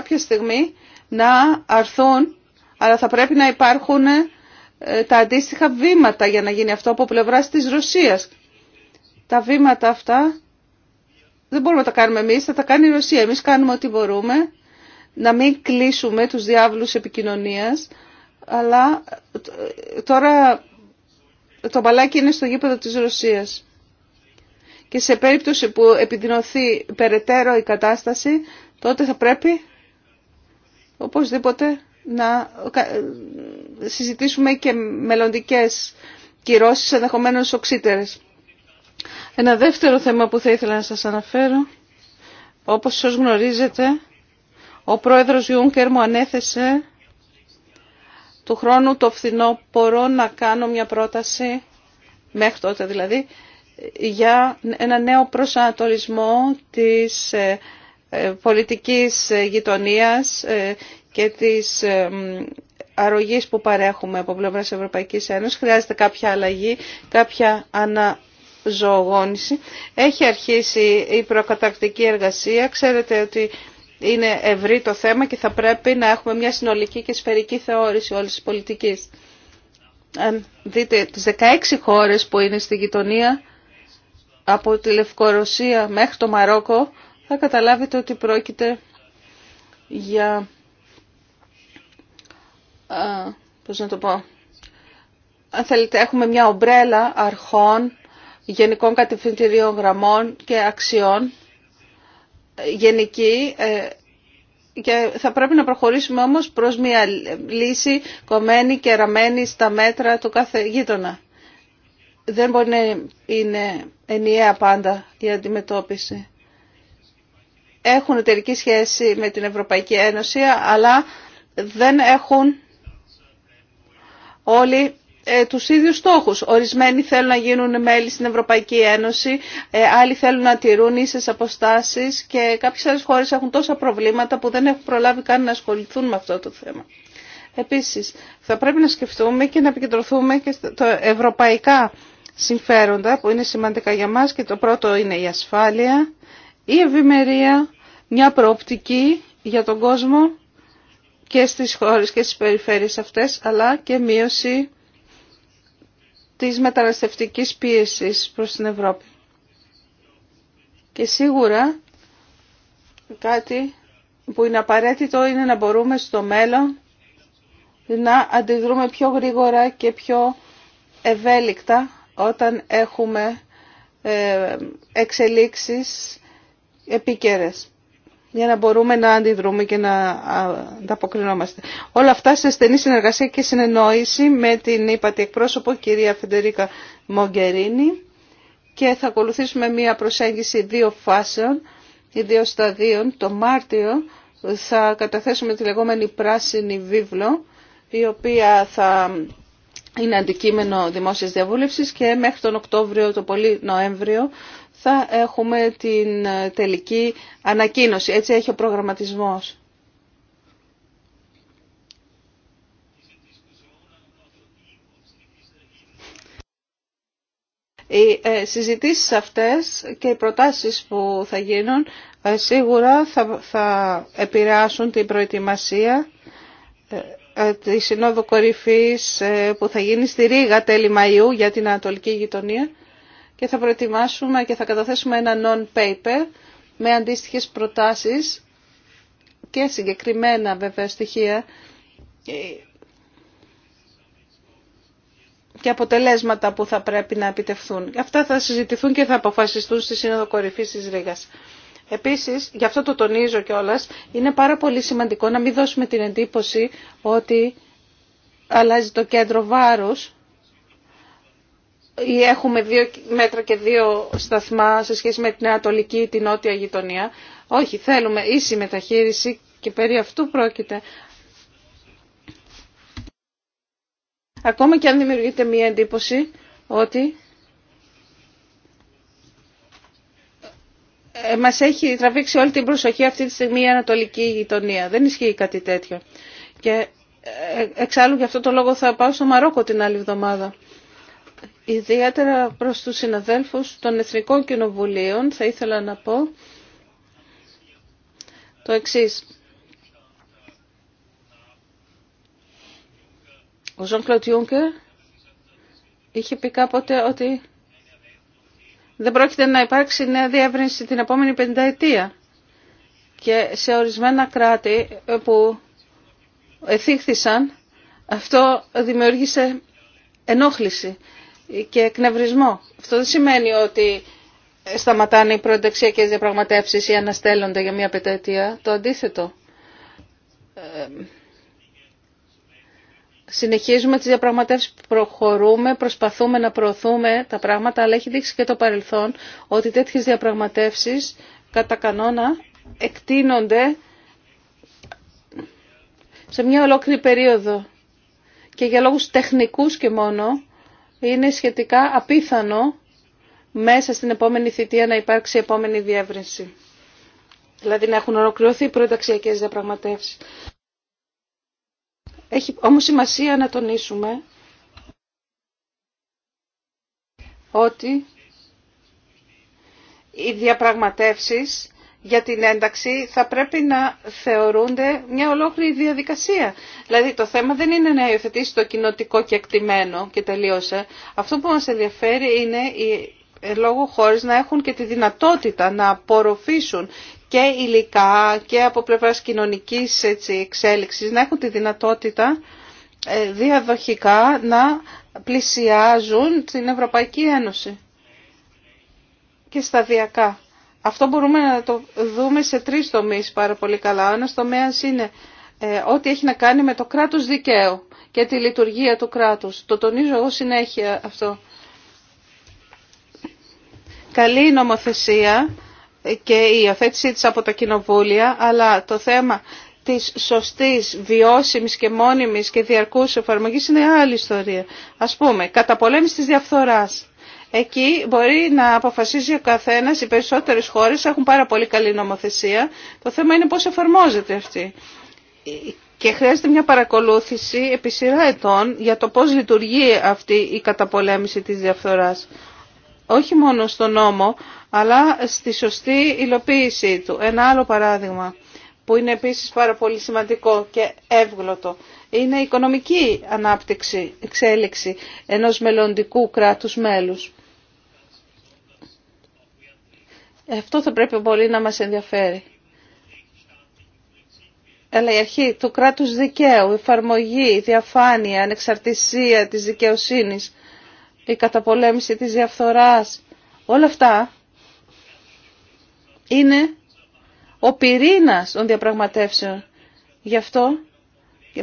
κάποια στιγμή να αρθούν, αλλά θα πρέπει να υπάρχουν ε, τα αντίστοιχα βήματα για να γίνει αυτό από πλευράς της Ρωσίας. Τα βήματα αυτά δεν μπορούμε να τα κάνουμε εμείς, θα τα κάνει η Ρωσία. Εμείς κάνουμε ό,τι μπορούμε, να μην κλείσουμε τους διάβλους επικοινωνίας, αλλά ε, τώρα το μπαλάκι είναι στο γήπεδο της Ρωσίας. Και σε περίπτωση που επιδεινωθεί περαιτέρω η κατάσταση, τότε θα πρέπει οπωσδήποτε να συζητήσουμε και μελλοντικές κυρώσεις, ενδεχομένω οξύτερες. Ένα δεύτερο θέμα που θα ήθελα να σας αναφέρω, όπως σας γνωρίζετε, ο πρόεδρος Ιούνκερ μου ανέθεσε του χρόνου το φθινόπωρο να κάνω μια πρόταση, μέχρι τότε δηλαδή, για ένα νέο προσανατολισμό της ε, ε, πολιτικής ε, γειτονίας ε, και της αρρωγής που παρέχουμε από πλευράς Ευρωπαϊκής Ένωσης. Χρειάζεται κάποια αλλαγή, κάποια αναζωογόνηση. Έχει αρχίσει η προκατακτική εργασία. Ξέρετε ότι είναι ευρύ το θέμα και θα πρέπει να έχουμε μια συνολική και σφαιρική θεώρηση όλης της πολιτικής. Αν δείτε τις 16 χώρες που είναι στη γειτονία, από τη Λευκορωσία μέχρι το Μαρόκο, θα καταλάβετε ότι πρόκειται για, α, πώς να το πω, αν θέλετε έχουμε μια ομπρέλα αρχών, γενικών κατευθυντηρίων γραμμών και αξιών, γενική, ε, και θα πρέπει να προχωρήσουμε όμως προς μια λύση κομμένη και ραμμένη στα μέτρα του κάθε γείτονα. Δεν μπορεί να είναι ενιαία πάντα η αντιμετώπιση έχουν εταιρική σχέση με την Ευρωπαϊκή Ένωση, αλλά δεν έχουν όλοι ε, τους ίδιους στόχους. Ορισμένοι θέλουν να γίνουν μέλη στην Ευρωπαϊκή Ένωση, ε, άλλοι θέλουν να τηρούν ίσες αποστάσεις και κάποιες άλλες χώρες έχουν τόσα προβλήματα που δεν έχουν προλάβει καν να ασχοληθούν με αυτό το θέμα. Επίσης, θα πρέπει να σκεφτούμε και να επικεντρωθούμε και στα ευρωπαϊκά συμφέροντα που είναι σημαντικά για μας και το πρώτο είναι η ασφάλεια η ευημερία, μια προοπτική για τον κόσμο και στις χώρες και στις περιφέρειες αυτές, αλλά και μείωση της μεταναστευτικής πίεσης προς την Ευρώπη. Και σίγουρα κάτι που είναι απαραίτητο είναι να μπορούμε στο μέλλον να αντιδρούμε πιο γρήγορα και πιο ευέλικτα όταν έχουμε ε, εξελίξεις επικέρες, για να μπορούμε να αντιδρούμε και να ανταποκρινόμαστε. Όλα αυτά σε στενή συνεργασία και συνεννόηση με την ύπατη εκπρόσωπο κυρία Φεντερίκα Μογκερίνη και θα ακολουθήσουμε μία προσέγγιση δύο φάσεων ή δύο σταδίων. Το Μάρτιο θα καταθέσουμε τη λεγόμενη πράσινη βίβλο η οποία θα είναι αντικείμενο δημόσιας διαβούλευσης και μέχρι τον Οκτώβριο, το πολύ Νοέμβριο θα έχουμε την ε, τελική ανακοίνωση. Έτσι έχει ο προγραμματισμός. Οι ε, συζητήσεις αυτές και οι προτάσεις που θα γίνουν ε, σίγουρα θα επηρεάσουν την προετοιμασία της Συνόδου Κορυφής που θα γίνει στη Ρήγα τέλη Μαΐου για την Ανατολική Γειτονία και θα προετοιμάσουμε και θα καταθέσουμε ένα non-paper με αντίστοιχες προτάσεις και συγκεκριμένα βέβαια στοιχεία και αποτελέσματα που θα πρέπει να επιτευχθούν. Αυτά θα συζητηθούν και θα αποφασιστούν στη Σύνοδο Κορυφής της Ρήγας. Επίσης, γι' αυτό το τονίζω κιόλα, είναι πάρα πολύ σημαντικό να μην δώσουμε την εντύπωση ότι αλλάζει το κέντρο βάρους ή έχουμε δύο μέτρα και δύο σταθμά σε σχέση με την Ανατολική ή την Νότια γειτονία. Όχι, θέλουμε ίση μεταχείριση και περί αυτού πρόκειται. Ακόμα και αν δημιουργείται μία εντύπωση ότι ε, μας έχει τραβήξει όλη την προσοχή αυτή τη στιγμή η Ανατολική γειτονία. Δεν ισχύει κάτι τέτοιο. Και ε, εξάλλου γι' αυτό το λόγο θα πάω στο Μαρόκο την άλλη εβδομάδα. Ιδιαίτερα προς τους συναδέλφους των Εθνικών Κοινοβουλίων θα ήθελα να πω το εξής. Ο Ζων Κλωτιούγκερ είχε πει κάποτε ότι δεν πρόκειται να υπάρξει νέα διεύρυνση την επόμενη πενταετία και σε ορισμένα κράτη που εθίχθησαν αυτό δημιούργησε ενόχληση και εκνευρισμό. Αυτό δεν σημαίνει ότι σταματάνε οι προενταξιακές διαπραγματεύσεις ή αναστέλλονται για μία πεταετία. Το αντίθετο. Ε, συνεχίζουμε τις διαπραγματεύσεις, προχωρούμε, προσπαθούμε να προωθούμε τα πράγματα, αλλά έχει δείξει και το παρελθόν ότι τέτοιες διαπραγματεύσεις κατά κανόνα εκτείνονται σε μια ολόκληρη περίοδο και για λόγους τεχνικούς και μόνο είναι σχετικά απίθανο μέσα στην επόμενη θητεία να υπάρξει επόμενη διεύρυνση. Δηλαδή να έχουν ολοκληρωθεί οι προεταξιακές διαπραγματεύσεις. Έχει όμως σημασία να τονίσουμε ότι οι διαπραγματεύσεις για την ένταξη θα πρέπει να θεωρούνται μια ολόκληρη διαδικασία. Δηλαδή το θέμα δεν είναι να υιοθετήσει το κοινοτικό και εκτιμένο και τελείωσε. Αυτό που μας ενδιαφέρει είναι οι ε, λόγω χώρες να έχουν και τη δυνατότητα να απορροφήσουν και υλικά και από πλευράς κοινωνικής έτσι, εξέλιξης, να έχουν τη δυνατότητα ε, διαδοχικά να πλησιάζουν την Ευρωπαϊκή Ένωση και σταδιακά. Αυτό μπορούμε να το δούμε σε τρεις τομείς πάρα πολύ καλά. Ο ένας τομέας είναι ε, ό,τι έχει να κάνει με το κράτος δικαίου και τη λειτουργία του κράτους. Το τονίζω εγώ συνέχεια αυτό. Καλή νομοθεσία και η αφέτησή της από τα κοινοβούλια, αλλά το θέμα της σωστής, βιώσιμης και μόνιμης και διαρκούς εφαρμογής είναι άλλη ιστορία. Ας πούμε, καταπολέμηση της διαφθοράς. Εκεί μπορεί να αποφασίζει ο καθένα, οι περισσότερε χώρε έχουν πάρα πολύ καλή νομοθεσία. Το θέμα είναι πώ εφαρμόζεται αυτή. Και χρειάζεται μια παρακολούθηση επί σειρά ετών για το πώς λειτουργεί αυτή η καταπολέμηση της διαφθοράς. Όχι μόνο στο νόμο, αλλά στη σωστή υλοποίησή του. Ένα άλλο παράδειγμα που είναι επίσης πάρα πολύ σημαντικό και εύγλωτο είναι η οικονομική ανάπτυξη, εξέλιξη ενός μελλοντικού κράτους μέλους. Αυτό θα πρέπει πολύ να μας ενδιαφέρει. Αλλά η αρχή του κράτους δικαίου, η εφαρμογή, η διαφάνεια, η ανεξαρτησία της δικαιοσύνης, η καταπολέμηση της διαφθοράς, όλα αυτά είναι ο πυρήνας των διαπραγματεύσεων. Γι' αυτό,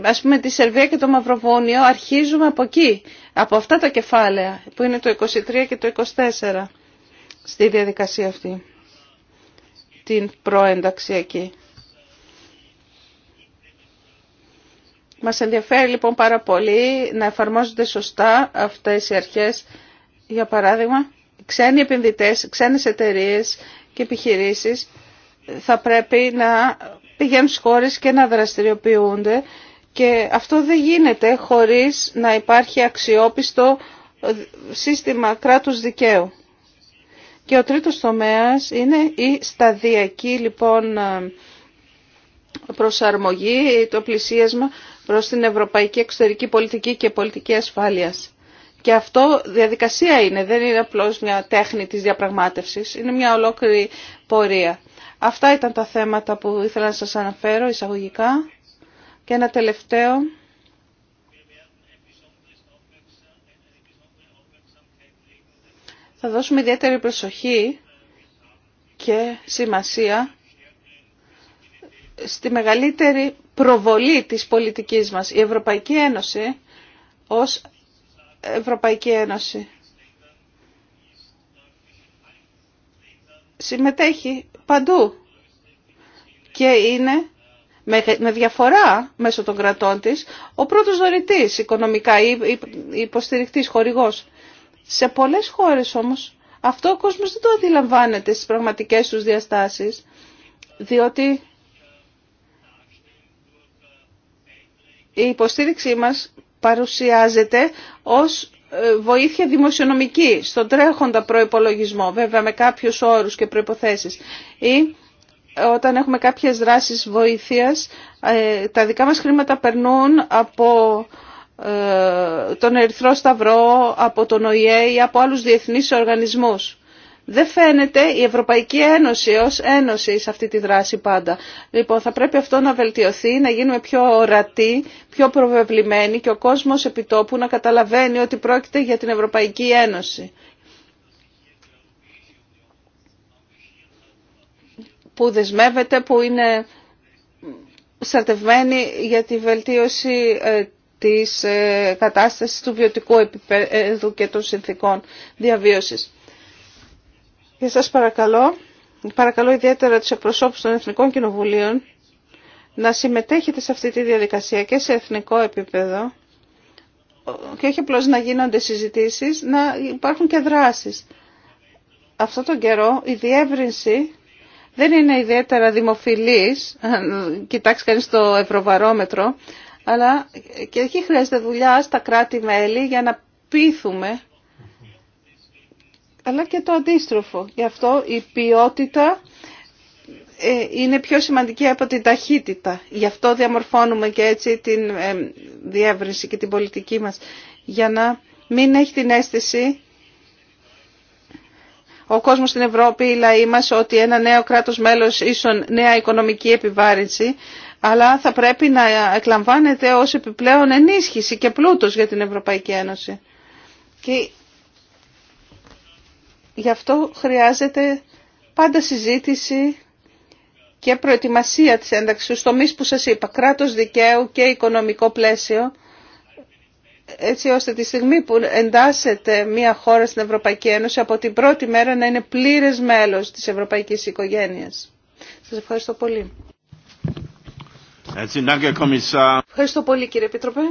ας πούμε, τη Σερβία και το Μαυροβόνιο αρχίζουμε από εκεί, από αυτά τα κεφάλαια, που είναι το 23 και το 24, στη διαδικασία αυτή την προένταξη εκεί. Μας ενδιαφέρει λοιπόν πάρα πολύ να εφαρμόζονται σωστά αυτές οι αρχές. Για παράδειγμα, ξένοι επενδυτές, ξένες εταιρείες και επιχειρήσεις θα πρέπει να πηγαίνουν στις χώρες και να δραστηριοποιούνται και αυτό δεν γίνεται χωρίς να υπάρχει αξιόπιστο σύστημα κράτους δικαίου. Και ο τρίτος τομέας είναι η σταδιακή λοιπόν προσαρμογή, το πλησίασμα προς την ευρωπαϊκή εξωτερική πολιτική και πολιτική ασφάλειας. Και αυτό διαδικασία είναι, δεν είναι απλώς μια τέχνη της διαπραγμάτευσης, είναι μια ολόκληρη πορεία. Αυτά ήταν τα θέματα που ήθελα να σας αναφέρω εισαγωγικά. Και ένα τελευταίο. θα δώσουμε ιδιαίτερη προσοχή και σημασία στη μεγαλύτερη προβολή της πολιτικής μας. Η Ευρωπαϊκή Ένωση ως Ευρωπαϊκή Ένωση συμμετέχει παντού και είναι με διαφορά μέσω των κρατών της ο πρώτος δωρητής οικονομικά ή υποστηρικτής χορηγός. Σε πολλές χώρες όμως αυτό ο κόσμος δεν το αντιλαμβάνεται στις πραγματικές τους διαστάσεις, διότι η υποστήριξή μας παρουσιάζεται ως ε, βοήθεια δημοσιονομική στον τρέχοντα προϋπολογισμό, βέβαια με κάποιους όρους και προϋποθέσεις. Ή όταν έχουμε κάποιες δράσεις βοήθειας, ε, τα δικά μας χρήματα περνούν από ε, τον Ερυθρό Σταυρό, από τον ΟΗΕ ή από άλλους διεθνείς οργανισμούς. Δεν φαίνεται η Ευρωπαϊκή Ένωση ως ένωση σε αυτή τη δράση πάντα. Λοιπόν, θα πρέπει αυτό να βελτιωθεί, να γίνουμε πιο ορατοί, πιο προβεβλημένοι και ο κόσμος επιτόπου να καταλαβαίνει ότι πρόκειται για την Ευρωπαϊκή Ένωση. Που δεσμεύεται, που είναι στρατευμένη για τη βελτίωση ε, της ε, κατάστασης του βιωτικού επίπεδου και των συνθήκων διαβίωσης. Και σας παρακαλώ, παρακαλώ ιδιαίτερα τους εκπροσώπους των Εθνικών Κοινοβουλίων να συμμετέχετε σε αυτή τη διαδικασία και σε εθνικό επίπεδο και όχι απλώ να γίνονται συζητήσεις, να υπάρχουν και δράσεις. Αυτό τον καιρό η διεύρυνση δεν είναι ιδιαίτερα δημοφιλής, κοιτάξει κανείς το ευρωβαρόμετρο, αλλά και εκεί χρειάζεται δουλειά στα κράτη-μέλη για να πείθουμε, αλλά και το αντίστροφο. Γι' αυτό η ποιότητα ε, είναι πιο σημαντική από την ταχύτητα. Γι' αυτό διαμορφώνουμε και έτσι την ε, διεύρυνση και την πολιτική μας, για να μην έχει την αίσθηση ο κόσμος στην Ευρώπη, οι λαοί μας, ότι ένα νέο κράτος μέλος ίσον νέα οικονομική επιβάρυνση, αλλά θα πρέπει να εκλαμβάνεται ως επιπλέον ενίσχυση και πλούτος για την Ευρωπαϊκή Ένωση. Και γι' αυτό χρειάζεται πάντα συζήτηση και προετοιμασία της ένταξης στους τομείς που σας είπα, κράτος δικαίου και οικονομικό πλαίσιο, έτσι ώστε τη στιγμή που εντάσσεται μια χώρα στην Ευρωπαϊκή Ένωση από την πρώτη μέρα να είναι πλήρες μέλος της Ευρωπαϊκής Οικογένειας. Σας ευχαριστώ πολύ. Ευχαριστώ πολύ κύριε Επίτροπε.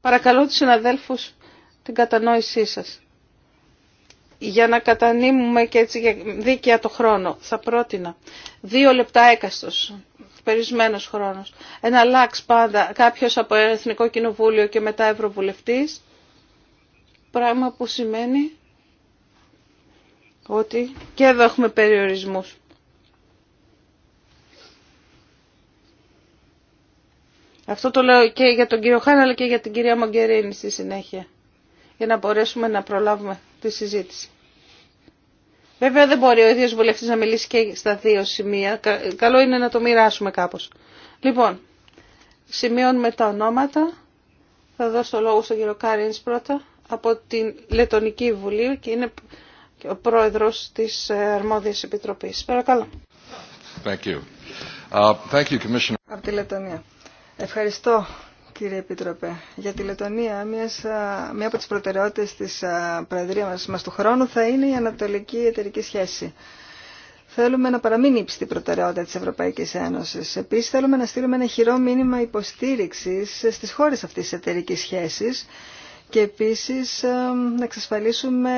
Παρακαλώ τους συναδέλφους την κατανόησή σας. Για να κατανείμουμε και έτσι δίκαια το χρόνο, θα πρότεινα δύο λεπτά έκαστος, περισμένος χρόνος, ένα λάξ πάντα, κάποιος από Εθνικό Κοινοβούλιο και μετά Ευρωβουλευτής, πράγμα που σημαίνει ότι και εδώ έχουμε περιορισμούς. Αυτό το λέω και για τον κύριο Χάν αλλά και για την κυρία Μογκερίνη στη συνέχεια για να μπορέσουμε να προλάβουμε τη συζήτηση. Βέβαια δεν μπορεί ο ίδιο βουλευτή να μιλήσει και στα δύο σημεία. Καλό είναι να το μοιράσουμε κάπω. Λοιπόν, σημειώνουμε τα ονόματα. Θα δώσω λόγο στον κύριο Κάρινς πρώτα από την Λετωνική Βουλή και είναι ο πρόεδρο τη ε, αρμόδια Επιτροπή. Παρακαλώ. Uh, από τη Λετωνία. Ευχαριστώ κύριε Επίτροπε. Για τη Λετωνία, μια από τις προτεραιότητες της Προεδρίας μας, μας του χρόνου θα είναι η ανατολική εταιρική σχέση. Θέλουμε να παραμείνει υψηλή προτεραιότητα της Ευρωπαϊκής Ένωσης. Επίσης θέλουμε να στείλουμε ένα χειρό μήνυμα υποστήριξης στις χώρες αυτής της εταιρικής σχέσης και επίσης να εξασφαλίσουμε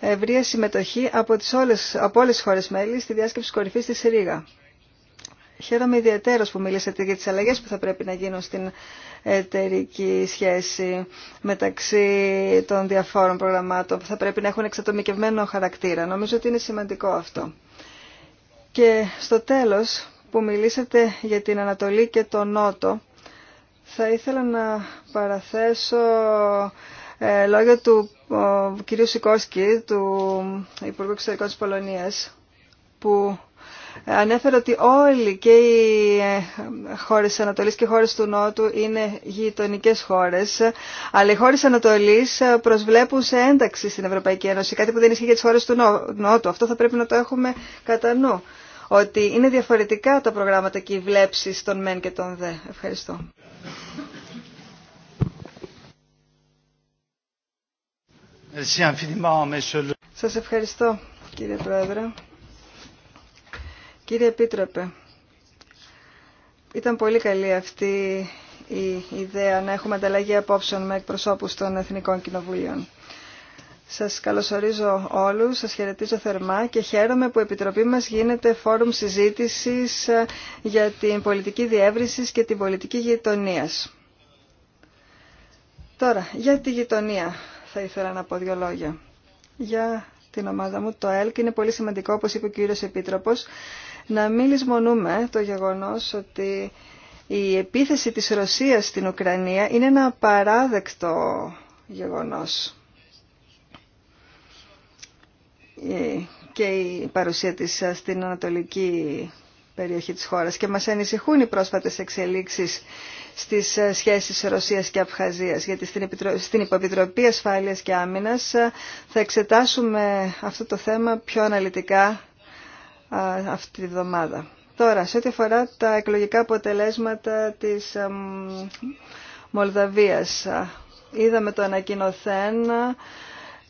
ευρεία συμμετοχή από, τις όλες, από όλες τις χώρες μέλη στη διάσκεψη κορυφής της Ρήγα. Χαίρομαι ιδιαίτερο που μίλησατε για τις αλλαγές που θα πρέπει να γίνουν στην εταιρική σχέση μεταξύ των διαφόρων προγραμμάτων που θα πρέπει να έχουν εξατομικευμένο χαρακτήρα. Νομίζω ότι είναι σημαντικό αυτό. Και στο τέλος που μιλήσατε για την Ανατολή και τον Νότο, θα ήθελα να παραθέσω ε, λόγια του κυρίου Σικόσκη, του Υπουργού Εξωτερικών της Πολωνίας, που ανέφερε ότι όλοι και οι ε, χώρες της Ανατολής και οι χώρες του Νότου είναι γειτονικές χώρες, αλλά οι χώρες της Ανατολής ε, προσβλέπουν σε ένταξη στην Ευρωπαϊκή Ένωση, κάτι που δεν ισχύει για τις χώρες του Νότου. Αυτό θα πρέπει να το έχουμε κατά νου, ότι είναι διαφορετικά τα προγράμματα και οι βλέψεις των ΜΕΝ και των ΔΕ. Ευχαριστώ. Σας ευχαριστώ κύριε Πρόεδρε. Κύριε Επίτροπε, ήταν πολύ καλή αυτή η ιδέα να έχουμε ανταλλαγή απόψεων με εκπροσώπους των Εθνικών Κοινοβουλίων. Σας καλωσορίζω όλους, σας χαιρετίζω θερμά και χαίρομαι που η Επιτροπή μας γίνεται φόρουμ συζήτησης για την πολιτική διεύρυνση και την πολιτική γειτονία. Τώρα, για τη γειτονία θα ήθελα να πω δύο λόγια. Για την ομάδα μου, το ΕΛΚ, είναι πολύ σημαντικό, όπως είπε ο κύριος Επίτροπος, να μην λησμονούμε το γεγονός ότι η επίθεση της Ρωσίας στην Ουκρανία είναι ένα απαράδεκτο γεγονός. Ε, και η παρουσία της στην Ανατολική περιοχή της χώρας και μας ανησυχούν οι πρόσφατες εξελίξεις στις σχέσεις Ρωσίας και Αφχαζίας γιατί στην Υποπιτροπή Ασφάλειας και Άμυνας θα εξετάσουμε αυτό το θέμα πιο αναλυτικά αυτή τη βδομάδα. Τώρα, σε ό,τι αφορά τα εκλογικά αποτελέσματα της Μολδαβίας, είδαμε το ανακοινωθέν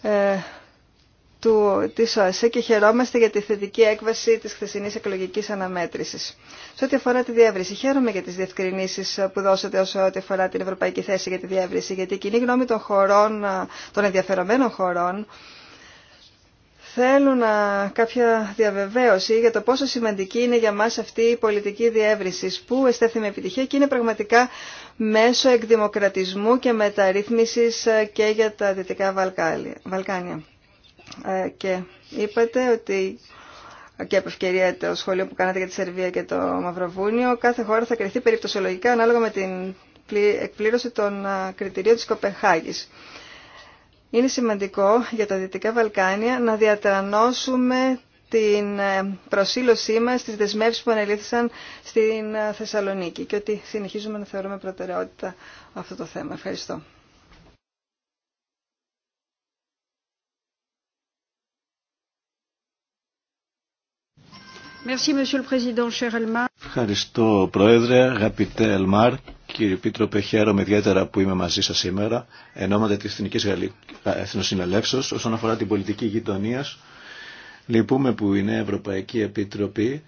ε, του, της ΟΑΣΕ και χαιρόμαστε για τη θετική έκβαση της χθεσινής εκλογικής αναμέτρησης. Σε ό,τι αφορά τη διεύρυνση, χαίρομαι για τις διευκρινήσεις ε, που δώσατε όσο ό,τι αφορά την ευρωπαϊκή θέση για τη διεύρυνση, γιατί η κοινή γνώμη των, χωρών, ε, των ενδιαφερομένων χωρών να κάποια διαβεβαίωση για το πόσο σημαντική είναι για μας αυτή η πολιτική διεύρυνση που εστέφθη με επιτυχία και είναι πραγματικά μέσω εκδημοκρατισμού και μεταρρύθμισης ε, και για τα Δυτικά Βαλκάνια. Ε, και είπατε ότι και από ευκαιρία το σχολείο που κάνατε για τη Σερβία και το Μαυροβούνιο, κάθε χώρα θα κριθεί περιπτωσιολογικά ανάλογα με την εκπλήρωση των ε, κριτηρίων της Κοπεχάγης είναι σημαντικό για τα Δυτικά Βαλκάνια να διατρανώσουμε την ε, προσήλωσή μας στις δεσμεύσεις που ανελήθησαν στην ε, Θεσσαλονίκη και ότι συνεχίζουμε να θεωρούμε προτεραιότητα αυτό το θέμα. Ευχαριστώ. Ευχαριστώ Πρόεδρε, αγαπητέ Ελμάρ. Κύριε Πίτροπε, χαίρομαι ιδιαίτερα που είμαι μαζί σας σήμερα, ενώματα της Εθνικής Εθνοσυνελεύσεως, όσον αφορά την πολιτική γειτονία. Λυπούμε που η Νέα Ευρωπαϊκή Επιτροπή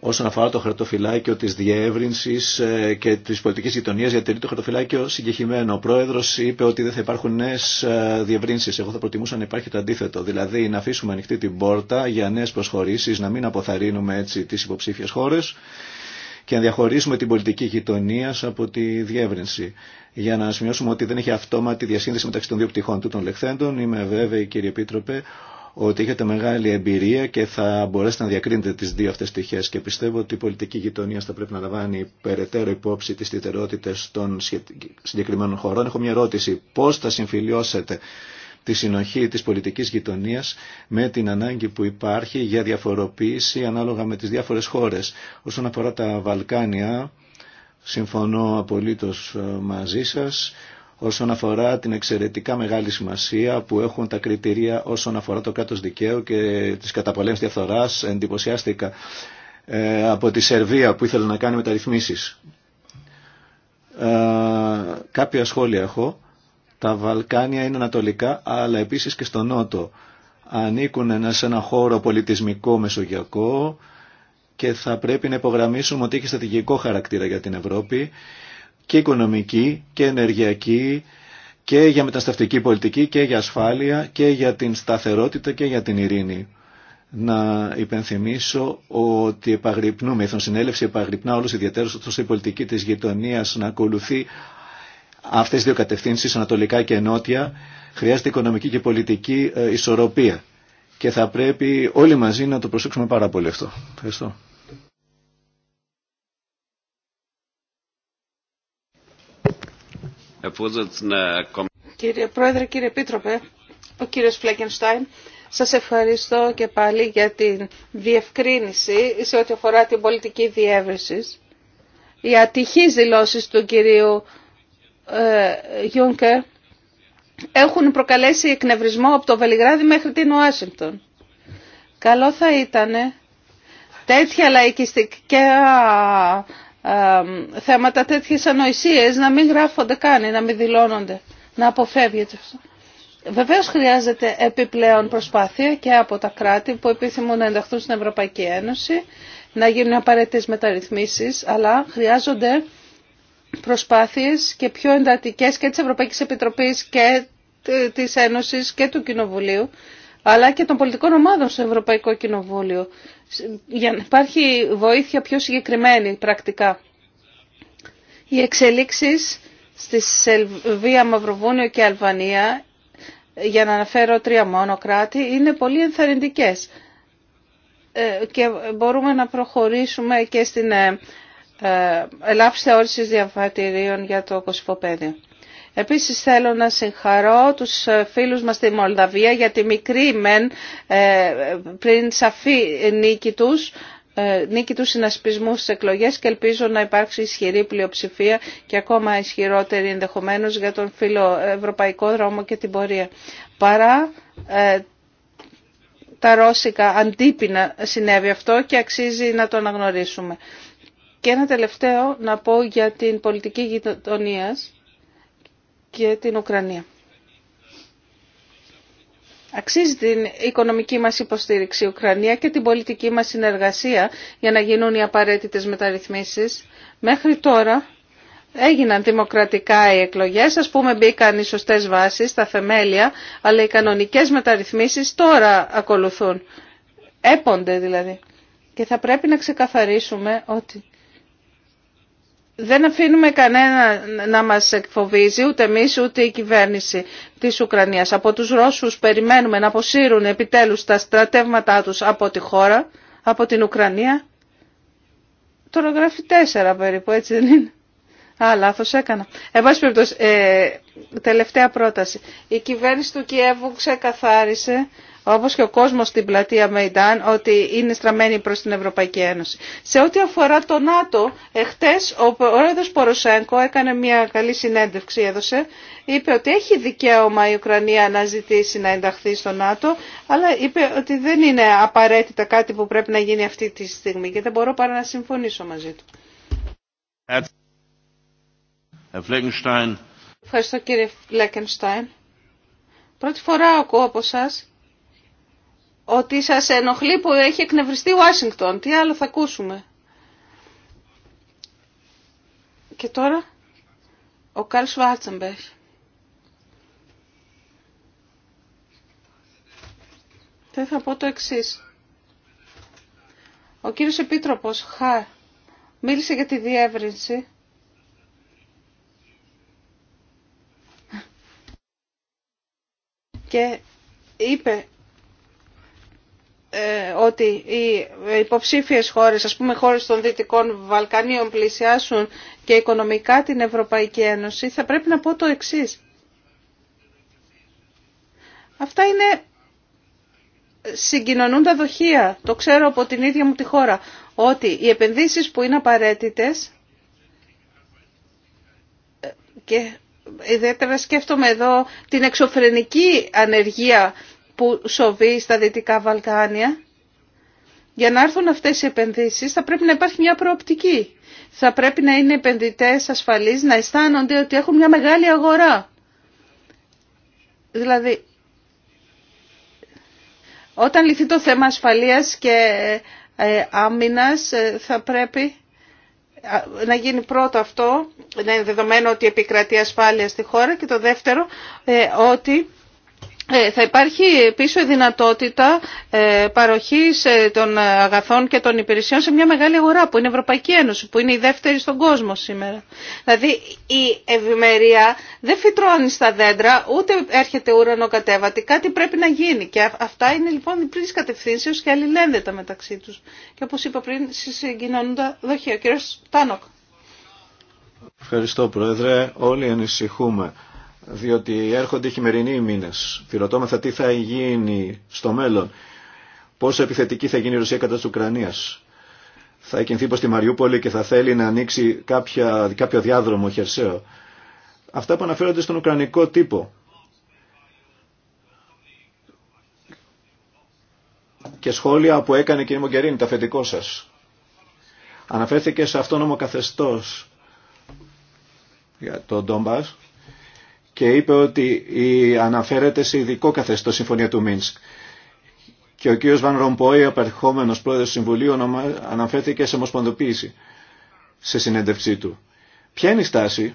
όσον αφορά το χαρτοφυλάκιο της διεύρυνσης ε, και της πολιτικής γειτονίας διατηρεί το χαρτοφυλάκιο συγκεχημένο. Ο πρόεδρος είπε ότι δεν θα υπάρχουν νέες ε, διευρύνσεις. Εγώ θα προτιμούσα να υπάρχει το αντίθετο. Δηλαδή να αφήσουμε ανοιχτή την πόρτα για νέε προσχωρήσεις, να μην αποθαρρύνουμε έτσι τις υποψήφιες χώρες και να διαχωρίσουμε την πολιτική γειτονία από τη διεύρυνση. Για να σημειώσουμε ότι δεν έχει αυτόματη διασύνδεση μεταξύ των δύο πτυχών του των λεχθέντων. Είμαι βέβαιη, κύριε Επίτροπε, ότι έχετε μεγάλη εμπειρία και θα μπορέσετε να διακρίνετε τις δύο αυτές στοιχές και πιστεύω ότι η πολιτική γειτονία θα πρέπει να λαμβάνει περαιτέρω υπόψη τις θητερότητες των συγκεκριμένων χωρών. Έχω μια ερώτηση. Πώς θα συμφιλιώσετε τη συνοχή της πολιτικής γειτονίας με την ανάγκη που υπάρχει για διαφοροποίηση ανάλογα με τις διάφορες χώρες. Όσον αφορά τα Βαλκάνια, συμφωνώ απολύτως ε, μαζί σας όσον αφορά την εξαιρετικά μεγάλη σημασία που έχουν τα κριτηρία όσον αφορά το κράτος δικαίου και τις καταπολέμηση διαφθοράς εντυπωσιάστηκα ε, από τη Σερβία που ήθελε να κάνει μεταρρυθμίσεις. Ε, κάποια σχόλια έχω τα Βαλκάνια είναι ανατολικά αλλά επίσης και στο νότο. Ανήκουν σε ένα χώρο πολιτισμικό μεσογειακό και θα πρέπει να υπογραμμίσουμε ότι έχει στρατηγικό χαρακτήρα για την Ευρώπη και οικονομική και ενεργειακή και για μετασταυτική πολιτική και για ασφάλεια και για την σταθερότητα και για την ειρήνη. Να υπενθυμίσω ότι επαγρυπνούμε, η Εθνοσυνέλευση επαγρυπνά όλους ιδιαίτερους ώστε η πολιτική της γειτονίας να ακολουθεί αυτές οι δύο κατευθύνσεις, ανατολικά και νότια, χρειάζεται οικονομική και πολιτική ε, ισορροπία. Και θα πρέπει όλοι μαζί να το προσέξουμε πάρα πολύ αυτό. Ευχαριστώ. Κύριε Πρόεδρε, κύριε Επίτροπε, ο κύριος Φλέκενστάιν, σας ευχαριστώ και πάλι για την διευκρίνηση σε ό,τι αφορά την πολιτική διεύρυνση. Οι ατυχείς δηλώσεις του κυρίου ε, Γιούνκερ έχουν προκαλέσει εκνευρισμό από το Βελιγράδι μέχρι την Ουάσιμπτον. Καλό θα ήταν τέτοια λαϊκιστικά ε, θέματα, τέτοιες ανοησίες να μην γράφονται καν, να μην δηλώνονται, να αποφεύγεται αυτό. Βεβαίως χρειάζεται επιπλέον προσπάθεια και από τα κράτη που επιθυμούν να ενταχθούν στην Ευρωπαϊκή Ένωση, να γίνουν απαραίτητες μεταρρυθμίσεις, αλλά χρειάζονται προσπάθειες και πιο εντατικές και της Ευρωπαϊκής Επιτροπής και της Ένωσης και του Κοινοβουλίου αλλά και των πολιτικών ομάδων στο Ευρωπαϊκό Κοινοβούλιο για να υπάρχει βοήθεια πιο συγκεκριμένη πρακτικά. Οι εξελίξεις στη Σελβία, Μαυροβούνιο και Αλβανία, για να αναφέρω τρία μόνο κράτη, είναι πολύ ενθαρρυντικές ε, και μπορούμε να προχωρήσουμε και στην ε, ε, ελάφρυνση θεώρησης διαβατηρίων για το κοσυφοπαίδιο. Επίσης θέλω να συγχαρώ τους ε, φίλους μας στη Μολδαβία για τη μικρή μεν ε, πριν σαφή νίκη τους, νίκη του συνασπισμού στις εκλογές και ελπίζω να υπάρξει ισχυρή πλειοψηφία και ακόμα ισχυρότερη ενδεχομένως για τον φιλοευρωπαϊκό δρόμο και την πορεία. Παρά τα ρώσικα αντίπεινα συνέβη αυτό και αξίζει να το αναγνωρίσουμε. Και ένα τελευταίο να πω για την πολιτική γειτονία και την Ουκρανία. Αξίζει την οικονομική μας υποστήριξη η Ουκρανία και την πολιτική μας συνεργασία για να γίνουν οι απαραίτητες μεταρρυθμίσεις. Μέχρι τώρα έγιναν δημοκρατικά οι εκλογές, ας πούμε μπήκαν οι σωστές βάσεις, τα θεμέλια, αλλά οι κανονικές μεταρρυθμίσεις τώρα ακολουθούν. Έπονται δηλαδή. Και θα πρέπει να ξεκαθαρίσουμε ότι δεν αφήνουμε κανένα να μας εκφοβίζει, ούτε εμείς ούτε η κυβέρνηση της Ουκρανίας. Από τους Ρώσους περιμένουμε να αποσύρουν επιτέλους τα στρατεύματά τους από τη χώρα, από την Ουκρανία. Τώρα γράφει τέσσερα περίπου, έτσι δεν είναι. Α, λάθος έκανα. Εν πάση ε, τελευταία πρόταση. Η κυβέρνηση του Κιέβου ξεκαθάρισε όπως και ο κόσμος στην πλατεία Μεϊντάν, ότι είναι στραμμένοι προς την Ευρωπαϊκή Ένωση. Σε ό,τι αφορά το ΝΑΤΟ, εχθές ο πρόεδρος Ποροσέγκο έκανε μια καλή συνέντευξη, έδωσε, είπε ότι έχει δικαίωμα η Ουκρανία να ζητήσει να ενταχθεί στο ΝΑΤΟ, αλλά είπε ότι δεν είναι απαραίτητα κάτι που πρέπει να γίνει αυτή τη στιγμή και δεν μπορώ παρά να συμφωνήσω μαζί του. Ευχαριστώ κύριε Φλέκενστάιν. Πρώτη φορά ακούω από εσά ότι σας ενοχλεί που έχει εκνευριστεί ο Ουάσιγκτον. Τι άλλο θα ακούσουμε. Και τώρα ο Καρλ Δεν Θα πω το εξή. Ο κύριος Επίτροπος Χα μίλησε για τη διεύρυνση. Και είπε ε, ότι οι υποψήφιες χώρες, ας πούμε χώρες των Δυτικών Βαλκανίων πλησιάσουν και οικονομικά την Ευρωπαϊκή Ένωση, θα πρέπει να πω το εξής. Αυτά είναι συγκοινωνούν τα δοχεία, το ξέρω από την ίδια μου τη χώρα, ότι οι επενδύσεις που είναι απαραίτητες ε, και ιδιαίτερα σκέφτομαι εδώ την εξωφρενική ανεργία που σοβεί στα Δυτικά Βαλκάνια. Για να έρθουν αυτές οι επενδύσεις θα πρέπει να υπάρχει μια προοπτική. Θα πρέπει να είναι επενδυτές ασφαλείς, να αισθάνονται ότι έχουν μια μεγάλη αγορά. Δηλαδή, όταν λυθεί το θέμα ασφαλείας και ε, άμυνας ε, θα πρέπει να γίνει πρώτο αυτό, να είναι ότι επικρατεί ασφάλεια στη χώρα και το δεύτερο ε, ότι ε, θα υπάρχει πίσω η δυνατότητα ε, παροχής ε, των αγαθών και των υπηρεσιών σε μια μεγάλη αγορά που είναι η Ευρωπαϊκή Ένωση, που είναι η δεύτερη στον κόσμο σήμερα. Δηλαδή η ευημερία δεν φυτρώνει στα δέντρα, ούτε έρχεται κατέβατη, κάτι πρέπει να γίνει. Και αυτά είναι λοιπόν πλήρες κατευθύνσεως και αλληλένδετα μεταξύ τους. Και όπως είπα πριν, συγκοινωνούν τα δοχεία. Ο κύριος Τάνοκ. Ευχαριστώ Πρόεδρε. Όλοι ανησυχούμε διότι έρχονται οι χειμερινοί μήνες. Φυρωτώμεθα τι θα γίνει στο μέλλον, πόσο επιθετική θα γίνει η Ρωσία κατά της Ουκρανίας. Θα εκκινθεί προς τη Μαριούπολη και θα θέλει να ανοίξει κάποια, κάποιο διάδρομο χερσαίο. Αυτά που αναφέρονται στον Ουκρανικό τύπο. Και σχόλια που έκανε κύριε Μογκερίνη, τα αφεντικό σα. Αναφέρθηκε σε αυτόνομο καθεστώ, για τον Ντόμπας και είπε ότι αναφέρεται σε ειδικό καθεστώ συμφωνία του Μίνσκ. Και ο κ. Βαν Ρομπόη, ο απερχόμενο πρόεδρο του Συμβουλίου, αναφέρθηκε σε ομοσπονδοποίηση σε συνέντευξή του. Ποια είναι η στάση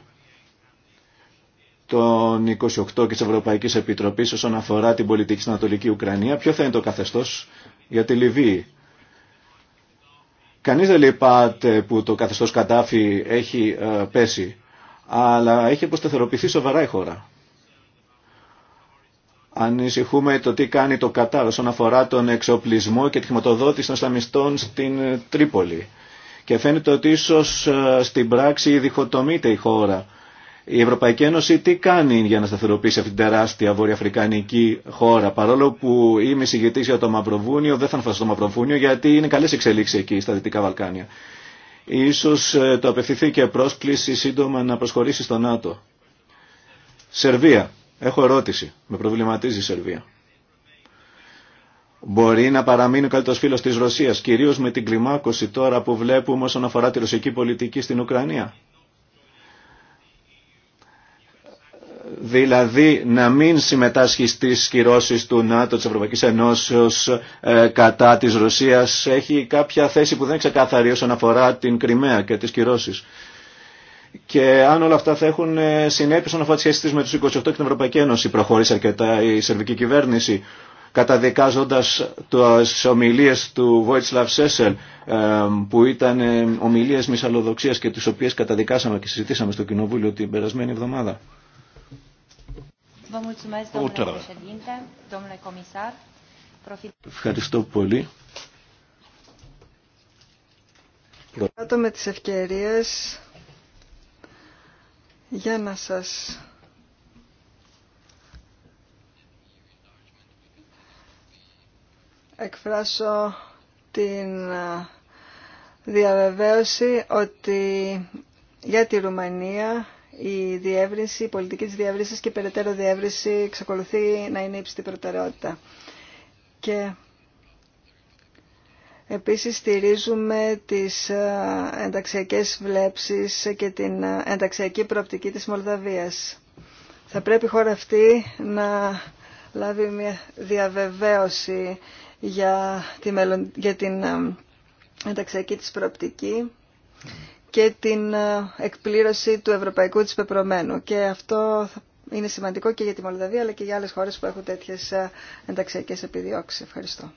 των 28 και της ευρωπαϊκή Επιτροπής όσον αφορά την πολιτική στην Ανατολική Ουκρανία, ποιο θα είναι το καθεστώ για τη Λιβύη. Κανεί δεν λυπάται που το καθεστώ Κατάφη έχει ε, πέσει αλλά έχει αποσταθεροποιηθεί σοβαρά η χώρα. Ανησυχούμε το τι κάνει το Κατάρ όσον αφορά τον εξοπλισμό και τη χρηματοδότηση των Ισλαμιστών στην ε, Τρίπολη. Και φαίνεται ότι ίσως ε, στην πράξη διχοτομείται η χώρα. Η Ευρωπαϊκή Ένωση τι κάνει για να σταθεροποιήσει αυτήν την τεράστια βορειοαφρικανική χώρα, παρόλο που είμαι συγκεκριτή για το Μαυροβούνιο, δεν θα αναφερθώ στο Μαυροβούνιο, γιατί είναι καλές εξελίξεις εκεί στα Δυτικά Βαλκάνια. Ίσως ε, το απευθυνθεί και πρόσκληση σύντομα να προσχωρήσει στο ΝΑΤΟ. Σερβία. Έχω ερώτηση. Με προβληματίζει η Σερβία. Μπορεί να παραμείνει ο καλύτερο φίλο τη Ρωσία, κυρίω με την κλιμάκωση τώρα που βλέπουμε όσον αφορά τη ρωσική πολιτική στην Ουκρανία. δηλαδή να μην συμμετάσχει στις κυρώσεις του ΝΑΤΟ της Ευρωπαϊκής Ενώσεως ε, κατά της Ρωσίας έχει κάποια θέση που δεν είναι ξεκάθαρη όσον αφορά την Κρυμαία και τις κυρώσεις. Και αν όλα αυτά θα έχουν ε, συνέπειε όσον αφορά τι σχέσει τη με του 28 και την Ευρωπαϊκή Ένωση, προχώρησε αρκετά η σερβική κυβέρνηση, καταδικάζοντα τι ομιλίε του Βόιτσλαβ Σέσελ, ε, που ήταν ε, ομιλίε μυσαλλοδοξία και τι οποίε καταδικάσαμε και συζητήσαμε στο Κοινοβούλιο την περασμένη εβδομάδα. Ευχαριστώ πολύ. Κάτω με τις ευκαιρίες για να σας εκφράσω την ε, διαβεβαίωση ότι για τη Ρουμανία η διεύρυνση, η πολιτική της διεύρυνσης και η περαιτέρω διεύρυνση εξακολουθεί να είναι ύψητη προτεραιότητα. Και επίσης στηρίζουμε τις ε, ενταξιακές βλέψεις και την ε, ενταξιακή προοπτική της Μολδαβίας. Θα πρέπει η χώρα αυτή να λάβει μια διαβεβαίωση για, τη για την ε, ενταξιακή της προοπτική και την ε, εκπλήρωση του ευρωπαϊκού της πεπρωμένου. Και αυτό είναι σημαντικό και για τη Μολδαβία αλλά και για άλλες χώρες που έχουν τέτοιες ε, ενταξιακές επιδιώξεις. Ευχαριστώ.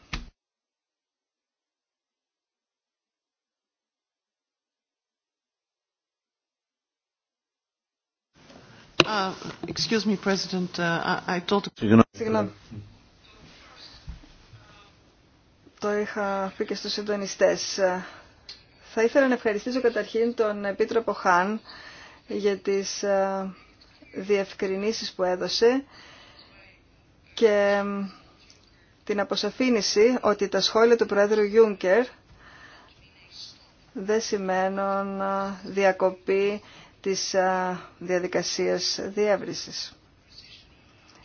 Uh, me, President. Uh, I Το είχα πει και στους συντονιστές. Θα ήθελα να ευχαριστήσω καταρχήν τον Επίτροπο Χάν για τις ε, διευκρινήσεις που έδωσε και την αποσαφήνιση ότι τα σχόλια του Πρόεδρου Γιούνκερ δεν σημαίνουν ε, διακοπή της ε, διαδικασίας διεύρυνσης.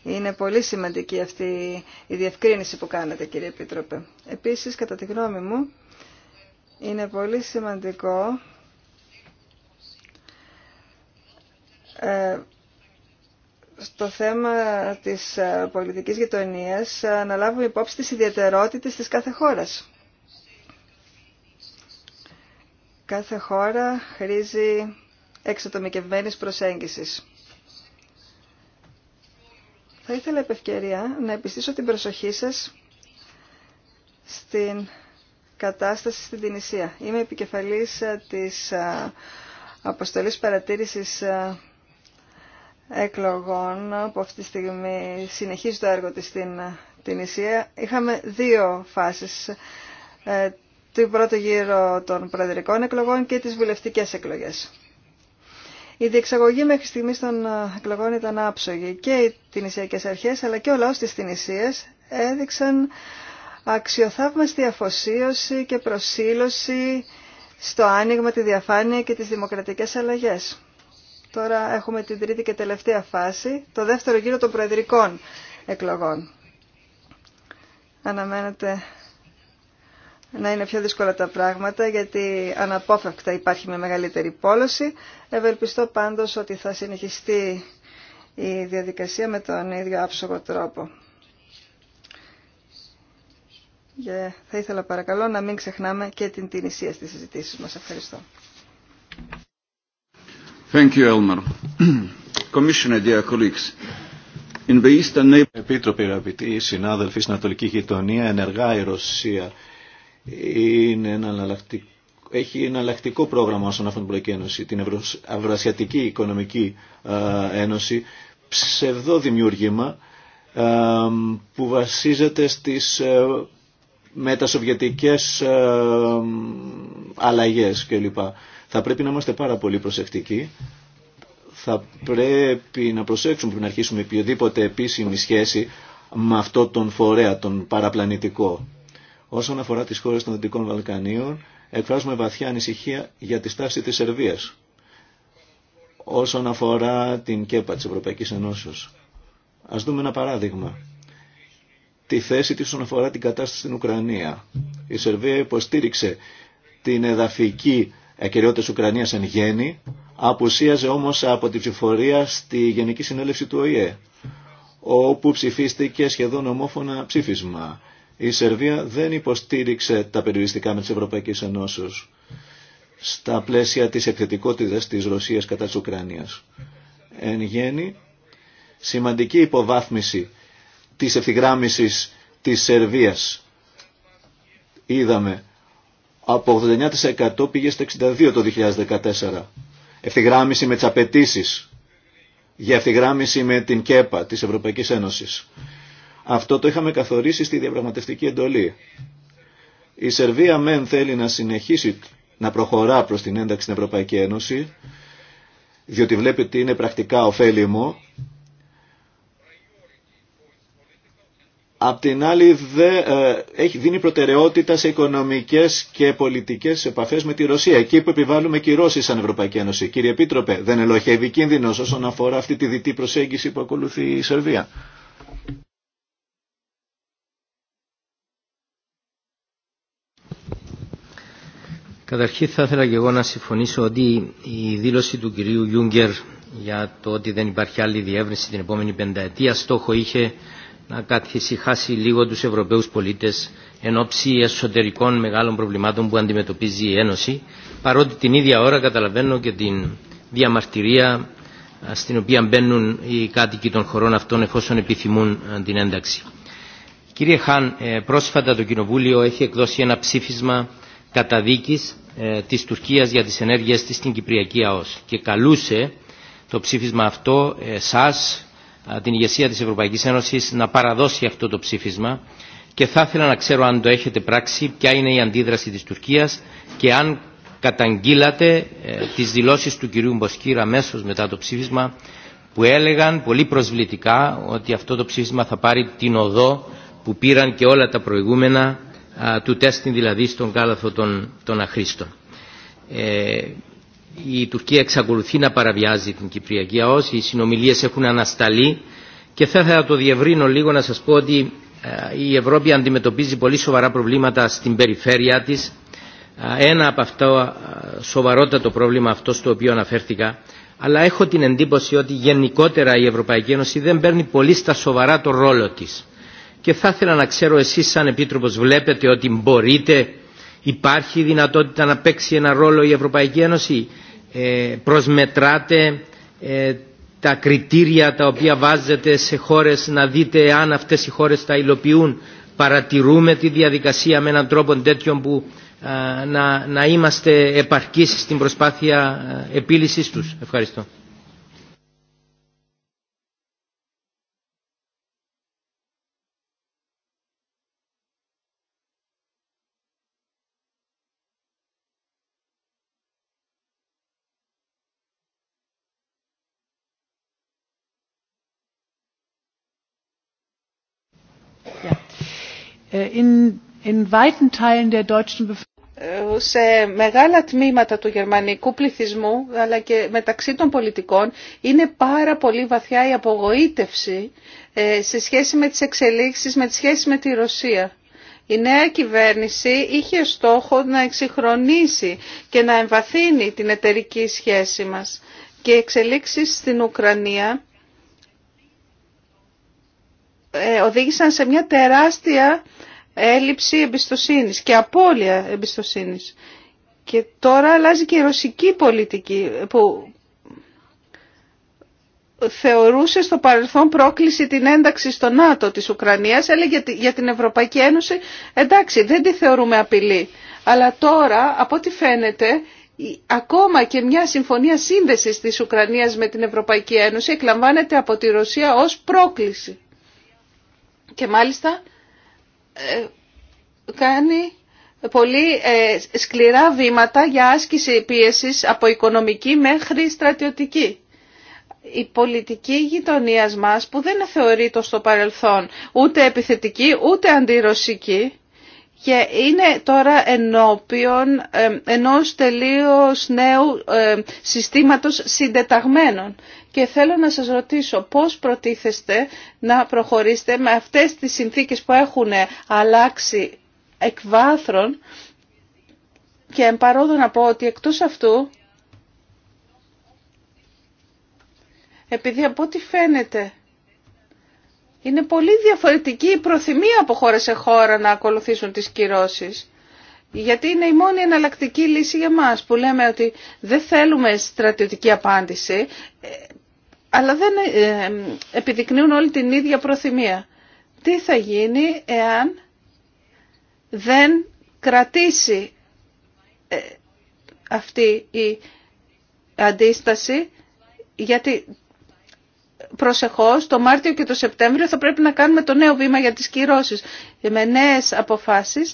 Είναι πολύ σημαντική αυτή η διευκρίνηση που κάνετε κύριε Επίτροπε. Επίσης, κατά τη γνώμη μου, είναι πολύ σημαντικό ε, στο θέμα της ε, πολιτικής γειτονίας ε, να λάβουμε υπόψη τις ιδιαιτερότητες της κάθε χώρας. Κάθε χώρα χρήζει εξατομικευμένης προσέγγισης. Θα ήθελα επευκαιρία να επιστήσω την προσοχή σας στην κατάσταση στην Τινησία. Είμαι επικεφαλής ε, της ε, αποστολής παρατήρησης ε, εκλογών που αυτή τη στιγμή συνεχίζει το έργο της στην Τινησία. Είχαμε δύο φάσεις. Την πρώτο γύρω των προεδρικών εκλογών και τις βουλευτικές εκλογές. Η διεξαγωγή μέχρι στιγμή των εκλογών ήταν άψογη και οι τινησιακές αρχές αλλά και ο λαός της Τινησίας έδειξαν αξιοθαύμαστη αφοσίωση και προσήλωση στο άνοιγμα, τη διαφάνεια και τις δημοκρατικές αλλαγές. Τώρα έχουμε την τρίτη και τελευταία φάση, το δεύτερο γύρο των προεδρικών εκλογών. Αναμένεται να είναι πιο δύσκολα τα πράγματα γιατί αναπόφευκτα υπάρχει μια μεγαλύτερη πόλωση. Ευελπιστώ πάντως ότι θα συνεχιστεί η διαδικασία με τον ίδιο άψογο τρόπο. Θα ήθελα παρακαλώ να μην ξεχνάμε και την τηνησία στις συζητήσεις μας. Ευχαριστώ. Thank you, Elmer. Commissioner, dear colleagues. In the Eastern... Επίτροποι, αγαπητοί συνάδελφοι, στην Ανατολική Γειτονία, ενεργά η Ρωσία είναι ένα εναλλακτικό, έχει εναλλακτικό πρόγραμμα όσον αφορά την Ευρωπαϊκή Ένωση, την Ευρωασιατική Οικονομική Ένωση, ψευδό δημιούργημα που βασίζεται στις ε, με τα σοβιετικές ε, αλλαγές κλπ. Θα πρέπει να είμαστε πάρα πολύ προσεκτικοί. Θα πρέπει να προσέξουμε πριν αρχίσουμε οποιοδήποτε επίσημη σχέση με αυτό τον φορέα, τον παραπλανητικό. Όσον αφορά τις χώρες των Δυτικών Βαλκανίων, εκφράζουμε βαθιά ανησυχία για τη στάση της Σερβίας. Όσον αφορά την ΚΕΠΑ της Ευρωπαϊκής Ενώσεως. Ας δούμε ένα παράδειγμα τη θέση της όσον αφορά την κατάσταση στην Ουκρανία. Η Σερβία υποστήριξε την εδαφική ακεραιότητα της Ουκρανίας εν γέννη, απουσίαζε όμως από την ψηφορία στη Γενική Συνέλευση του ΟΗΕ, όπου ψηφίστηκε σχεδόν ομόφωνα ψήφισμα. Η Σερβία δεν υποστήριξε τα περιοριστικά με τις Ευρωπαϊκές Ενώσεις στα πλαίσια της επιθετικότητας της Ρωσίας κατά της Ουκρανίας. Εν γέννη, σημαντική υποβάθμιση της ευθυγράμμισης της Σερβίας. Είδαμε από 89% πήγε στο 62% το 2014. Ευθυγράμμιση με τις απαιτήσει για ευθυγράμμιση με την ΚΕΠΑ της Ευρωπαϊκής Ένωσης. Αυτό το είχαμε καθορίσει στη διαπραγματευτική εντολή. Η Σερβία μεν θέλει να συνεχίσει να προχωρά προς την ένταξη στην Ευρωπαϊκή Ένωση, διότι βλέπει ότι είναι πρακτικά ωφέλιμο Απ' την άλλη δε, ε, έχει, δίνει προτεραιότητα σε οικονομικές και πολιτικές επαφές με τη Ρωσία, εκεί που επιβάλλουμε και Ρώσοι σαν Ευρωπαϊκή Ένωση. Κύριε Επίτροπε, δεν ελοχεύει κίνδυνος όσον αφορά αυτή τη διτή προσέγγιση που ακολουθεί η Σερβία. Καταρχήν θα ήθελα και εγώ να συμφωνήσω ότι η δήλωση του κυρίου Γιούγκερ για το ότι δεν υπάρχει άλλη διεύρυνση την επόμενη πενταετία στόχο είχε να καθησυχάσει λίγο τους Ευρωπαίους πολίτες εν ώψη εσωτερικών μεγάλων προβλημάτων που αντιμετωπίζει η Ένωση παρότι την ίδια ώρα καταλαβαίνω και την διαμαρτυρία στην οποία μπαίνουν οι κάτοικοι των χωρών αυτών εφόσον επιθυμούν την ένταξη. Κύριε Χάν, ε, πρόσφατα το Κοινοβούλιο έχει εκδώσει ένα ψήφισμα καταδίκης ε, της Τουρκίας για τις ενέργειες της στην Κυπριακή ΑΟΣ και καλούσε το ψήφισμα αυτό εσά την ηγεσία της Ευρωπαϊκής Ένωσης να παραδώσει αυτό το ψήφισμα και θα ήθελα να ξέρω αν το έχετε πράξει, ποια είναι η αντίδραση της Τουρκίας και αν καταγγείλατε ε, τις δηλώσεις του κυρίου Μποσκύρ αμέσω μετά το ψήφισμα που έλεγαν πολύ προσβλητικά ότι αυτό το ψήφισμα θα πάρει την οδό που πήραν και όλα τα προηγούμενα του τέστην δηλαδή στον κάλαθο των, των αχρήστων. Ε, η Τουρκία εξακολουθεί να παραβιάζει την Κυπριακή ΑΟΣ, οι συνομιλίες έχουν ανασταλεί και θα, ήθελα το διευρύνω λίγο να σας πω ότι ε, η Ευρώπη αντιμετωπίζει πολύ σοβαρά προβλήματα στην περιφέρεια της. Ε, ένα από αυτά ε, σοβαρότατο πρόβλημα αυτό στο οποίο αναφέρθηκα αλλά έχω την εντύπωση ότι γενικότερα η Ευρωπαϊκή Ένωση δεν παίρνει πολύ στα σοβαρά το ρόλο της. Και θα ήθελα να ξέρω εσείς σαν Επίτροπος βλέπετε ότι μπορείτε, υπάρχει δυνατότητα να παίξει ένα ρόλο η Ευρωπαϊκή Ένωση ε, προσμετράτε ε, τα κριτήρια τα οποία βάζετε σε χώρες να δείτε αν αυτές οι χώρες τα υλοποιούν. Παρατηρούμε τη διαδικασία με έναν τρόπο τέτοιο που να, να είμαστε επαρκείς στην προσπάθεια ε, επίλυσης τους. Ευχαριστώ. σε μεγάλα τμήματα του γερμανικού πληθυσμού αλλά και μεταξύ των πολιτικών είναι πάρα πολύ βαθιά η απογοήτευση ε, σε σχέση με τις εξελίξεις, με τη σχέση με τη Ρωσία. Η νέα κυβέρνηση είχε στόχο να εξυγχρονίσει και να εμβαθύνει την εταιρική σχέση μας και οι εξελίξεις στην Ουκρανία ε, οδήγησαν σε μια τεράστια έλλειψη εμπιστοσύνης και απώλεια εμπιστοσύνης. Και τώρα αλλάζει και η ρωσική πολιτική που θεωρούσε στο παρελθόν πρόκληση την ένταξη στο ΝΑΤΟ της Ουκρανίας, έλεγε για την Ευρωπαϊκή Ένωση, εντάξει δεν τη θεωρούμε απειλή. Αλλά τώρα από ό,τι φαίνεται ακόμα και μια συμφωνία σύνδεσης της Ουκρανίας με την Ευρωπαϊκή Ένωση εκλαμβάνεται από τη Ρωσία ως πρόκληση και μάλιστα ε, κάνει πολύ ε, σκληρά βήματα για άσκηση πίεσης από οικονομική μέχρι στρατιωτική. Η πολιτική γειτονία μας που δεν το στο παρελθόν ούτε επιθετική ούτε αντιρωσική και είναι τώρα ενώπιον ε, ενός τελείως νέου συστήματος συντεταγμένων και θέλω να σας ρωτήσω πώς προτίθεστε να προχωρήσετε με αυτές τις συνθήκες που έχουν αλλάξει εκ βάθρων και παρόδο να πω ότι εκτός αυτού επειδή από ό,τι φαίνεται είναι πολύ διαφορετική η προθυμία από χώρα σε χώρα να ακολουθήσουν τις κυρώσεις. Γιατί είναι η μόνη εναλλακτική λύση για μας που λέμε ότι δεν θέλουμε στρατιωτική απάντηση αλλά δεν ε, ε, επιδεικνύουν όλη την ίδια προθυμία. Τι θα γίνει εάν δεν κρατήσει ε, αυτή η αντίσταση, γιατί προσεχώς το Μάρτιο και το Σεπτέμβριο θα πρέπει να κάνουμε το νέο βήμα για τις κυρώσεις, με νέες αποφάσεις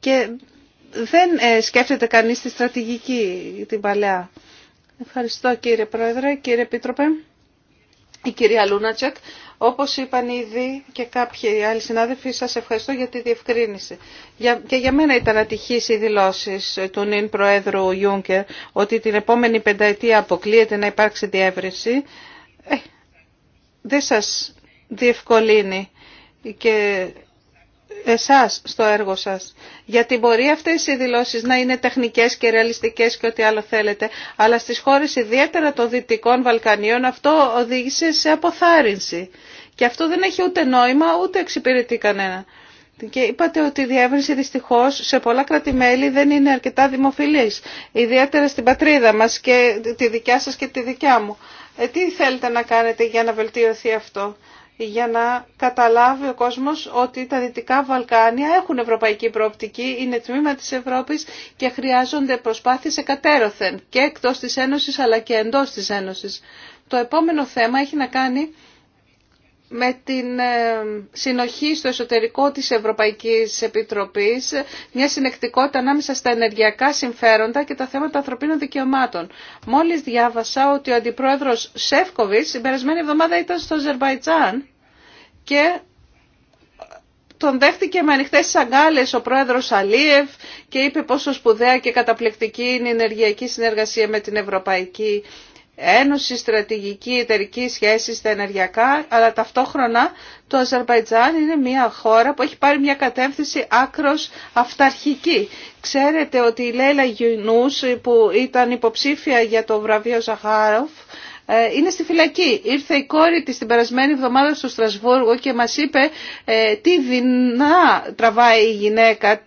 και δεν σκέφτεται κανείς τη στρατηγική την παλαιά. Ευχαριστώ κύριε Πρόεδρε, κύριε Επίτροπε η κυρία Λούνατσεκ. Όπως είπαν ήδη και κάποιοι άλλοι συνάδελφοι, σας ευχαριστώ για τη διευκρίνηση. και για μένα ήταν ατυχής οι δηλώσεις του νυν Προέδρου Ιούνκερ ότι την επόμενη πενταετία αποκλείεται να υπάρξει διεύρυνση. Ε, δεν σας διευκολύνει και εσάς στο έργο σας. Γιατί μπορεί αυτές οι δηλώσεις να είναι τεχνικές και ρεαλιστικές και ό,τι άλλο θέλετε, αλλά στις χώρες ιδιαίτερα των Δυτικών Βαλκανίων αυτό οδήγησε σε αποθάρρυνση. Και αυτό δεν έχει ούτε νόημα, ούτε εξυπηρετεί κανένα. Και είπατε ότι η διεύρυνση δυστυχώ σε πολλά κρατημέλη δεν είναι αρκετά δημοφιλή. Ιδιαίτερα στην πατρίδα μα και τη δικιά σα και τη δικιά μου. Ε, τι θέλετε να κάνετε για να βελτιωθεί αυτό για να καταλάβει ο κόσμος ότι τα Δυτικά Βαλκάνια έχουν ευρωπαϊκή προοπτική, είναι τμήμα της Ευρώπης και χρειάζονται προσπάθειες εκατέρωθεν και εκτός της Ένωσης αλλά και εντός της Ένωσης. Το επόμενο θέμα έχει να κάνει με την ε, συνοχή στο εσωτερικό της Ευρωπαϊκής Επιτροπής μια συνεκτικότητα ανάμεσα στα ενεργειακά συμφέροντα και τα θέματα ανθρωπίνων δικαιωμάτων. Μόλις διάβασα ότι ο Αντιπρόεδρος Σεύκοβης την περασμένη εβδομάδα ήταν στο Ζερβαϊτζάν και τον δέχτηκε με ανοιχτέ αγκάλε ο πρόεδρο Αλίευ και είπε πόσο σπουδαία και καταπληκτική είναι η ενεργειακή συνεργασία με την Ευρωπαϊκή Ένωση Στρατηγική Εταιρική Σχέση στα ενεργειακά, αλλά ταυτόχρονα το Αζερβαϊτζάν είναι μια χώρα που έχει πάρει μια κατεύθυνση άκρος αυταρχική. Ξέρετε ότι η Λέλα Γιουνούς που ήταν υποψήφια για το βραβείο Ζαχάροφ ε, είναι στη φυλακή. Ήρθε η κόρη της την περασμένη εβδομάδα στο Στρασβούργο και μας είπε ε, τι δεινά τραβάει η γυναίκα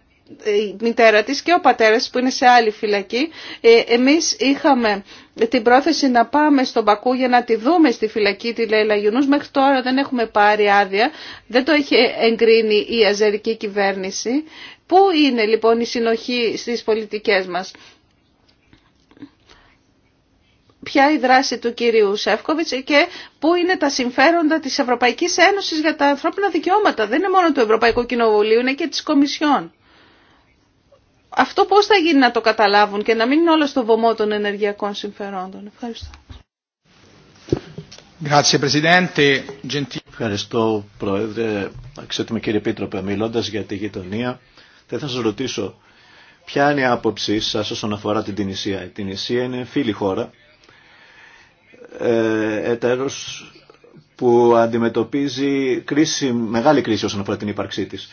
ε, η μητέρα της και ο πατέρας που είναι σε άλλη φυλακή. Ε, εμείς είχαμε την πρόθεση να πάμε στον Πακού για να τη δούμε στη φυλακή τη Λέιλα Γιουνούς. Μέχρι τώρα δεν έχουμε πάρει άδεια, δεν το έχει εγκρίνει η αζερική κυβέρνηση. Πού είναι λοιπόν η συνοχή στις πολιτικές μας. Ποια η δράση του κυρίου Σεύκοβιτς και πού είναι τα συμφέροντα της Ευρωπαϊκής Ένωσης για τα ανθρώπινα δικαιώματα. Δεν είναι μόνο του Ευρωπαϊκού Κοινοβουλίου, είναι και της Κομισιόν. Αυτό πώς θα γίνει να το καταλάβουν και να μην είναι όλο στο βωμό των ενεργειακών συμφερόντων. Ευχαριστώ. Ευχαριστώ Πρόεδρε, αξιότιμη κύριε Πίτροπε, μιλώντα για τη γειτονία, θα ήθελα να ρωτήσω ποια είναι η άποψή σα όσον αφορά την Τινησία. Η Τινησία είναι φίλη χώρα, ε, εταίρος που αντιμετωπίζει μεγάλη κρίση όσον αφορά την ύπαρξή της.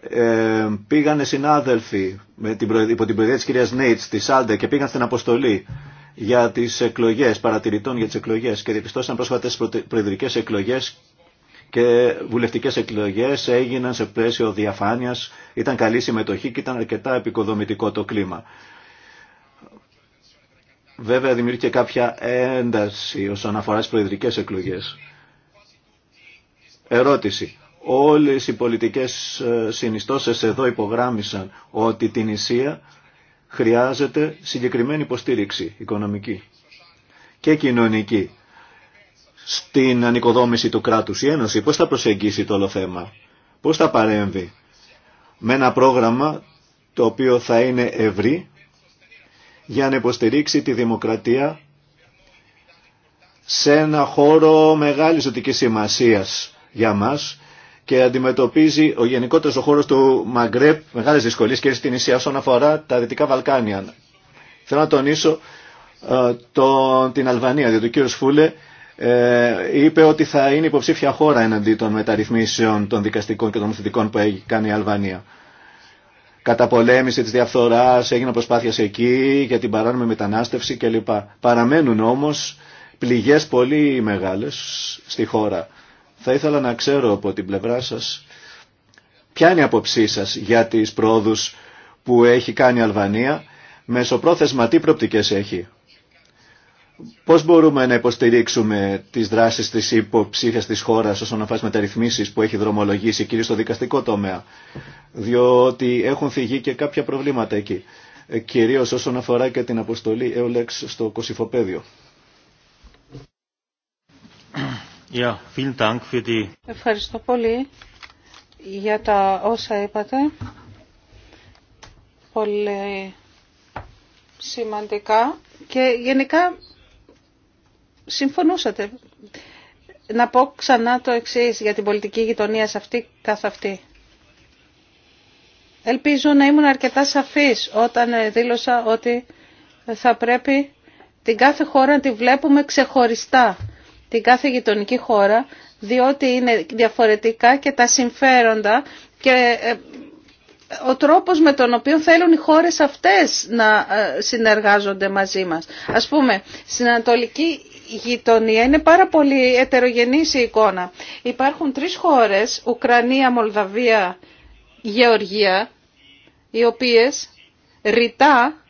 Ε, πήγανε συνάδελφοι με την, υπό την προεδρία της κυρίας Νέιτς της Άλντε και πήγαν στην αποστολή για τις εκλογές, παρατηρητών για τις εκλογές και διαπιστώσαν πρόσφατες προεδρικές εκλογές και βουλευτικές εκλογές έγιναν σε πλαίσιο διαφάνειας, ήταν καλή συμμετοχή και ήταν αρκετά επικοδομητικό το κλίμα. Βέβαια δημιουργήθηκε κάποια ένταση όσον αφορά τις προεδρικές εκλογές. Ερώτηση. Όλες οι πολιτικές ε, συνιστώσεις εδώ υπογράμμισαν ότι την Ισία χρειάζεται συγκεκριμένη υποστήριξη οικονομική και κοινωνική στην ανοικοδόμηση του κράτους. Η Ένωση πώς θα προσεγγίσει το όλο θέμα, πώς θα παρέμβει με ένα πρόγραμμα το οποίο θα είναι ευρύ για να υποστηρίξει τη δημοκρατία σε ένα χώρο μεγάλης ζωτικής σημασίας για μας και αντιμετωπίζει ο γενικότερο χώρο του Μαγκρέπ μεγάλε δυσκολίε και στην Ισία όσον αφορά τα Δυτικά Βαλκάνια. Θέλω να τονίσω ε, την Αλβανία, διότι ο κύριο Φούλε ε, είπε ότι θα είναι υποψήφια χώρα εναντί των μεταρρυθμίσεων των δικαστικών και των θετικών που έχει κάνει η Αλβανία. πολέμηση τη διαφθορά έγιναν προσπάθειε εκεί για την παράνομη μετανάστευση κλπ. Παραμένουν όμω πληγέ πολύ μεγάλε στη χώρα. Θα ήθελα να ξέρω από την πλευρά σας ποια είναι η αποψή σας για τις πρόοδους που έχει κάνει η Αλβανία, μεσοπρόθεσμα τι προπτικές έχει. Πώς μπορούμε να υποστηρίξουμε τις δράσεις της υποψήφιας της χώρας όσον αφορά μεταρρυθμίσεις που έχει δρομολογήσει κυρίως στο δικαστικό τομέα, διότι έχουν θυγεί και κάποια προβλήματα εκεί, κυρίως όσον αφορά και την αποστολή EOLEX στο Κωσυφοπαίδιο. Ευχαριστώ πολύ για τα όσα είπατε. Πολύ σημαντικά και γενικά συμφωνούσατε. Να πω ξανά το εξή για την πολιτική γειτονία σε αυτή καθ' αυτή. Ελπίζω να ήμουν αρκετά σαφής όταν δήλωσα ότι θα πρέπει την κάθε χώρα να τη βλέπουμε ξεχωριστά την κάθε γειτονική χώρα, διότι είναι διαφορετικά και τα συμφέροντα και ε, ο τρόπος με τον οποίο θέλουν οι χώρες αυτές να ε, συνεργάζονται μαζί μας. Ας πούμε, στην Ανατολική γειτονία είναι πάρα πολύ ετερογενής η εικόνα. Υπάρχουν τρεις χώρες, Ουκρανία, Μολδαβία, Γεωργία, οι οποίες ρητά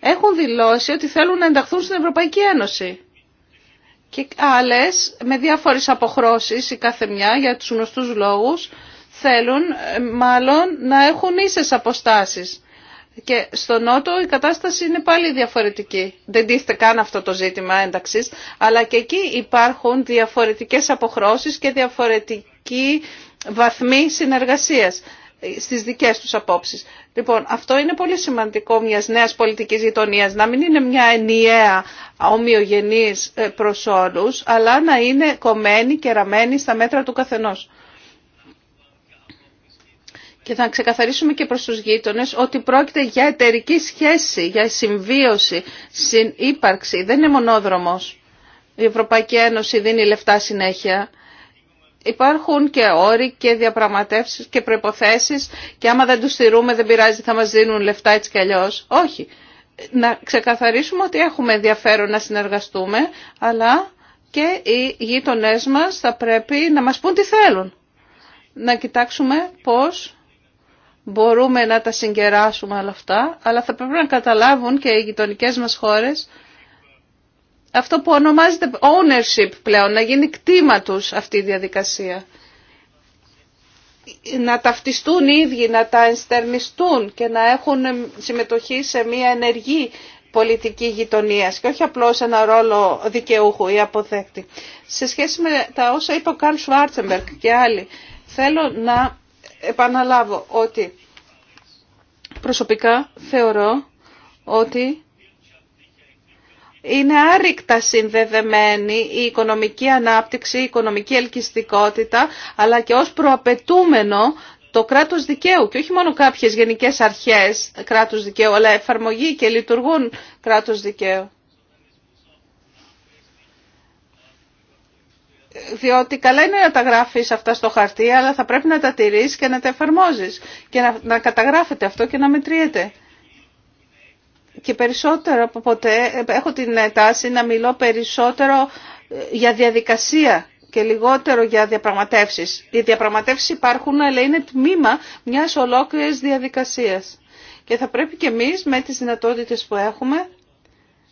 έχουν δηλώσει ότι θέλουν να ενταχθούν στην Ευρωπαϊκή Ένωση και άλλες με διάφορες αποχρώσεις η κάθε μια για τους γνωστούς λόγους θέλουν ε, μάλλον να έχουν ίσες αποστάσεις. Και στο Νότο η κατάσταση είναι πάλι διαφορετική. Δεν τίθεται καν αυτό το ζήτημα ένταξης, αλλά και εκεί υπάρχουν διαφορετικές αποχρώσεις και διαφορετικοί βαθμοί συνεργασίας στις δικές τους απόψεις. Λοιπόν, αυτό είναι πολύ σημαντικό μιας νέας πολιτικής γειτονία, να μην είναι μια ενιαία ομοιογενής ε, προς όλους, αλλά να είναι κομμένη και ραμμένη στα μέτρα του καθενός. Και θα ξεκαθαρίσουμε και προς τους γείτονες ότι πρόκειται για εταιρική σχέση, για συμβίωση, συνύπαρξη. Δεν είναι μονόδρομος. Η Ευρωπαϊκή Ένωση δίνει λεφτά συνέχεια Υπάρχουν και όροι και διαπραγματεύσεις και προϋποθέσεις και άμα δεν τους στηρούμε δεν πειράζει θα μας δίνουν λεφτά έτσι κι αλλιώς. Όχι. Να ξεκαθαρίσουμε ότι έχουμε ενδιαφέρον να συνεργαστούμε αλλά και οι γείτονέ μας θα πρέπει να μας πούν τι θέλουν. Να κοιτάξουμε πώς μπορούμε να τα συγκεράσουμε όλα αυτά αλλά θα πρέπει να καταλάβουν και οι γειτονικέ μας χώρες αυτό που ονομάζεται ownership πλέον, να γίνει κτήμα τους αυτή η διαδικασία. Να ταυτιστούν οι ίδιοι, να τα ενστερνιστούν και να έχουν συμμετοχή σε μια ενεργή πολιτική γειτονία και όχι απλώς ένα ρόλο δικαιούχου ή αποδέκτη. Σε σχέση με τα όσα είπε ο Καρλ Σουάρτσεμπερκ και άλλοι, θέλω να επαναλάβω ότι προσωπικά θεωρώ ότι είναι άρρηκτα συνδεδεμένη η οικονομική ανάπτυξη, η οικονομική ελκυστικότητα, αλλά και ως προαπαιτούμενο το κράτος δικαίου και όχι μόνο κάποιες γενικές αρχές κράτους δικαίου, αλλά εφαρμογή και λειτουργούν κράτος δικαίου. Διότι καλά είναι να τα γράφεις αυτά στο χαρτί, αλλά θα πρέπει να τα τηρείς και να τα εφαρμόζεις και να, να καταγράφεται αυτό και να μετριέται και περισσότερο από ποτέ έχω την τάση να μιλώ περισσότερο ε, για διαδικασία και λιγότερο για διαπραγματεύσεις. Οι διαπραγματεύσεις υπάρχουν, αλλά είναι τμήμα μιας ολόκληρης διαδικασίας. Και θα πρέπει και εμείς με τις δυνατότητες που έχουμε,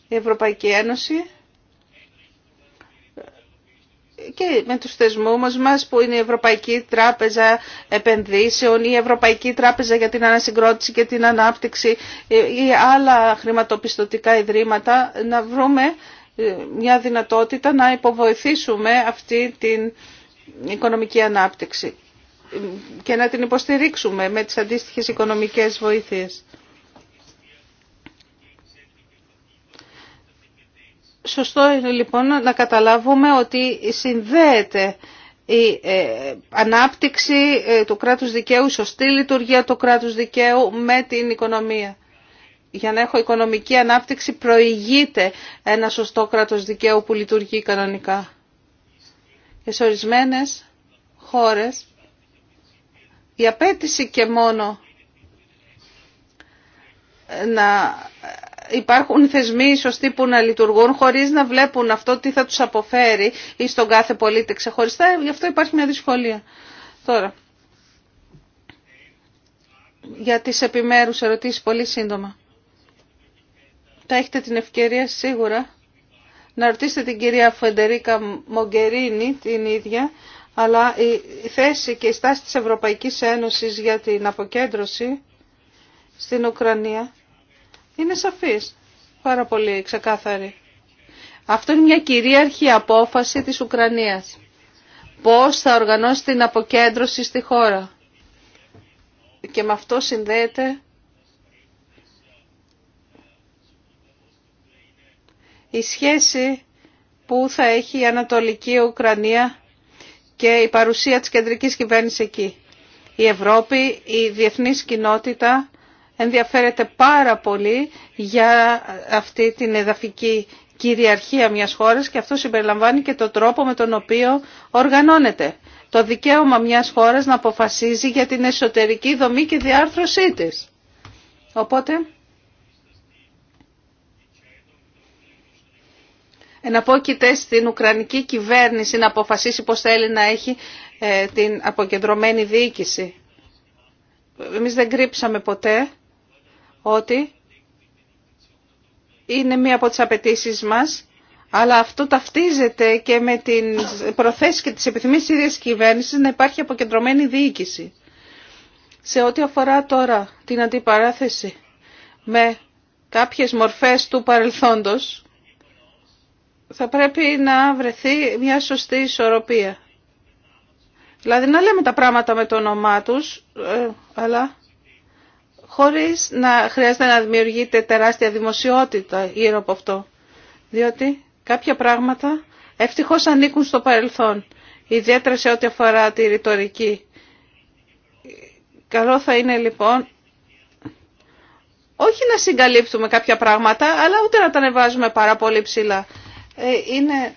η Ευρωπαϊκή Ένωση, και με τους θεσμούς μας που είναι η Ευρωπαϊκή Τράπεζα Επενδύσεων, η Ευρωπαϊκή Τράπεζα για την Ανασυγκρότηση και την Ανάπτυξη ε, ή άλλα χρηματοπιστωτικά ιδρύματα, να βρούμε ε, μια δυνατότητα να υποβοηθήσουμε αυτή την οικονομική ανάπτυξη και να την υποστηρίξουμε με τις αντίστοιχες οικονομικές βοήθειες. Σωστό είναι λοιπόν να καταλάβουμε ότι συνδέεται η ε, ανάπτυξη ε, του κράτους δικαίου, η σωστή λειτουργία του κράτους δικαίου με την οικονομία. Για να έχω οικονομική ανάπτυξη προηγείται ένα σωστό κράτος δικαίου που λειτουργεί κανονικά. Και σε ορισμένε χώρες η απέτηση και μόνο να υπάρχουν θεσμοί σωστοί που να λειτουργούν χωρίς να βλέπουν αυτό τι θα τους αποφέρει ή στον κάθε πολίτη ξεχωριστά. Γι' αυτό υπάρχει μια δυσκολία. Τώρα, για τις επιμέρους ερωτήσεις πολύ σύντομα. Θα έχετε την ευκαιρία σίγουρα να ρωτήσετε την κυρία Φεντερίκα Μογκερίνη την ίδια, αλλά η θέση και η στάση της Ευρωπαϊκής Ένωσης για την αποκέντρωση στην Ουκρανία είναι σαφής, πάρα πολύ ξεκάθαρη. Αυτό είναι μια κυρίαρχη απόφαση της Ουκρανίας. Πώς θα οργανώσει την αποκέντρωση στη χώρα. Και με αυτό συνδέεται η σχέση που θα έχει η Ανατολική Ουκρανία και η παρουσία της κεντρικής κυβέρνησης εκεί. Η Ευρώπη, η διεθνής κοινότητα ενδιαφέρεται πάρα πολύ για αυτή την εδαφική κυριαρχία μιας χώρας και αυτό συμπεριλαμβάνει και τον τρόπο με τον οποίο οργανώνεται. Το δικαίωμα μιας χώρας να αποφασίζει για την εσωτερική δομή και διάρθρωσή της. Οπότε, εναπόκειται στην Ουκρανική κυβέρνηση να αποφασίσει πώς θέλει να έχει ε, την αποκεντρωμένη διοίκηση. Εμείς δεν κρύψαμε ποτέ ότι είναι μία από τις απαιτήσει μας, αλλά αυτό ταυτίζεται και με την προθέση και τις επιθυμίες της ίδιας κυβέρνησης να υπάρχει αποκεντρωμένη διοίκηση. Σε ό,τι αφορά τώρα την αντιπαράθεση με κάποιες μορφές του παρελθόντος, θα πρέπει να βρεθεί μια σωστή ισορροπία. Δηλαδή να λέμε τα πράγματα με το όνομά τους, ε, αλλά χωρίς να χρειάζεται να δημιουργείται τεράστια δημοσιότητα γύρω από αυτό. Διότι κάποια πράγματα ευτυχώς ανήκουν στο παρελθόν, ιδιαίτερα σε ό,τι αφορά τη ρητορική. Καλό θα είναι λοιπόν όχι να συγκαλύπτουμε κάποια πράγματα, αλλά ούτε να τα ανεβάζουμε πάρα πολύ ψηλά. Ε, είναι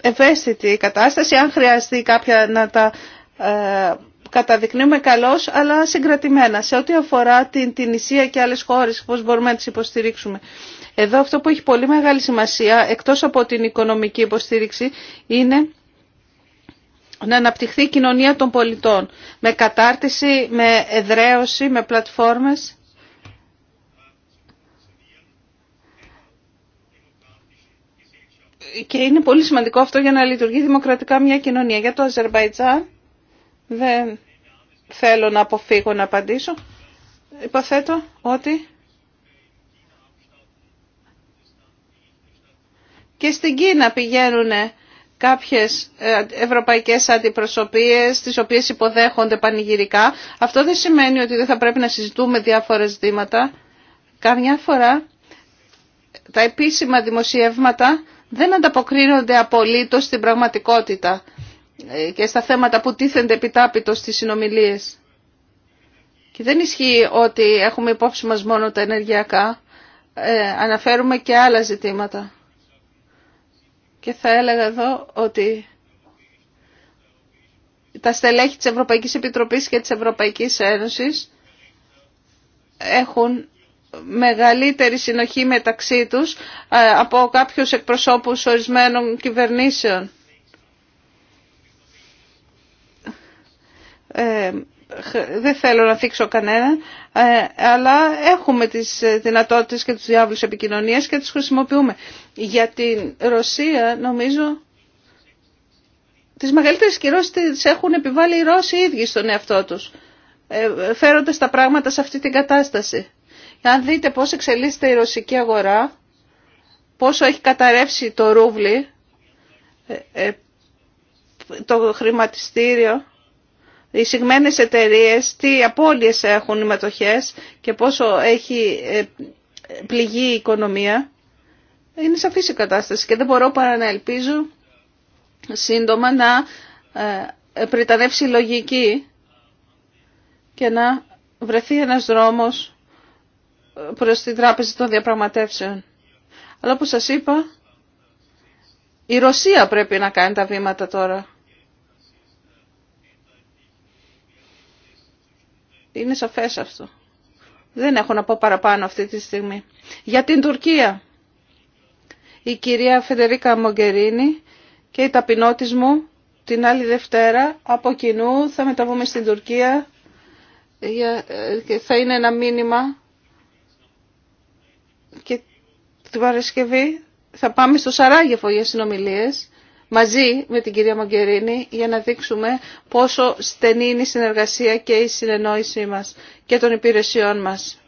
ευαίσθητη η κατάσταση, αν χρειαστεί κάποια να τα ε, καταδεικνύουμε καλώς, αλλά συγκρατημένα. Σε ό,τι αφορά την, την και άλλες χώρες, πώς μπορούμε να τις υποστηρίξουμε. Εδώ αυτό που έχει πολύ μεγάλη σημασία, εκτός από την οικονομική υποστήριξη, είναι να αναπτυχθεί η κοινωνία των πολιτών. Με κατάρτιση, με εδραίωση, με πλατφόρμες. Και είναι πολύ σημαντικό αυτό για να λειτουργεί δημοκρατικά μια κοινωνία. Για το Αζερβαϊτζάν δεν θέλω να αποφύγω να απαντήσω. Υποθέτω ότι και στην Κίνα πηγαίνουν κάποιες ε, ευρωπαϊκές αντιπροσωπείες τις οποίες υποδέχονται πανηγυρικά. Αυτό δεν σημαίνει ότι δεν θα πρέπει να συζητούμε διάφορες ζητήματα. Καμιά φορά τα επίσημα δημοσιεύματα δεν ανταποκρίνονται απολύτως στην πραγματικότητα. Ε, και στα θέματα που τίθενται επιτάπητο στις συνομιλίες. Και δεν ισχύει ότι έχουμε υπόψη μας μόνο τα ενεργειακά. Ε, αναφέρουμε και άλλα ζητήματα. Και θα έλεγα εδώ ότι τα στελέχη της Ευρωπαϊκής Επιτροπής και της Ευρωπαϊκής Ένωσης έχουν μεγαλύτερη συνοχή μεταξύ τους ε, από κάποιους εκπροσώπους ορισμένων κυβερνήσεων. Ε, δεν θέλω να θίξω κανένα, ε, αλλά έχουμε τις δυνατότητες και τους διάβλους επικοινωνίας και τις χρησιμοποιούμε. Για την Ρωσία νομίζω τις μεγαλύτερες κυρώσεις τις έχουν επιβάλει οι Ρώσοι οι ίδιοι στον εαυτό τους, ε, φέροντας τα πράγματα σε αυτή την κατάσταση. Αν δείτε πώς εξελίσσεται η ρωσική αγορά, πόσο έχει καταρρεύσει το ρούβλι, το χρηματιστήριο, οι συγμένες εταιρείε, τι απώλειες έχουν οι μετοχές και πόσο έχει ε, πληγεί η οικονομία. Είναι σαφής η κατάσταση και δεν μπορώ παρά να ελπίζω σύντομα να ε, πριτανεύσει η λογική και να βρεθεί ένας δρόμος ε, προς την τράπεζα των διαπραγματεύσεων. Αλλά όπως σας είπα, η Ρωσία πρέπει να κάνει τα βήματα τώρα. Είναι σαφές αυτό. Δεν έχω να πω παραπάνω αυτή τη στιγμή. Για την Τουρκία. Η κυρία Φεντερίκα Μογκερίνη και η ταπεινό μου την άλλη Δευτέρα από κοινού θα μεταβούμε στην Τουρκία ε, και θα είναι ένα μήνυμα και την Παρασκευή θα πάμε στο Σαράγεφο για συνομιλίες μαζί με την κυρία Μαγκερίνη για να δείξουμε πόσο στενή είναι η συνεργασία και η συνεννόησή μας και των υπηρεσιών μας.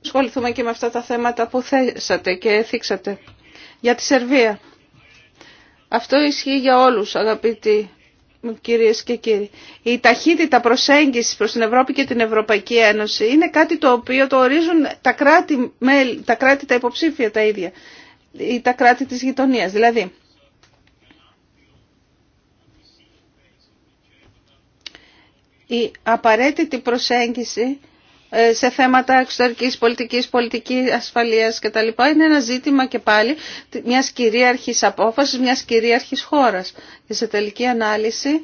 Σχοληθούμε και με αυτά τα θέματα που θέσατε και θίξατε Για τη Σερβία. Αυτό ισχύει για όλους αγαπητοί κυρίες και κύριοι. Η ταχύτητα προσέγγισης προς την Ευρώπη και την Ευρωπαϊκή Ένωση είναι κάτι το οποίο το ορίζουν τα κράτη, τα, κράτη, τα υποψήφια τα ίδια ή τα κράτη της γειτονίας. Δηλαδή, η απαραίτητη προσέγγιση ε, σε θέματα εξωτερικής πολιτικής, πολιτικής ασφαλείας κτλ. είναι ένα ζήτημα και πάλι μιας κυρίαρχης απόφασης, μιας κυρίαρχης χώρας. Και σε τελική ανάλυση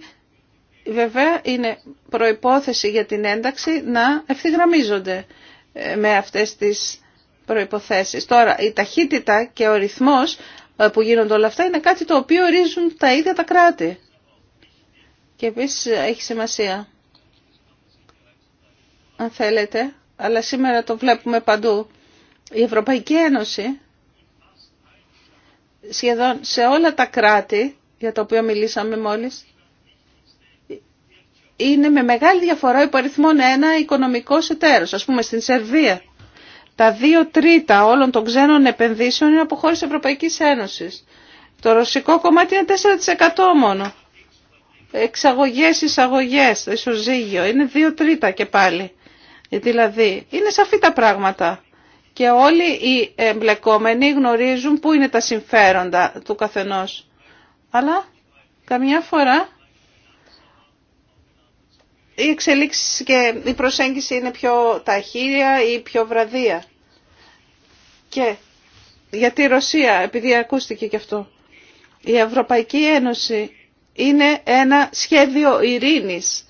βέβαια είναι προϋπόθεση για την ένταξη να ευθυγραμμίζονται ε, με αυτές τις προϋποθέσεις. Τώρα, η ταχύτητα και ο ρυθμός ε, που γίνονται όλα αυτά είναι κάτι το οποίο ορίζουν τα ίδια τα κράτη. Και επίσης ε, έχει σημασία. Αν θέλετε, αλλά σήμερα το βλέπουμε παντού. Η Ευρωπαϊκή Ένωση σχεδόν σε όλα τα κράτη για τα οποία μιλήσαμε μόλις είναι με μεγάλη διαφορά υπό ένα οικονομικός εταίρος. Ας πούμε στην Σερβία τα δύο τρίτα όλων των ξένων επενδύσεων είναι από χώρε Ευρωπαϊκής Ένωσης. Το ρωσικό κομμάτι είναι 4% μόνο. Εξαγωγές, εισαγωγές, ισοζύγιο. Είναι δύο τρίτα και πάλι. Δηλαδή, είναι σαφή τα πράγματα. Και όλοι οι εμπλεκόμενοι γνωρίζουν πού είναι τα συμφέροντα του καθενός. Αλλά καμιά φορά η εξελίξη και η προσέγγιση είναι πιο ταχύρια ή πιο βραδία. Και για τη Ρωσία, επειδή ακούστηκε και αυτό. Η Ευρωπαϊκή Ένωση είναι ένα σχέδιο ειρήνης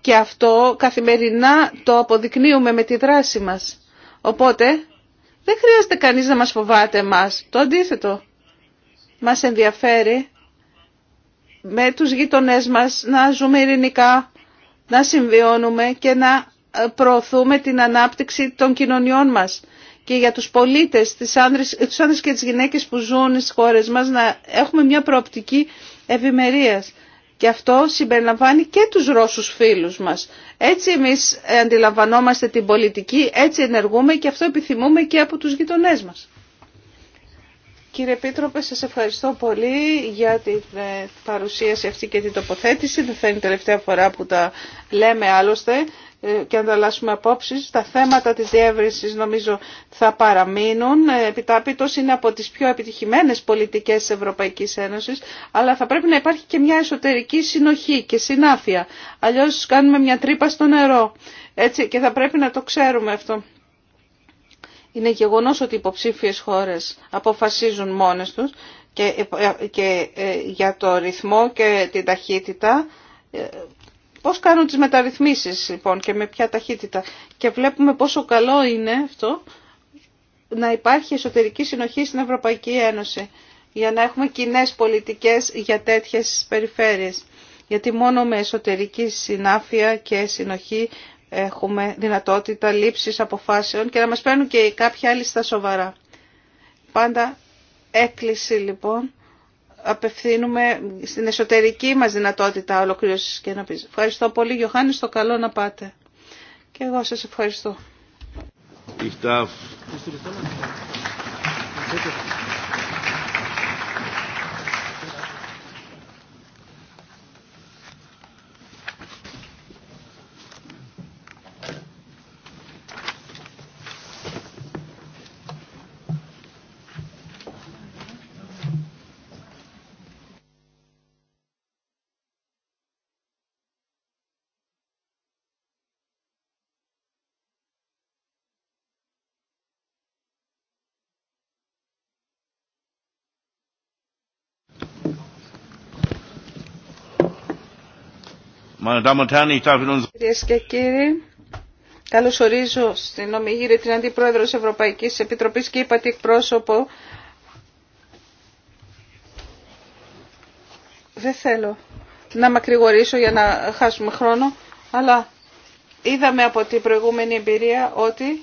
και αυτό καθημερινά το αποδεικνύουμε με τη δράση μας. Οπότε δεν χρειάζεται κανείς να μας φοβάται μας. Το αντίθετο μας ενδιαφέρει με τους γειτονές μας να ζούμε ειρηνικά, να συμβιώνουμε και να προωθούμε την ανάπτυξη των κοινωνιών μας και για τους πολίτες, τις άνδρες, τους άνδρες και τις γυναίκες που ζουν στις χώρες μας να έχουμε μια προοπτική ευημερίας. Και αυτό συμπεριλαμβάνει και τους Ρώσους φίλους μας. Έτσι εμείς αντιλαμβανόμαστε την πολιτική, έτσι ενεργούμε και αυτό επιθυμούμε και από τους γειτονές μας. Κύριε Επίτροπε, σας ευχαριστώ πολύ για την ε, παρουσίαση αυτή και την τοποθέτηση. Δεν θα είναι η τελευταία φορά που τα λέμε άλλωστε. Ε, και ανταλλάσσουμε απόψεις. Τα θέματα της διεύρυνσης νομίζω θα παραμείνουν. Ε, επιτάπητος είναι από τις πιο επιτυχημένες πολιτικές της Ευρωπαϊκής Ένωσης, αλλά θα πρέπει να υπάρχει και μια εσωτερική συνοχή και συνάφεια. Αλλιώς κάνουμε μια τρύπα στο νερό. Έτσι, και θα πρέπει να το ξέρουμε αυτό. Είναι γεγονός ότι οι υποψήφιες χώρες αποφασίζουν μόνες τους και, ε, και για το ρυθμό και την ταχύτητα Πώς κάνουν τις μεταρρυθμίσεις λοιπόν και με ποια ταχύτητα. Και βλέπουμε πόσο καλό είναι αυτό να υπάρχει εσωτερική συνοχή στην Ευρωπαϊκή Ένωση για να έχουμε κοινέ πολιτικές για τέτοιες περιφέρειες. Γιατί μόνο με εσωτερική συνάφεια και συνοχή έχουμε δυνατότητα λήψης αποφάσεων και να μας παίρνουν και κάποια άλλη στα σοβαρά. Πάντα έκκληση λοιπόν απευθύνουμε στην εσωτερική μας δυνατότητα ολοκλήρωσης και ενοπής. Ευχαριστώ πολύ Γιωχάνη, στο καλό να πάτε. Και εγώ σας ευχαριστώ. Κυρίε και κύριοι, ορίζω στην Ομιγύρη την Αντιπρόεδρο τη Ευρωπαϊκής Επιτροπής και είπα την εκπρόσωπο. Δεν θέλω να μακρηγορήσω για να χάσουμε χρόνο, αλλά είδαμε από την προηγούμενη εμπειρία ότι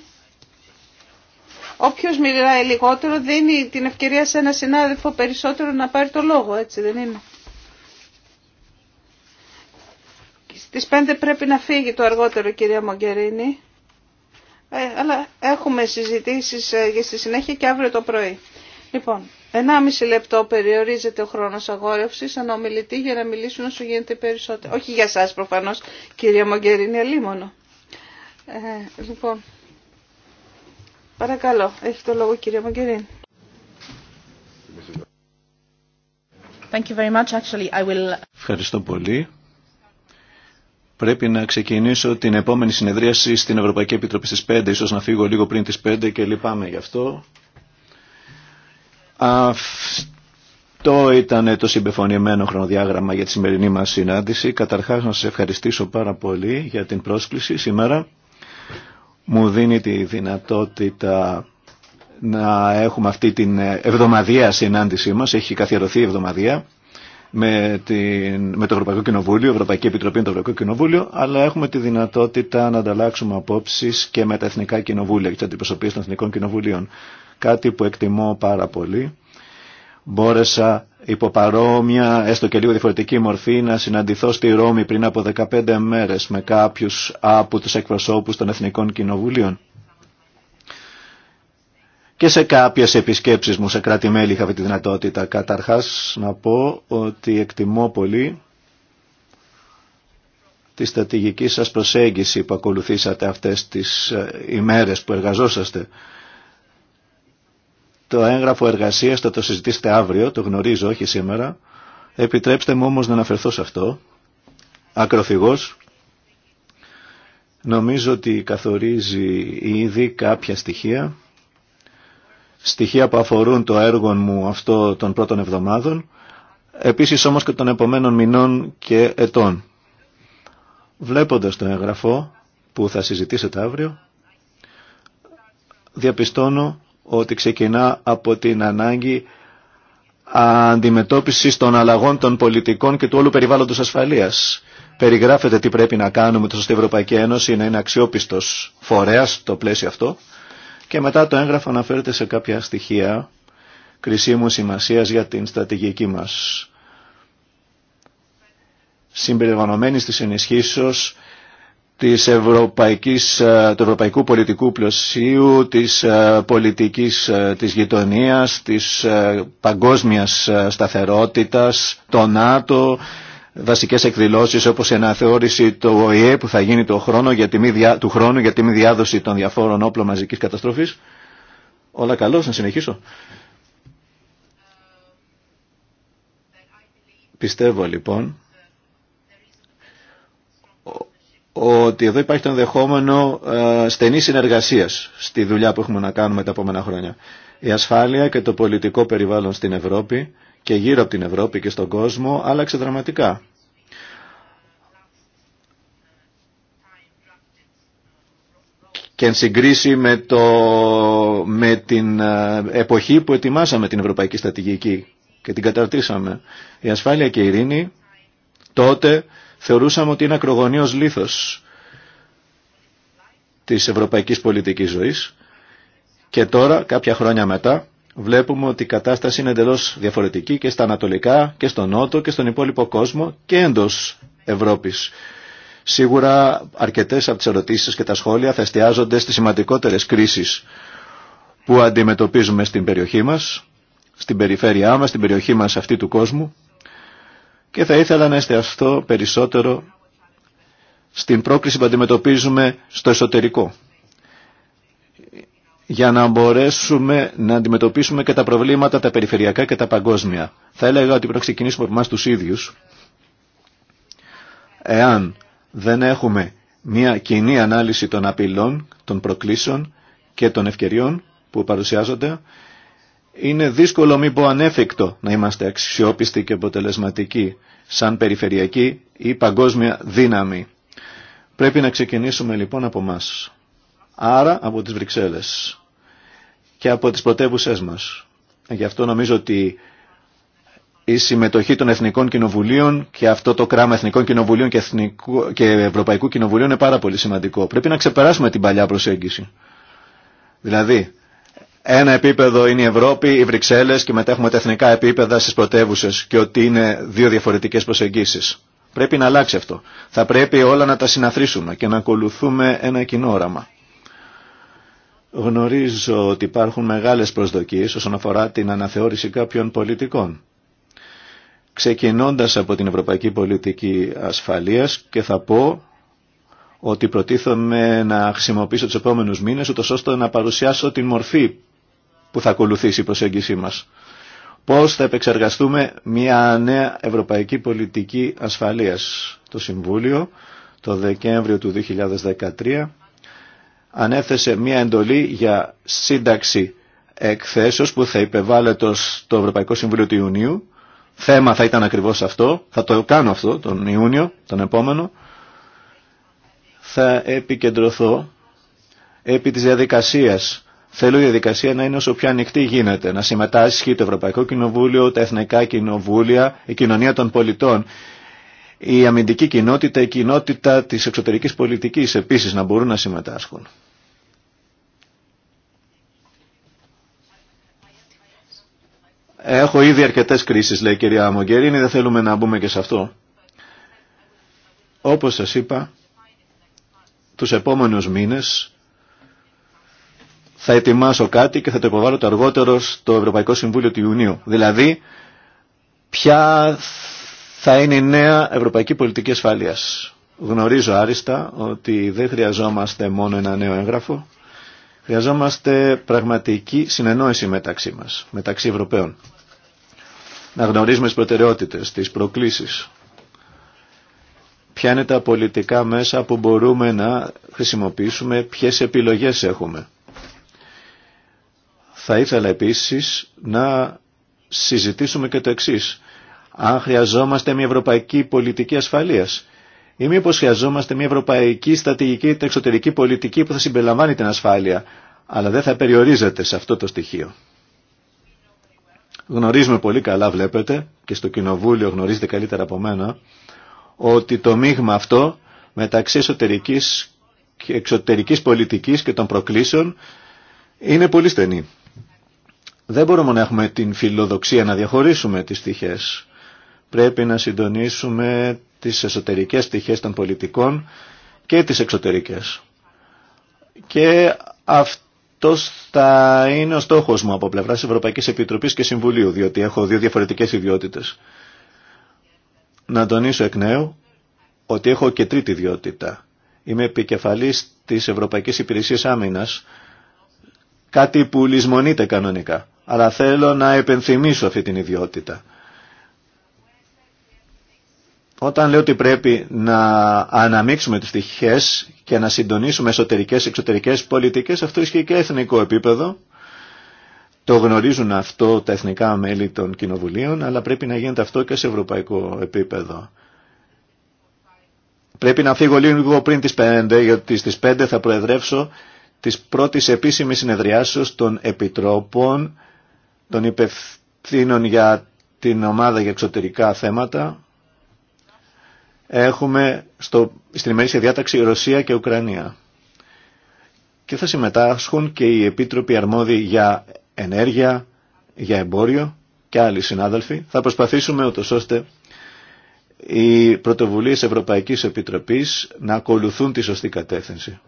όποιος μιλάει λιγότερο δίνει την ευκαιρία σε ένα συνάδελφο περισσότερο να πάρει το λόγο, έτσι δεν είναι. Στις 5 πρέπει να φύγει το αργότερο κυρία Μογκερίνη. Ε, αλλά έχουμε συζητήσεις ε, για στη συνέχεια και αύριο το πρωί. Λοιπόν, 1,5 λεπτό περιορίζεται ο χρόνος αγόρευσης σαν ομιλητή για να μιλήσουν όσο γίνεται περισσότερο. Όχι για σας προφανώς, κυρία Μογκερίνη, αλίμονο. Ε, λοιπόν, παρακαλώ, έχει το λόγο κυρία Μογκερίνη. Thank you very much. Actually, I will... Ευχαριστώ πολύ. Πρέπει να ξεκινήσω την επόμενη συνεδρίαση στην Ευρωπαϊκή Επιτροπή στις 5, ίσως να φύγω λίγο πριν τις 5 και λυπάμαι γι' αυτό. Αυτό ήταν το συμπεφωνημένο χρονοδιάγραμμα για τη σημερινή μας συνάντηση. Καταρχάς να σας ευχαριστήσω πάρα πολύ για την πρόσκληση σήμερα. Μου δίνει τη δυνατότητα να έχουμε αυτή την εβδομαδιαία συνάντησή μας. Έχει καθιερωθεί η εβδομαδία με, την, με το Ευρωπαϊκό Κοινοβούλιο, Ευρωπαϊκή Επιτροπή με το Ευρωπαϊκό Κοινοβούλιο, αλλά έχουμε τη δυνατότητα να ανταλλάξουμε απόψει και με τα εθνικά κοινοβούλια και τι αντιπροσωπείε των εθνικών κοινοβουλίων. Κάτι που εκτιμώ πάρα πολύ. Μπόρεσα υπό παρόμοια, έστω και λίγο διαφορετική μορφή, να συναντηθώ στη Ρώμη πριν από 15 μέρε με κάποιου από του εκπροσώπου των Εθνικών Κοινοβουλίων και σε κάποιες επισκέψεις μου σε κράτη-μέλη είχα αυτή τη δυνατότητα. Καταρχάς να πω ότι εκτιμώ πολύ τη στρατηγική σας προσέγγιση που ακολουθήσατε αυτές τις ε, ημέρες που εργαζόσαστε. Το έγγραφο εργασίας θα το συζητήσετε αύριο, το γνωρίζω, όχι σήμερα. Επιτρέψτε μου όμως να αναφερθώ σε αυτό. Ακροφυγός, νομίζω ότι καθορίζει ήδη κάποια στοιχεία στοιχεία που αφορούν το έργο μου αυτό των πρώτων εβδομάδων, επίσης όμως και των επομένων μηνών και ετών. Βλέποντας το εγγραφό που θα συζητήσετε αύριο, διαπιστώνω ότι ξεκινά από την ανάγκη αντιμετώπισης των αλλαγών των πολιτικών και του όλου περιβάλλοντος ασφαλείας. Περιγράφεται τι πρέπει να κάνουμε τόσο στην Ευρωπαϊκή Ένωση να είναι αξιόπιστος φορέας το πλαίσιο αυτό και μετά το έγγραφο αναφέρεται σε κάποια στοιχεία κρισίμου σημασίας για την στρατηγική μας. Συμπεριλαμβανομένη τη ενισχύσεω της ευρωπαϊκής, ε, του ευρωπαϊκού πολιτικού πλωσίου, της ε, πολιτικής ε, της γειτονίας, της παγκόσμιας σταθερότητας, το ΝΑΤΟ, βασικές εκδηλώσεις όπως η αναθεώρηση του ΟΗΕ που θα γίνει το χρόνο για τη του χρόνου για τη μη διάδοση των διαφόρων όπλων μαζικής καταστροφής. Όλα καλώς, να συνεχίσω. Πιστεύω λοιπόν ότι εδώ υπάρχει το ενδεχόμενο ε, στενής συνεργασίας στη δουλειά που έχουμε να κάνουμε τα επόμενα χρόνια. Η ασφάλεια και το πολιτικό περιβάλλον στην Ευρώπη και γύρω από την Ευρώπη και στον κόσμο άλλαξε δραματικά. και εν συγκρίση με, το, με την ε, εποχή που ετοιμάσαμε την Ευρωπαϊκή Στρατηγική και την καταρτήσαμε. Η ασφάλεια και η ειρήνη τότε θεωρούσαμε ότι είναι ακρογωνίος λήθος της ευρωπαϊκής πολιτικής ζωής και τώρα, κάποια χρόνια μετά, βλέπουμε ότι η κατάσταση είναι εντελώς διαφορετική και στα ανατολικά και στον νότο και στον υπόλοιπο κόσμο και εντός Ευρώπης. Σίγουρα αρκετές από τις ερωτήσεις και τα σχόλια θα εστιάζονται στις σημαντικότερες κρίσεις που αντιμετωπίζουμε στην περιοχή μας, στην περιφέρειά μας, στην περιοχή μας αυτή του κόσμου και θα ήθελα να εστιαστώ περισσότερο στην πρόκληση που αντιμετωπίζουμε στο εσωτερικό για να μπορέσουμε να αντιμετωπίσουμε και τα προβλήματα τα περιφερειακά και τα παγκόσμια. Θα έλεγα ότι πρέπει να ξεκινήσουμε από εμάς τους ίδιους. Εάν δεν έχουμε μια κοινή ανάλυση των απειλών, των προκλήσεων και των ευκαιριών που παρουσιάζονται, είναι δύσκολο μη ανέφεκτο να είμαστε αξιόπιστοι και αποτελεσματικοί σαν περιφερειακή ή παγκόσμια δύναμη. Πρέπει να ξεκινήσουμε λοιπόν από μας άρα από τις Βρυξέλλες και από τις πρωτεύουσέ μας. Γι' αυτό νομίζω ότι η συμμετοχή των Εθνικών Κοινοβουλίων και αυτό το κράμα Εθνικών Κοινοβουλίων και, και Ευρωπαϊκού Κοινοβουλίων είναι πάρα πολύ σημαντικό. Πρέπει να ξεπεράσουμε την παλιά προσέγγιση. Δηλαδή, ένα επίπεδο είναι η Ευρώπη, οι Βρυξέλλες και μετά έχουμε τα εθνικά επίπεδα στις πρωτεύουσε και ότι είναι δύο διαφορετικές προσεγγίσεις. Πρέπει να αλλάξει αυτό. Θα πρέπει όλα να τα συναθρήσουμε και να ακολουθούμε ένα κοινό όραμα. Γνωρίζω ότι υπάρχουν μεγάλες προσδοκίες όσον αφορά την αναθεώρηση κάποιων πολιτικών. Ξεκινώντας από την Ευρωπαϊκή Πολιτική Ασφαλείας και θα πω ότι προτίθομαι να χρησιμοποιήσω τους επόμενους μήνες ούτως ώστε να παρουσιάσω την μορφή που θα ακολουθήσει η προσέγγιση μας. Πώς θα επεξεργαστούμε μια νέα Ευρωπαϊκή Πολιτική Ασφαλείας. Το Συμβούλιο το Δεκέμβριο του 2013 ανέθεσε μια εντολή για σύνταξη εκθέσεως που θα υπεβάλλεται στο Ευρωπαϊκό Συμβούλιο του Ιουνίου. Θέμα θα ήταν ακριβώς αυτό. Θα το κάνω αυτό τον Ιούνιο, τον επόμενο. Θα επικεντρωθώ επί της διαδικασίας. Θέλω η διαδικασία να είναι όσο πιο ανοιχτή γίνεται, να συμμετάσχει το Ευρωπαϊκό Κοινοβούλιο, τα Εθνικά Κοινοβούλια, η κοινωνία των πολιτών, η αμυντική κοινότητα, η κοινότητα της εξωτερικής πολιτικής επίσης να μπορούν να συμμετάσχουν. Έχω ήδη αρκετές κρίσεις, λέει η κυρία Μογκερίνη, δεν θέλουμε να μπούμε και σε αυτό. Όπως σας είπα, τους επόμενους μήνες θα ετοιμάσω κάτι και θα το υποβάλω το αργότερο στο Ευρωπαϊκό Συμβούλιο του Ιουνίου. Δηλαδή, ποια θα είναι η νέα Ευρωπαϊκή Πολιτική Ασφαλείας. Γνωρίζω άριστα ότι δεν χρειαζόμαστε μόνο ένα νέο έγγραφο, χρειαζόμαστε πραγματική συνεννόηση μεταξύ μας, μεταξύ Ευρωπαίων να γνωρίζουμε τις προτεραιότητες, τις προκλήσεις. Ποια είναι τα πολιτικά μέσα που μπορούμε να χρησιμοποιήσουμε, ποιες επιλογές έχουμε. Θα ήθελα επίσης να συζητήσουμε και το εξής. Αν χρειαζόμαστε μια ευρωπαϊκή πολιτική ασφαλείας ή μήπω χρειαζόμαστε μια ευρωπαϊκή στρατηγική εξωτερική πολιτική που θα συμπεριλαμβάνει την ασφάλεια, αλλά δεν θα περιορίζεται σε αυτό το στοιχείο. Γνωρίζουμε πολύ καλά, βλέπετε, και στο Κοινοβούλιο γνωρίζετε καλύτερα από μένα, ότι το μείγμα αυτό μεταξύ εσωτερικής και εξωτερικής πολιτικής και των προκλήσεων είναι πολύ στενή. Δεν μπορούμε να έχουμε την φιλοδοξία να διαχωρίσουμε τις στοιχές. Πρέπει να συντονίσουμε τις εσωτερικές στοιχές των πολιτικών και τις εξωτερικές. Και αυτό Τόσο θα είναι ο στόχο μου από πλευράς Ευρωπαϊκής Επιτροπής και Συμβουλίου, διότι έχω δύο διαφορετικές ιδιότητες. Να τονίσω εκ νέου ότι έχω και τρίτη ιδιότητα. Είμαι επικεφαλή τη Ευρωπαϊκή Υπηρεσία Άμυνα, κάτι που λησμονείται κανονικά. Αλλά θέλω να επενθυμίσω αυτή την ιδιότητα. Όταν λέω ότι πρέπει να αναμίξουμε τις τυχές και να συντονίσουμε εσωτερικές εξωτερικές πολιτικές, αυτό ισχύει και εθνικό επίπεδο. Το γνωρίζουν αυτό τα εθνικά μέλη των κοινοβουλίων, αλλά πρέπει να γίνεται αυτό και σε ευρωπαϊκό επίπεδο. Πρέπει να φύγω λίγο πριν τις 5, γιατί στις 5 θα προεδρεύσω τις πρώτες επίσημες συνεδριάσεις των επιτρόπων, των υπευθύνων για την ομάδα για εξωτερικά θέματα, έχουμε στο, στην ημερήσια διάταξη Ρωσία και Ουκρανία. Και θα συμμετάσχουν και οι επίτροποι αρμόδιοι για ενέργεια, για εμπόριο και άλλοι συνάδελφοι. Θα προσπαθήσουμε ούτως ώστε οι πρωτοβουλίες Ευρωπαϊκής Επιτροπής να ακολουθούν τη σωστή κατεύθυνση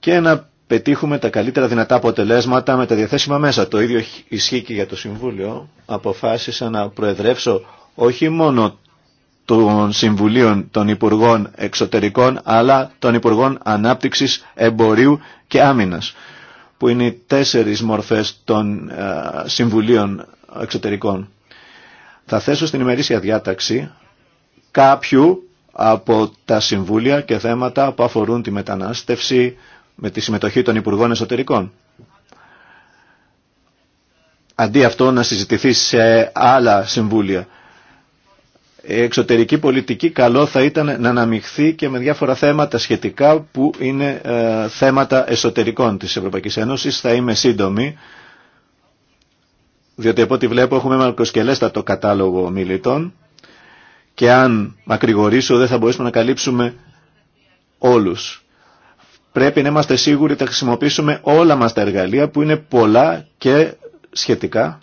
και να πετύχουμε τα καλύτερα δυνατά αποτελέσματα με τα διαθέσιμα μέσα. Το ίδιο ισχύει και για το Συμβούλιο. Αποφάσισα να προεδρεύσω όχι μόνο των Συμβουλίων των Υπουργών Εξωτερικών αλλά των Υπουργών Ανάπτυξης, Εμπορίου και Άμυνας που είναι οι τέσσερις μορφές των ε, Συμβουλίων Εξωτερικών. Θα θέσω στην ημερήσια διάταξη κάποιου από τα συμβούλια και θέματα που αφορούν τη μετανάστευση με τη συμμετοχή των Υπουργών Εσωτερικών. Αντί αυτό να συζητηθεί σε άλλα συμβούλια εξωτερική πολιτική καλό θα ήταν να αναμειχθεί και με διάφορα θέματα σχετικά που είναι ε, θέματα εσωτερικών της Ευρωπαϊκής Ένωσης. Θα είμαι σύντομη, διότι από ό,τι βλέπω έχουμε το κατάλογο μιλητών και αν μακρηγορήσω δεν θα μπορέσουμε να καλύψουμε όλους. Πρέπει να είμαστε σίγουροι ότι θα χρησιμοποιήσουμε όλα μας τα εργαλεία που είναι πολλά και σχετικά.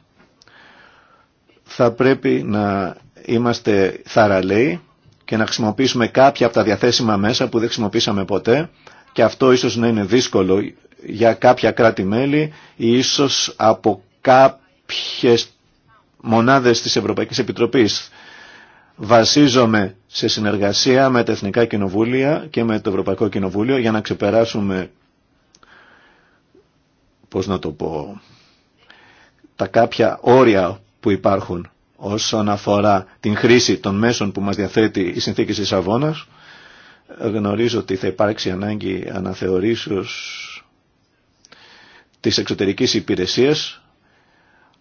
Θα πρέπει να είμαστε θαραλέοι και να χρησιμοποιήσουμε κάποια από τα διαθέσιμα μέσα που δεν χρησιμοποίησαμε ποτέ και αυτό ίσως να είναι δύσκολο για κάποια κράτη-μέλη ή ίσως από κάποιες μονάδες της Ευρωπαϊκής Επιτροπής. Βασίζομαι σε συνεργασία με τα Εθνικά Κοινοβούλια και με το Ευρωπαϊκό Κοινοβούλιο για να ξεπεράσουμε, πώς να το τα κάποια όρια που υπάρχουν όσον αφορά την χρήση των μέσων που μας διαθέτει η συνθήκη της Αβώνας. Γνωρίζω ότι θα υπάρξει ανάγκη αναθεωρήσεως της εξωτερικής υπηρεσίας.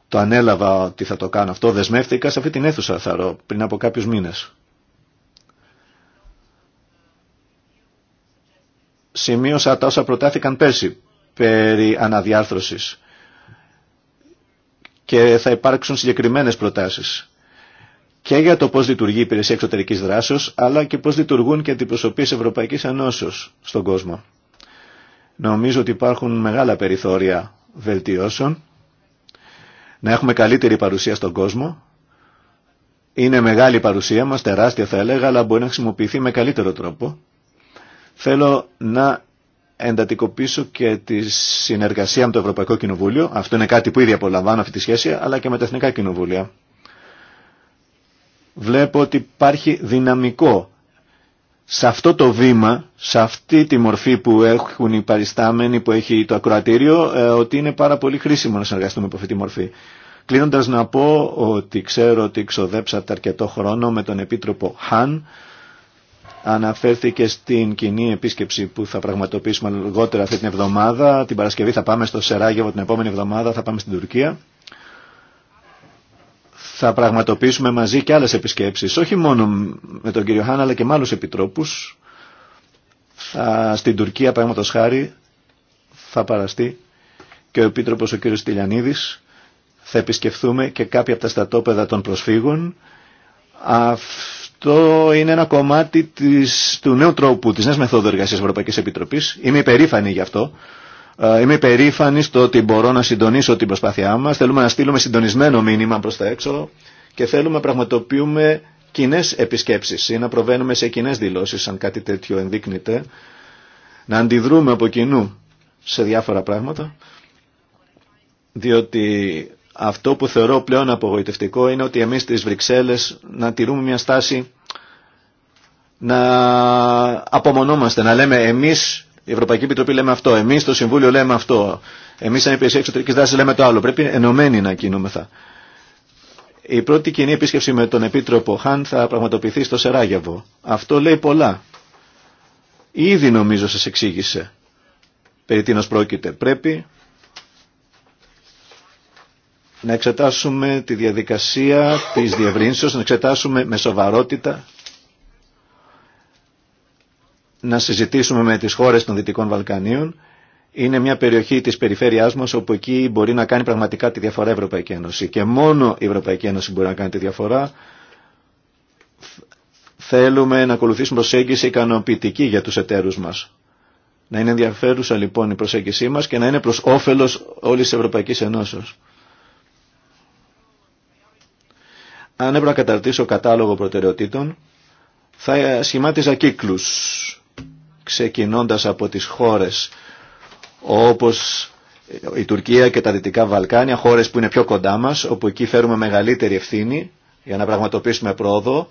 Το ανέλαβα ότι θα το κάνω αυτό, δεσμεύτηκα σε αυτή την αίθουσα ρω, πριν από κάποιους μήνες. Σημείωσα τα όσα προτάθηκαν πέρσι περί αναδιάρθρωσης και θα υπάρξουν συγκεκριμένες προτάσεις και για το πώς λειτουργεί η υπηρεσία εξωτερικής δράσεως, αλλά και πώς λειτουργούν και αντιπροσωπείς Ευρωπαϊκής Ενώσεως στον κόσμο. Νομίζω ότι υπάρχουν μεγάλα περιθώρια βελτιώσεων, να έχουμε καλύτερη παρουσία στον κόσμο. Είναι μεγάλη η παρουσία μας, τεράστια θα έλεγα, αλλά μπορεί να χρησιμοποιηθεί με καλύτερο τρόπο. Θέλω να εντατικοποιήσω και τη συνεργασία με το Ευρωπαϊκό Κοινοβούλιο. Αυτό είναι κάτι που ήδη απολαμβάνω αυτή τη σχέση, αλλά και με τα Εθνικά Κοινοβούλια. Βλέπω ότι υπάρχει δυναμικό σε αυτό το βήμα, σε αυτή τη μορφή που έχουν οι παριστάμενοι, που έχει το ακροατήριο, ε, ότι είναι πάρα πολύ χρήσιμο να συνεργαστούμε από αυτή τη μορφή. Κλείνοντας να πω ότι ξέρω ότι ξοδέψατε αρκετό χρόνο με τον Επίτροπο Χαν, αναφέρθηκε στην κοινή επίσκεψη που θα πραγματοποιήσουμε λιγότερα αυτή την εβδομάδα. Την Παρασκευή θα πάμε στο Σεράγεβο, την επόμενη εβδομάδα θα πάμε στην Τουρκία. Θα πραγματοποιήσουμε μαζί και άλλες επισκέψεις, όχι μόνο με τον κύριο Χάν, αλλά και με άλλους επιτρόπους. στην Τουρκία, παραδείγματος χάρη, θα παραστεί και ο επίτροπος ο κύριος Τηλιανίδης. Θα επισκεφθούμε και κάποια από τα στατόπεδα των προσφύγων αυτό είναι ένα κομμάτι της, του νέου τρόπου, της νέας μεθόδου εργασίας Ευρωπαϊκής Επιτροπής. Είμαι υπερήφανη γι' αυτό. Είμαι υπερήφανη στο ότι μπορώ να συντονίσω την προσπάθειά μας. Θέλουμε να στείλουμε συντονισμένο μήνυμα προς τα έξω και θέλουμε να πραγματοποιούμε κοινέ επισκέψεις ή να προβαίνουμε σε κοινέ δηλώσεις, αν κάτι τέτοιο ενδείκνυται, να αντιδρούμε από κοινού σε διάφορα πράγματα, διότι αυτό που θεωρώ πλέον απογοητευτικό είναι ότι εμείς στις Βρυξέλλες να τηρούμε μια στάση να απομονόμαστε, να λέμε εμείς, η Ευρωπαϊκή Επιτροπή λέμε αυτό, εμείς το Συμβούλιο λέμε αυτό, εμείς σαν υπηρεσία εξωτερικής δράσης λέμε το άλλο. Πρέπει ενωμένοι να κινούμεθα. Η πρώτη κοινή επίσκεψη με τον Επίτροπο Χάν θα πραγματοποιηθεί στο Σεράγεβο. Αυτό λέει πολλά. Ήδη νομίζω σας εξήγησε περί τίνος πρόκειται. Πρέπει να εξετάσουμε τη διαδικασία της διευρύνσεως, να εξετάσουμε με σοβαρότητα, να συζητήσουμε με τις χώρες των Δυτικών Βαλκανίων. Είναι μια περιοχή της περιφέρειάς μας όπου εκεί μπορεί να κάνει πραγματικά τη διαφορά η Ευρωπαϊκή Ένωση και μόνο η Ευρωπαϊκή Ένωση μπορεί να κάνει τη διαφορά. Θέλουμε να ακολουθήσουμε προσέγγιση ικανοποιητική για τους εταίρους μας. Να είναι ενδιαφέρουσα λοιπόν η προσέγγιση μας και να είναι προς όφελος όλης της Ευρωπαϊκής Ενώσεως. αν έπρεπε να καταρτήσω κατάλογο προτεραιοτήτων, θα σχημάτιζα κύκλους, ξεκινώντας από τις χώρες όπως η Τουρκία και τα Δυτικά Βαλκάνια, χώρες που είναι πιο κοντά μας, όπου εκεί φέρουμε μεγαλύτερη ευθύνη για να πραγματοποιήσουμε πρόοδο.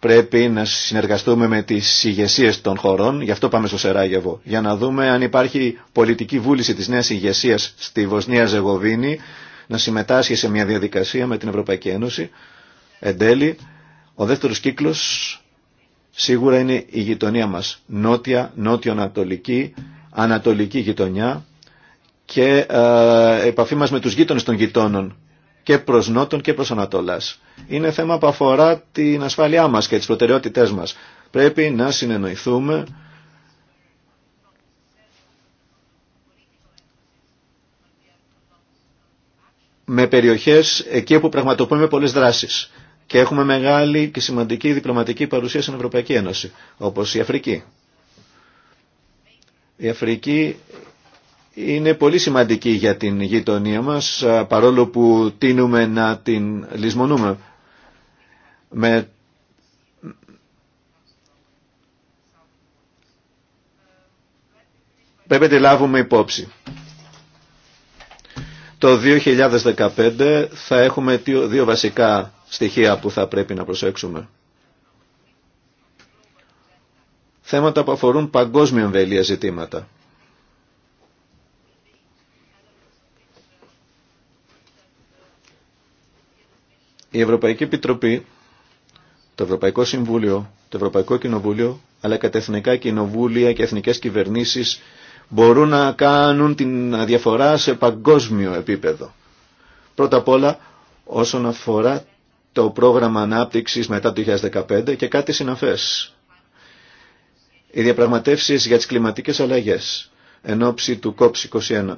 Πρέπει να συνεργαστούμε με τις ηγεσίε των χωρών, γι' αυτό πάμε στο Σεράγεβο, για να δούμε αν υπάρχει πολιτική βούληση της νέας ηγεσία στη Βοσνία Ζεγοβίνη να συμμετάσχει σε μια διαδικασία με την Ευρωπαϊκή Ένωση Εν τέλει, ο δεύτερος κύκλος σίγουρα είναι η γειτονία μας. Νότια, νότιο-ανατολική, ανατολική γειτονιά και ε, επαφή μας με τους γείτονες των γειτόνων και προς νότον και προς ανατολάς. Είναι θέμα που αφορά την ασφάλειά μας και τις προτεραιότητές μας. Πρέπει να συνεννοηθούμε με περιοχές εκεί όπου πραγματοποιούμε πολλές δράσεις. Και έχουμε μεγάλη και σημαντική διπλωματική παρουσία στην Ευρωπαϊκή Ένωση, όπως η Αφρική. Η Αφρική είναι πολύ σημαντική για την γειτονία μας, παρόλο που τίνουμε να την λησμονούμε. Με... Πρέπει να τη λάβουμε υπόψη. Το 2015 θα έχουμε δύο βασικά στοιχεία που θα πρέπει να προσέξουμε. Θέματα που αφορούν παγκόσμια εμβέλεια ζητήματα. Η Ευρωπαϊκή Επιτροπή, το Ευρωπαϊκό Συμβούλιο, το Ευρωπαϊκό Κοινοβούλιο, αλλά και τα εθνικά κοινοβούλια και εθνικές κυβερνήσεις μπορούν να κάνουν την διαφορά σε παγκόσμιο επίπεδο. Πρώτα απ' όλα όσον αφορά το πρόγραμμα ανάπτυξης μετά το 2015 και κάτι συναφές. Οι διαπραγματεύσεις για τις κλιματικές αλλαγές εν ώψη του COP21.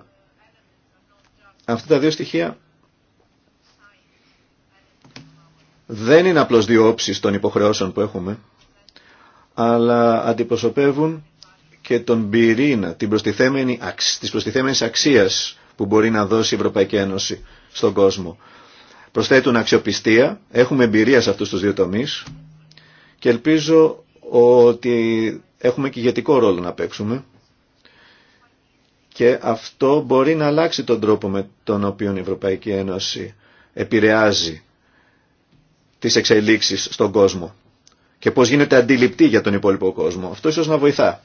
Αυτά τα δύο στοιχεία δεν είναι απλώς δύο όψεις των υποχρεώσεων που έχουμε, αλλά αντιπροσωπεύουν και τον πυρήνα την προστιθέμενη, της προστιθέμενης αξίας που μπορεί να δώσει η Ευρωπαϊκή Ένωση στον κόσμο προσθέτουν αξιοπιστία, έχουμε εμπειρία σε αυτούς τους δύο τομείς και ελπίζω ότι έχουμε και ηγετικό ρόλο να παίξουμε και αυτό μπορεί να αλλάξει τον τρόπο με τον οποίο η Ευρωπαϊκή Ένωση επηρεάζει τις εξελίξεις στον κόσμο και πώς γίνεται αντιληπτή για τον υπόλοιπο κόσμο. Αυτό ίσως να βοηθά.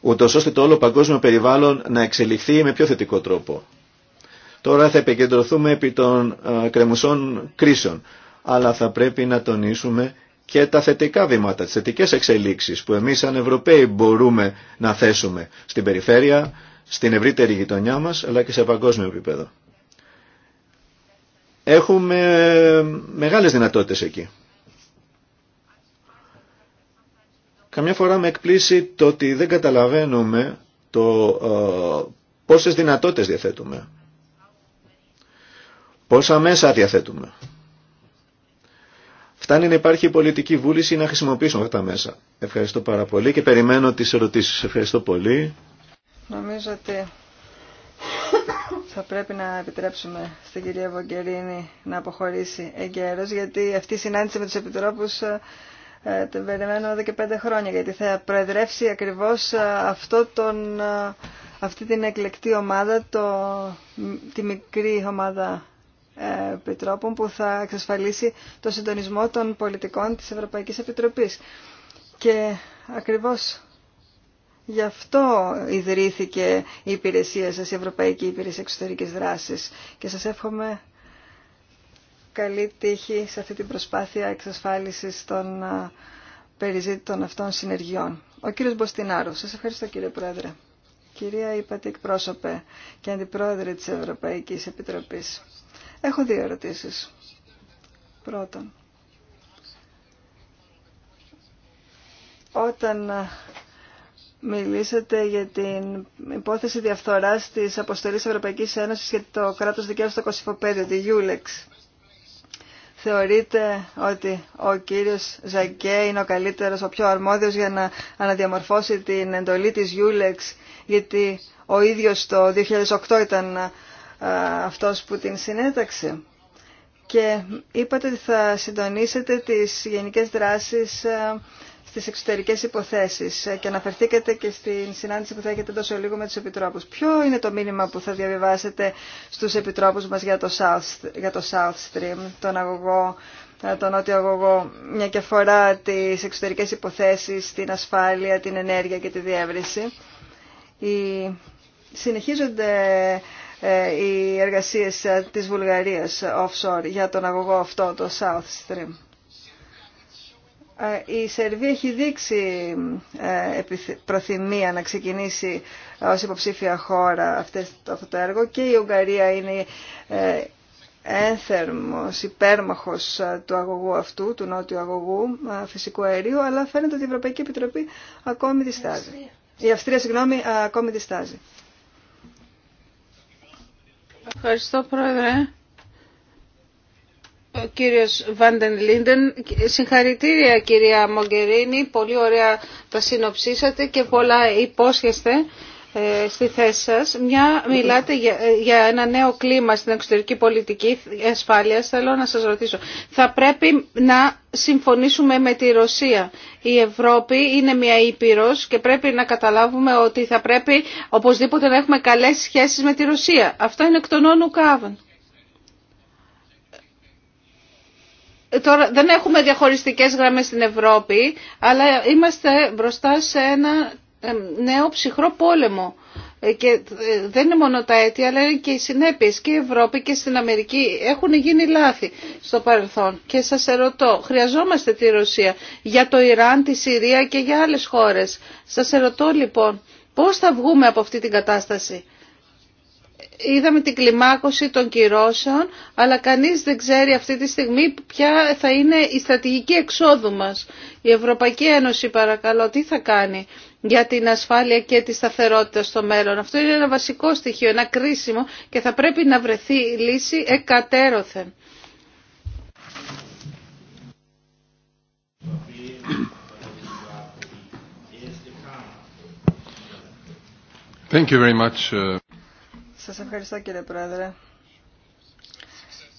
Ούτως ώστε το όλο παγκόσμιο περιβάλλον να εξελιχθεί με πιο θετικό τρόπο. Τώρα θα επικεντρωθούμε επί των κρεμουσών κρίσεων, αλλά θα πρέπει να τονίσουμε και τα θετικά βήματα, τις θετικές εξελίξεις που εμείς σαν Ευρωπαίοι μπορούμε να θέσουμε στην περιφέρεια, στην ευρύτερη γειτονιά μας, αλλά και σε παγκόσμιο επίπεδο. Έχουμε ε, μεγάλες δυνατότητες εκεί. Καμιά φορά με εκπλήσει το ότι δεν καταλαβαίνουμε το ε, πόσες δυνατότητες διαθέτουμε. Πόσα μέσα διαθέτουμε. Φτάνει να υπάρχει πολιτική βούληση να χρησιμοποιήσουμε αυτά τα μέσα. Ευχαριστώ πάρα πολύ και περιμένω τις ερωτήσεις. Ευχαριστώ πολύ. Νομίζω ότι θα πρέπει να επιτρέψουμε στην κυρία Βογκερίνη να αποχωρήσει εγκαίρως γιατί αυτή η συνάντηση με τους επιτρόπους ε, την περιμένω εδώ και πέντε χρόνια γιατί θα προεδρεύσει ακριβώς ε, αυτό τον, ε, αυτή την εκλεκτή ομάδα, το, τη μικρή ομάδα επιτρόπων που θα εξασφαλίσει το συντονισμό των πολιτικών της Ευρωπαϊκής Επιτροπής. Και ακριβώς γι' αυτό ιδρύθηκε η υπηρεσία σας, η Ευρωπαϊκή Υπηρεσία Εξωτερικής Δράσης. Και σας εύχομαι καλή τύχη σε αυτή την προσπάθεια εξασφάλισης των περιζήτητων αυτών συνεργειών. Ο κύριος Μποστινάρου. Σας ευχαριστώ κύριε Πρόεδρε. Κυρία είπατε εκπρόσωπε και αντιπρόεδρε της Ευρωπαϊκής Επιτροπής. Έχω δύο ερωτήσεις. Πρώτον, όταν μιλήσατε για την υπόθεση διαφθοράς της αποστολής Ευρωπαϊκής Ένωσης για το κράτος δικαίου στο Κωσυφοπέδιο, τη Γιούλεξ. Θεωρείτε ότι ο κύριος Ζακέ είναι ο καλύτερος, ο πιο αρμόδιος για να αναδιαμορφώσει την εντολή της Γιούλεξ, γιατί ο ίδιος το 2008 ήταν αυτός που την συνέταξε. Και είπατε ότι θα συντονίσετε τις γενικές δράσεις στις εξωτερικές υποθέσεις και αναφερθήκατε και στην συνάντηση που θα έχετε τόσο λίγο με τους επιτρόπους. Ποιο είναι το μήνυμα που θα διαβιβάσετε στους επιτρόπους μας για το South, για το South Stream, τον αγωγό, τον νότιο αγωγό, μια και αφορά τις εξωτερικές υποθέσεις, την ασφάλεια, την ενέργεια και τη διεύρυνση. Οι... Συνεχίζονται ε, οι εργασίες ε, της Βουλγαρίας offshore για τον αγωγό αυτό, το South Stream. Ε, η Σερβία έχει δείξει προθυμία να ξεκινήσει ως υποψήφια χώρα αυτό το έργο και η Ουγγαρία είναι ένθερμος, υπέρμαχος του αγωγού αυτού, του νότιου αγωγού φυσικού αερίου, αλλά φαίνεται ότι η Ευρωπαϊκή Επιτροπή ακόμη διστάζει. Η Αυστρία, συγγνώμη, ακόμη διστάζει. Ευχαριστώ, Πρόεδρε. Ο κύριος Βάντεν Λίντεν, συγχαρητήρια κυρία Μογκερίνη, πολύ ωραία τα συνοψίσατε και πολλά υπόσχεστε ε, στη θέση σας. Μια μιλάτε ε, για, ένα νέο κλίμα στην εξωτερική πολιτική ασφάλεια. Θέλω να σας ρωτήσω. Θα πρέπει να συμφωνήσουμε με τη Ρωσία. Η Ευρώπη είναι μια ήπειρος και πρέπει να καταλάβουμε ότι θα πρέπει οπωσδήποτε να έχουμε καλές σχέσεις με τη Ρωσία. Αυτό είναι εκ των όνου κάβων. Τώρα δεν έχουμε διαχωριστικές γραμμές στην Ευρώπη, αλλά είμαστε μπροστά σε ένα ε, νέο ψυχρό πόλεμο. Ε, και ε, δεν είναι μόνο τα αίτια, αλλά είναι και οι συνέπειες και η Ευρώπη και στην Αμερική έχουν γίνει λάθη στο παρελθόν. Και σας ερωτώ, χρειαζόμαστε τη Ρωσία για το Ιράν, τη Συρία και για άλλες χώρες. Σας ερωτώ λοιπόν, πώς θα βγούμε από αυτή την κατάσταση. Είδαμε την κλιμάκωση των κυρώσεων, αλλά κανείς δεν ξέρει αυτή τη στιγμή ποια θα είναι η στρατηγική εξόδου μας. Η Ευρωπαϊκή Ένωση, παρακαλώ, τι θα κάνει για την ασφάλεια και τη σταθερότητα στο μέλλον. Αυτό είναι ένα βασικό στοιχείο, ένα κρίσιμο και θα πρέπει να βρεθεί λύση εκατέρωθεν. Thank you very much. Uh, σας ευχαριστώ κύριε Πρόεδρε.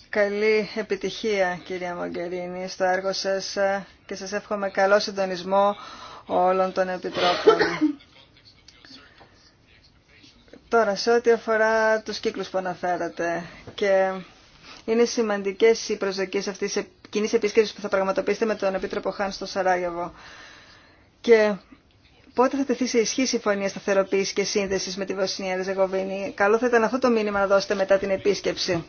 Καλή επιτυχία κυρία Μογκερίνη στο έργο σας και σας εύχομαι καλό συντονισμό όλων των επιτρόπων. Τώρα, σε ό,τι αφορά τους κύκλους που αναφέρατε και είναι σημαντικές οι προσδοκίες αυτής της κοινής επίσκεψης που θα πραγματοποιήσετε με τον Επίτροπο Χάν στο Σαράγεβο. Και πότε θα τεθεί σε ισχύ η συμφωνία σταθεροποίηση και σύνδεση με τη Βοσνία Ριζεγοβίνη. Καλό θα ήταν αυτό το μήνυμα να δώσετε μετά την επίσκεψη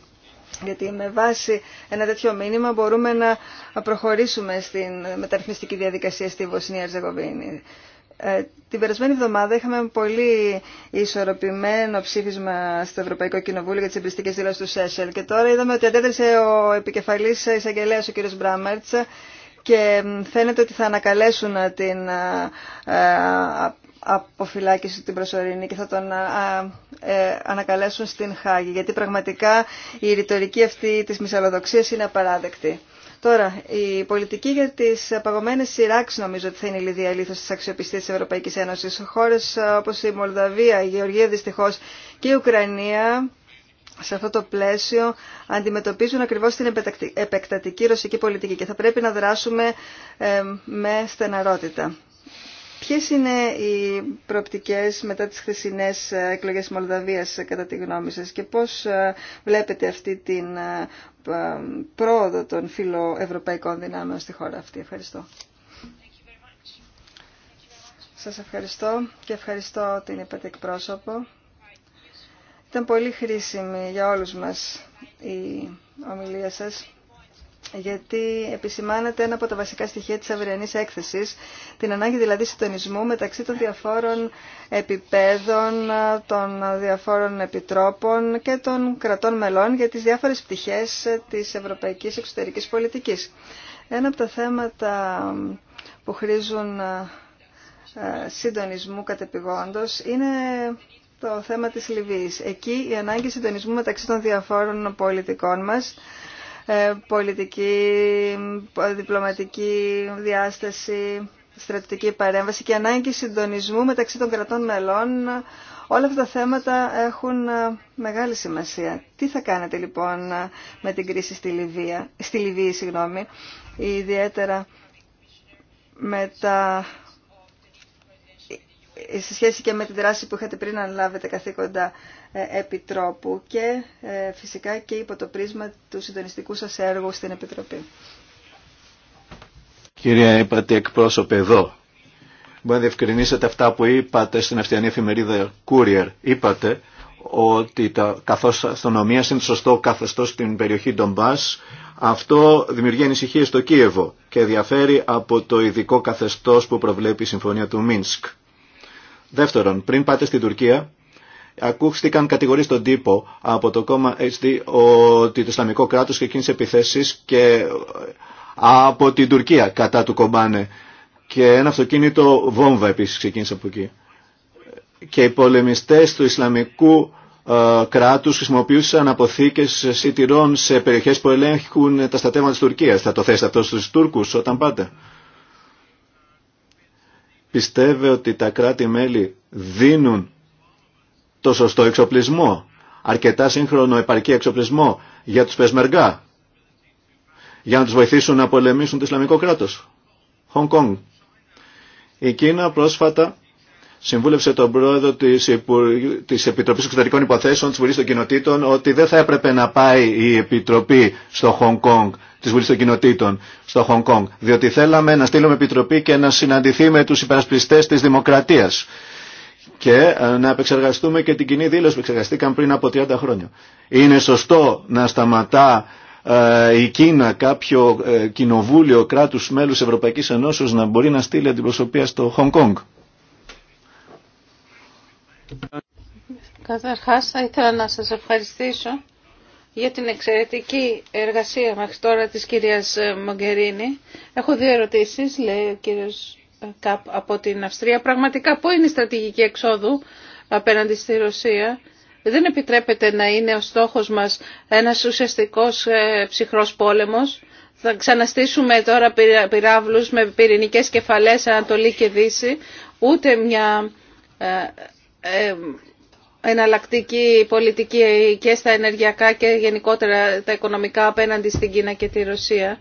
γιατί με βάση ένα τέτοιο μήνυμα μπορούμε να προχωρήσουμε στην μεταρρυθμιστική διαδικασία στη Βοσνία Ερζεγοβίνη. Ε, την περασμένη εβδομάδα είχαμε πολύ ισορροπημένο ψήφισμα στο Ευρωπαϊκό Κοινοβούλιο για τις Εμπριστικέ δηλώσει του ΣΕΣΕΛ και τώρα είδαμε ότι αντέδρασε ο επικεφαλή εισαγγελέα, ο κ. Μπράμερτσα, και φαίνεται ότι θα ανακαλέσουν την ε, αποφυλάκηση την προσωρινή και θα τον ε, ανακαλέσουν στην Χάγη. Γιατί πραγματικά η ρητορική αυτή της μυσαλλοδοξίας είναι απαράδεκτη. Τώρα, η πολιτική για τι παγωμένε σειράξει νομίζω ότι θα είναι η αλήθεια τη αξιοπιστία τη Ευρωπαϊκή Ένωση. Χώρε όπω η Μολδαβία, η Γεωργία δυστυχώ και η Ουκρανία σε αυτό το πλαίσιο αντιμετωπίζουν ακριβώς την επεκτατική ρωσική πολιτική και θα πρέπει να δράσουμε ε, με στεναρότητα. Ποιε είναι οι προοπτικές μετά τις εκλογέ ε, εκλογές Μολδαβίας ε, κατά τη γνώμη σας και πώς ε, βλέπετε αυτή την πρόοδο των φιλοευρωπαϊκών δυνάμεων στη χώρα αυτή. Ευχαριστώ. Σας ευχαριστώ και ευχαριστώ την είπατε εκπρόσωπο. Ήταν πολύ χρήσιμη για όλους μας η ομιλία σας γιατί επισημάνεται ένα από τα βασικά στοιχεία της αυριανής έκθεσης, την ανάγκη δηλαδή συντονισμού μεταξύ των διαφόρων επιπέδων, των διαφόρων επιτρόπων και των κρατών μελών για τις διάφορες πτυχές της ευρωπαϊκής εξωτερικής πολιτικής. Ένα από τα θέματα που χρήζουν ε, συντονισμού κατεπηγόντως είναι το θέμα της Λιβύης. Εκεί η ανάγκη συντονισμού μεταξύ των διαφόρων πολιτικών μας ε, πολιτική, διπλωματική διάσταση, στρατιωτική παρέμβαση και ανάγκη συντονισμού μεταξύ των κρατών μελών. Όλα αυτά τα θέματα έχουν ε, μεγάλη σημασία. Τι θα κάνετε λοιπόν με την κρίση στη Λιβύη, στη Λιβύη συγγνώμη, ιδιαίτερα με τα σε σχέση και με τη δράση που είχατε πριν αναλάβετε καθήκοντα ε, επιτρόπου και ε, φυσικά και υπό το πρίσμα του συντονιστικού σας έργου στην Επιτροπή. Κυρία, είπατε εκπρόσωπε εδώ. Μπορεί να διευκρινίσετε αυτά που είπατε στην αυστιανή εφημερίδα Courier. Είπατε ότι τα καθώς αστυνομία είναι σωστό καθεστώς στην περιοχή Ντομπάς, αυτό δημιουργεί ανησυχίες στο Κίεβο και διαφέρει από το ειδικό καθεστώς που προβλέπει η Συμφωνία του Μίνσκ. Δεύτερον, πριν πάτε στην Τουρκία, ακούστηκαν κατηγορίες στον τύπο από το κόμμα HD ότι το Ισλαμικό κράτος ξεκίνησε επιθέσεις και ε, από την Τουρκία κατά του Κομπάνε και ένα αυτοκίνητο βόμβα επίση ξεκίνησε από εκεί. Και οι πολεμιστές του Ισλαμικού ε, κράτους χρησιμοποιούσαν αποθήκες σιτηρών σε περιοχές που ελέγχουν τα στατέματα τη Τουρκία, Θα το θέσετε αυτό στους Τούρκου όταν πάτε πιστεύει ότι τα κράτη-μέλη δίνουν το σωστό εξοπλισμό, αρκετά σύγχρονο επαρκή εξοπλισμό για τους πεσμεργά, για να τους βοηθήσουν να πολεμήσουν το Ισλαμικό κράτος. Χονγκ Κόνγκ. Η Κίνα πρόσφατα συμβούλευσε τον πρόεδρο της, Επιτροπή της Επιτροπής Εξωτερικών Υποθέσεων της Βουλής των Κοινοτήτων ότι δεν θα έπρεπε να πάει η Επιτροπή στο Χονγκ Κόνγκ της Βουλής των Κοινοτήτων στο Χονγκ Κόνγκ διότι θέλαμε να στείλουμε Επιτροπή και να συναντηθεί με τους υπερασπιστές της Δημοκρατίας και ε, να επεξεργαστούμε και την κοινή δήλωση που εξεργαστήκαν πριν από 30 χρόνια. Είναι σωστό να σταματά ε, η Κίνα κάποιο ε, κοινοβούλιο κράτους μέλους Ευρωπαϊκής Ενώσεως να μπορεί να στείλει αντιπροσωπεία στο Χονγκ Κόνγκ. Καταρχάς θα ήθελα να σας ευχαριστήσω για την εξαιρετική εργασία μέχρι τώρα της κυρίας Μογκερίνη. Έχω δύο ερωτήσεις, λέει ο κύριος Καπ από την Αυστρία. Πραγματικά, πού είναι η στρατηγική εξόδου απέναντι στη Ρωσία. Δεν επιτρέπεται να είναι ο στόχος μας ένας ουσιαστικός ε, ψυχρός πόλεμος. Θα ξαναστήσουμε τώρα πυράβλους με πυρηνικές κεφαλές Ανατολή και Δύση. Ούτε μια ε, εναλλακτική πολιτική και στα ενεργειακά και γενικότερα τα οικονομικά απέναντι στην Κίνα και τη Ρωσία.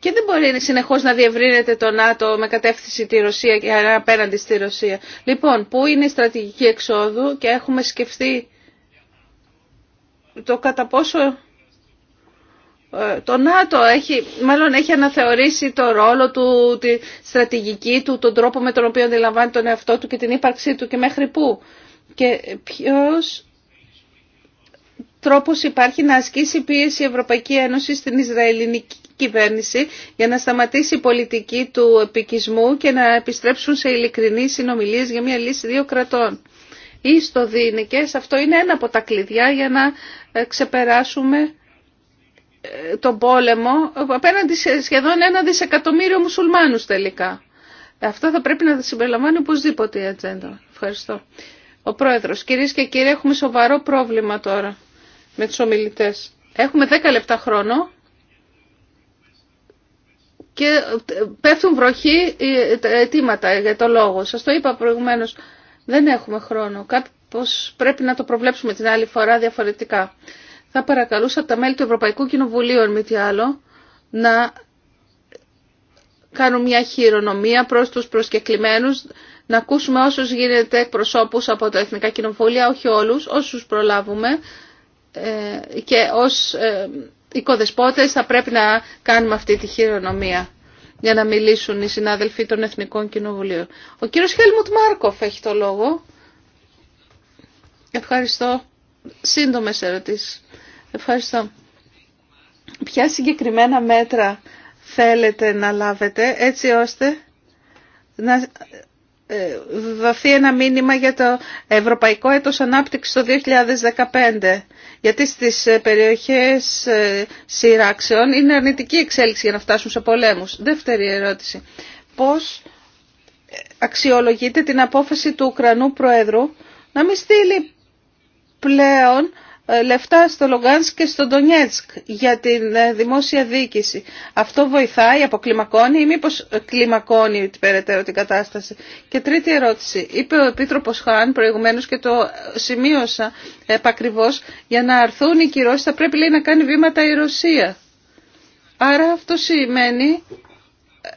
Και δεν μπορεί συνεχώς να διευρύνεται το ΝΑΤΟ με κατεύθυνση τη Ρωσία και απέναντι στη Ρωσία. Λοιπόν, πού είναι η στρατηγική εξόδου και έχουμε σκεφτεί το κατά πόσο ε, το ΝΑΤΟ έχει, μάλλον έχει αναθεωρήσει το ρόλο του, τη στρατηγική του, τον τρόπο με τον οποίο αντιλαμβάνει τον εαυτό του και την ύπαρξή του και μέχρι πού. Και ποιος τρόπος υπάρχει να ασκήσει πίεση η Ευρωπαϊκή Ένωση στην Ισραηλινική κυβέρνηση για να σταματήσει η πολιτική του επικισμού και να επιστρέψουν σε ειλικρινή συνομιλίες για μια λύση δύο κρατών. Ή στο δίνικες, αυτό είναι ένα από τα κλειδιά για να ε, ξεπεράσουμε τον πόλεμο απέναντι σε σχεδόν ένα δισεκατομμύριο μουσουλμάνους τελικά. αυτό θα πρέπει να συμπεριλαμβάνει οπωσδήποτε η ατζέντα. Ευχαριστώ. Ο Πρόεδρος, κυρίες και κύριοι, έχουμε σοβαρό πρόβλημα τώρα με τους ομιλητές. Έχουμε 10 λεπτά χρόνο και ε, πέφτουν βροχή ε, αιτήματα για το λόγο. Σας το είπα προηγουμένως, δεν έχουμε χρόνο. Κάπως πρέπει να το προβλέψουμε την άλλη φορά διαφορετικά θα παρακαλούσα τα μέλη του Ευρωπαϊκού Κοινοβουλίου, αν μη τι άλλο, να κάνουν μια χειρονομία προς τους προσκεκλημένους, να ακούσουμε όσους γίνεται προσώπους από τα Εθνικά Κοινοβούλια, όχι όλους, όσους προλάβουμε ε, και ως ε, οικοδεσπότες θα πρέπει να κάνουμε αυτή τη χειρονομία για να μιλήσουν οι συνάδελφοί των Εθνικών Κοινοβουλίων. Ο κύριος Χέλμουτ Μάρκοφ έχει το λόγο. Ευχαριστώ. Σύντομες ερωτήσεις. Ευχαριστώ. Ποια συγκεκριμένα μέτρα θέλετε να λάβετε έτσι ώστε να ε, δοθεί ένα μήνυμα για το Ευρωπαϊκό Έτος Ανάπτυξης το 2015. Γιατί στις ε, περιοχές ε, σειράξεων είναι αρνητική εξέλιξη για να φτάσουν σε πολέμους. Δεύτερη ερώτηση. Πώς αξιολογείται την απόφαση του Ουκρανού Προέδρου να μην στείλει πλέον ε, λεφτά στο Λογκάνσκ και στο Ντονιέτσκ για τη ε, δημόσια διοίκηση. Αυτό βοηθάει, αποκλιμακώνει ή μήπως κλιμακώνει περαιτέρω την κατάσταση. Και τρίτη ερώτηση. Είπε ο Επίτροπος Χάν προηγουμένως και το σημείωσα επακριβώς για να αρθούν οι κυρώσεις θα πρέπει λέει, να κάνει βήματα η Ρωσία. Άρα αυτό σημαίνει ε,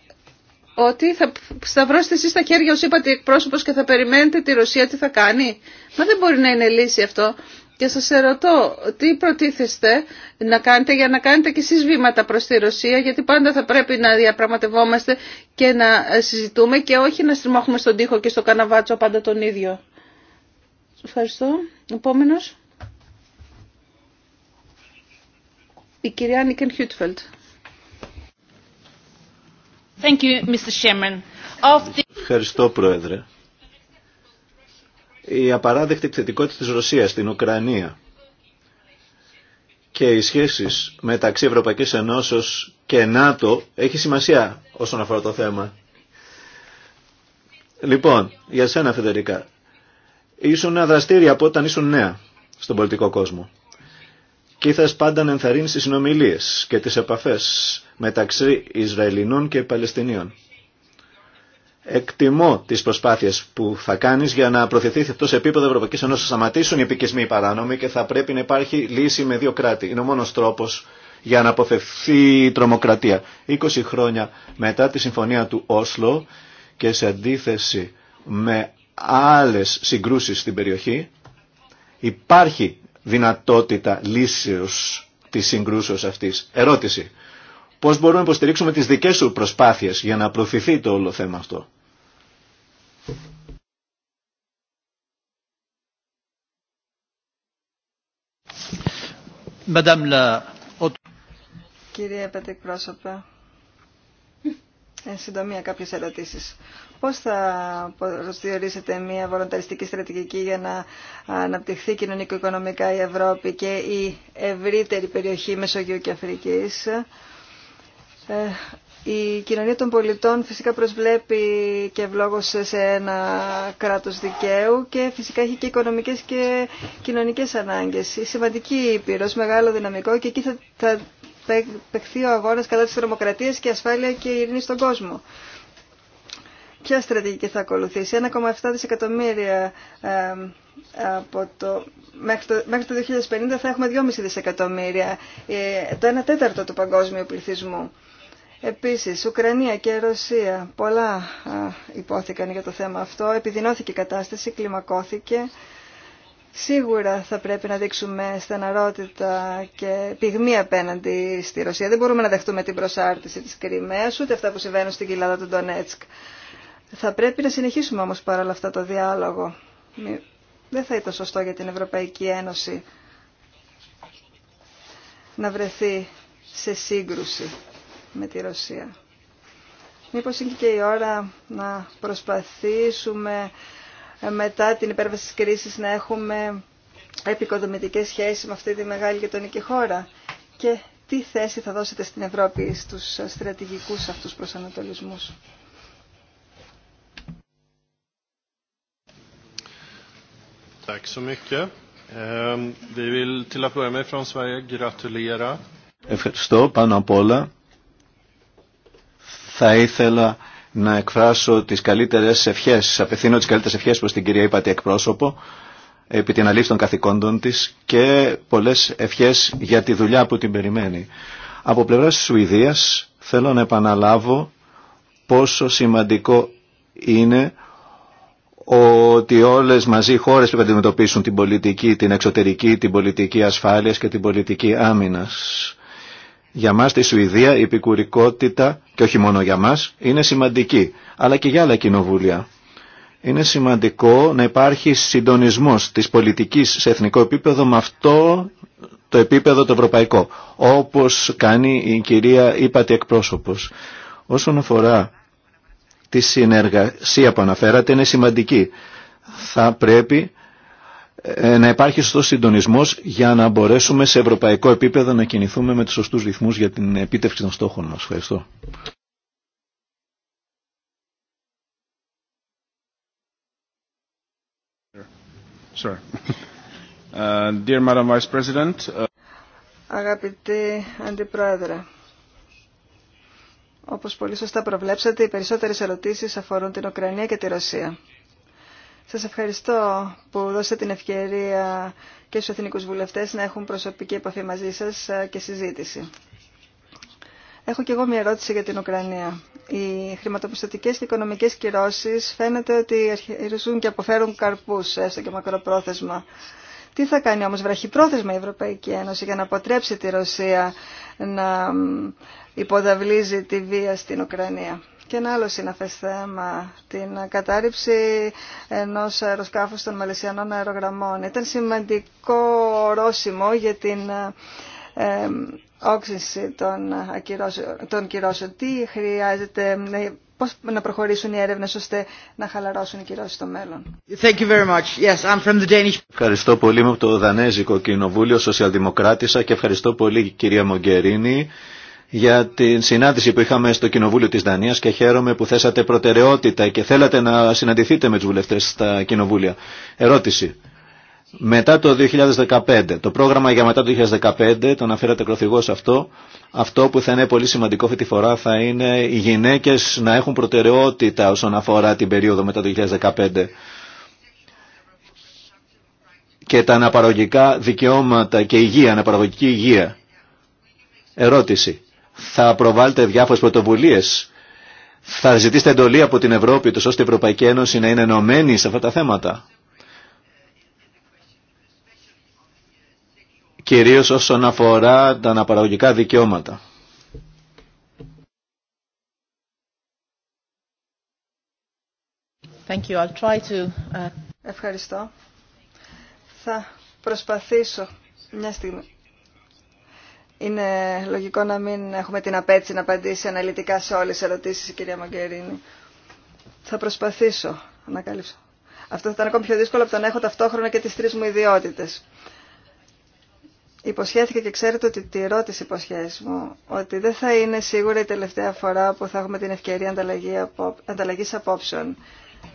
ότι θα σταυρώσετε εσείς τα χέρια ως είπατε εκπρόσωπος και θα περιμένετε τη Ρωσία τι θα κάνει. Μα δεν μπορεί να είναι λύση αυτό. Και σας ερωτώ, τι προτίθεστε να κάνετε για να κάνετε και εσείς βήματα προς τη Ρωσία, γιατί πάντα θα πρέπει να διαπραγματευόμαστε και να συζητούμε και όχι να στριμώχουμε στον τοίχο και στο καναβάτσο πάντα τον ίδιο. Ευχαριστώ. Επόμενος. Η κυρία Νίκεν Χιούτφελτ. Ευχαριστώ, Πρόεδρε η απαράδεκτη εκθετικότητα της Ρωσίας στην Ουκρανία και οι σχέσεις μεταξύ Ευρωπαϊκής Ενώσεως και ΝΑΤΟ έχει σημασία όσον αφορά το θέμα. Λοιπόν, για σένα Φεδερικά, ήσουν δραστήρια από όταν ήσουν νέα στον πολιτικό κόσμο και ήθελες πάντα να ενθαρρύνεις τις συνομιλίες και τις επαφές μεταξύ Ισραηλινών και Παλαιστινίων. Εκτιμώ τι προσπάθειε που θα κάνει για να προθεθεί αυτό σε επίπεδο Ευρωπαϊκή Ένωση. Σταματήσουν οι επικισμοί παράνομοι και θα πρέπει να υπάρχει λύση με δύο κράτη. Είναι ο μόνο τρόπο για να αποφευθεί η τρομοκρατία. 20 χρόνια μετά τη συμφωνία του Όσλο και σε αντίθεση με άλλες συγκρούσεις στην περιοχή υπάρχει δυνατότητα λύσεως της συγκρούσεως αυτής. Ερώτηση. Πώς μπορούμε να υποστηρίξουμε τις δικές σου προσπάθειες για να προωθηθεί το όλο θέμα αυτό. Κύριε Πέτρικ εν συντομία κάποιες ερωτήσεις. Πώς θα προσδιορίσετε μια βολονταριστική στρατηγική για να αναπτυχθεί κοινωνικο-οικονομικά η Ευρώπη και η ευρύτερη περιοχή Μεσογείου και Αφρικής ε, η κοινωνία των πολιτών φυσικά προσβλέπει και ευλόγωσε σε ένα κράτος δικαίου και φυσικά έχει και οικονομικές και κοινωνικές ανάγκες. Η σημαντική Ήπειρος, μεγάλο δυναμικό και εκεί θα, θα παιχθεί ο αγώνας κατά της τρομοκρατίας και ασφάλεια και ειρήνη στον κόσμο. Ποια στρατηγική θα ακολουθήσει. 1,7 δισεκατομμύρια ε, από το, μέχρι, το, μέχρι το 2050 θα έχουμε 2,5 δισεκατομμύρια, ε, το 1 τέταρτο του παγκόσμιου πληθυσμού. Επίσης, Ουκρανία και Ρωσία, πολλά α, υπόθηκαν για το θέμα αυτό. Επιδεινώθηκε η κατάσταση, κλιμακώθηκε. Σίγουρα θα πρέπει να δείξουμε στεναρότητα και πυγμή απέναντι στη Ρωσία. Δεν μπορούμε να δεχτούμε την προσάρτηση της Κρυμαίας, ούτε αυτά που συμβαίνουν στην κοιλάδα του Ντονέτσκ. Θα πρέπει να συνεχίσουμε όμως παρόλα αυτά το διάλογο. Δεν θα ήταν σωστό για την Ευρωπαϊκή Ένωση να βρεθεί σε σύγκρουση με τη Ρωσία. Μήπως είναι και η ώρα να προσπαθήσουμε ε, μετά την υπέρβαση της να έχουμε επικοδομητικές σχέσεις με αυτή τη μεγάλη γειτονική χώρα και τι θέση θα δώσετε στην Ευρώπη στους στρατηγικούς αυτούς προσανατολισμούς. Ευχαριστώ πάνω απ' όλα θα ήθελα να εκφράσω τις καλύτερες ευχές, απευθύνω τις καλύτερες ευχές προς την κυρία Υπατή εκπρόσωπο, επί την αλήθεια των καθηκόντων της και πολλές ευχές για τη δουλειά που την περιμένει. Από πλευράς της Σουηδίας θέλω να επαναλάβω πόσο σημαντικό είναι ότι όλες μαζί οι χώρες πρέπει να αντιμετωπίσουν την πολιτική, την εξωτερική, την πολιτική ασφάλειας και την πολιτική άμυνας. Για μας στη Σουηδία η επικουρικότητα, και όχι μόνο για μας, είναι σημαντική, αλλά και για άλλα κοινοβούλια. Είναι σημαντικό να υπάρχει συντονισμός της πολιτικής σε εθνικό επίπεδο με αυτό το επίπεδο το ευρωπαϊκό, όπως κάνει η κυρία Ήπατη εκπρόσωπος. Όσον αφορά τη συνεργασία που αναφέρατε είναι σημαντική. Θα πρέπει ε, να υπάρχει σωστός συντονισμός για να μπορέσουμε σε ευρωπαϊκό επίπεδο να κινηθούμε με τους σωστούς ρυθμούς για την επίτευξη των στόχων μας. Ευχαριστώ. Αγαπητοί Uh, dear Madam Vice President, uh, Αντιπρόεδρε, όπως πολύ σωστά προβλέψατε, οι περισσότερες ερωτήσεις αφορούν την Ουκρανία και τη Ρωσία. Σας ευχαριστώ που δώσατε την ευκαιρία και στους εθνικούς βουλευτές να έχουν προσωπική επαφή μαζί σας και συζήτηση. Έχω και εγώ μια ερώτηση για την Ουκρανία. Οι χρηματοπιστωτικές και οικονομικές κυρώσεις φαίνεται ότι αρχίζουν και αποφέρουν καρπούς, έστω και μακροπρόθεσμα. Τι θα κάνει όμως βραχυπρόθεσμα η Ευρωπαϊκή Ένωση για να αποτρέψει τη Ρωσία να υποδαβλίζει τη βία στην Ουκρανία και ένα άλλο συναφές θέμα, την κατάρριψη ενός αεροσκάφους των Μαλαισιανών αερογραμμών. Ήταν σημαντικό ορόσημο για την ε, όξυνση των, κυρώσεων. Τι χρειάζεται, πώς να προχωρήσουν οι έρευνες ώστε να χαλαρώσουν οι κυρώσεις στο μέλλον. Thank you very much. Yes, I'm from the Danish... Ευχαριστώ πολύ από το Δανέζικο Κοινοβούλιο, Σοσιαλδημοκράτησα και ευχαριστώ πολύ κυρία Μογκερίνη για την συνάντηση που είχαμε στο Κοινοβούλιο της Δανίας και χαίρομαι που θέσατε προτεραιότητα και θέλατε να συναντηθείτε με τους βουλευτές στα Κοινοβούλια. Ερώτηση. Μετά το 2015, το πρόγραμμα για μετά το 2015, το αναφέρατε κροθυγός αυτό, αυτό που θα είναι πολύ σημαντικό αυτή τη φορά θα είναι οι γυναίκες να έχουν προτεραιότητα όσον αφορά την περίοδο μετά το 2015 και τα αναπαραγωγικά δικαιώματα και υγεία, αναπαραγωγική υγεία. Ερώτηση θα προβάλλετε διάφορες πρωτοβουλίες, θα ζητήσετε εντολή από την Ευρώπη, τους, ώστε η Ευρωπαϊκή Ένωση να είναι ενωμένη σε αυτά τα θέματα. Κυρίως όσον αφορά τα αναπαραγωγικά δικαιώματα. Thank you. I'll try to... Uh, Ευχαριστώ. Θα προσπαθήσω μια στιγμή είναι λογικό να μην έχουμε την απέτηση να απαντήσει αναλυτικά σε όλες τις ερωτήσεις η κυρία Μαγκερίνη. Θα προσπαθήσω να καλύψω. Αυτό θα ήταν ακόμη πιο δύσκολο από το να έχω ταυτόχρονα και τις τρεις μου ιδιότητες. Υποσχέθηκα και ξέρετε ότι τη ρώτηση υποσχέσεις μου, ότι δεν θα είναι σίγουρα η τελευταία φορά που θα έχουμε την ευκαιρία ανταλλαγή ανταλλαγής απόψεων,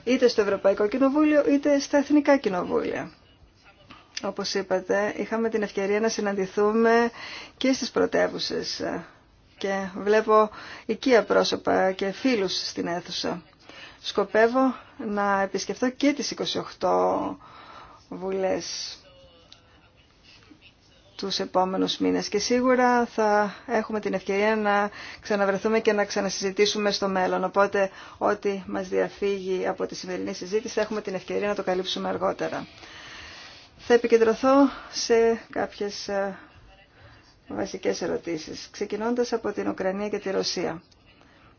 είτε στο Ευρωπαϊκό Κοινοβούλιο, είτε στα Εθνικά Κοινοβούλια όπως είπατε, είχαμε την ευκαιρία να συναντηθούμε και στις πρωτεύουσε και βλέπω οικία πρόσωπα και φίλους στην αίθουσα. Σκοπεύω να επισκεφτώ και τις 28 βουλές τους επόμενους μήνες και σίγουρα θα έχουμε την ευκαιρία να ξαναβρεθούμε και να ξανασυζητήσουμε στο μέλλον. Οπότε ό,τι μας διαφύγει από τη σημερινή συζήτηση θα έχουμε την ευκαιρία να το καλύψουμε αργότερα. Θα επικεντρωθώ σε κάποιες ε, βασικές ερωτήσεις, ξεκινώντας από την Ουκρανία και τη Ρωσία.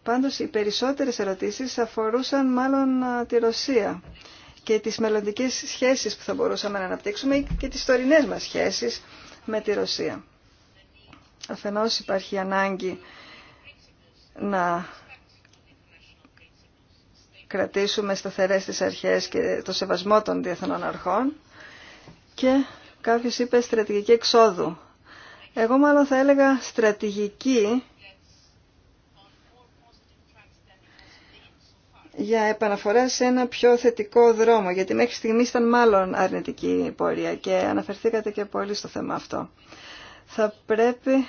Πάντως, οι περισσότερες ερωτήσεις αφορούσαν μάλλον ε, τη Ρωσία και τις μελλοντικές σχέσεις που θα μπορούσαμε να αναπτύξουμε και τις τωρινές μας σχέσεις με τη Ρωσία. Αφενός υπάρχει ανάγκη να κρατήσουμε σταθερές τις αρχές και το σεβασμό των διεθνών αρχών και κάποιο είπε στρατηγική εξόδου. Εγώ μάλλον θα έλεγα στρατηγική για επαναφορά σε ένα πιο θετικό δρόμο, γιατί μέχρι στιγμή ήταν μάλλον αρνητική η πορεία και αναφερθήκατε και πολύ στο θέμα αυτό. Θα πρέπει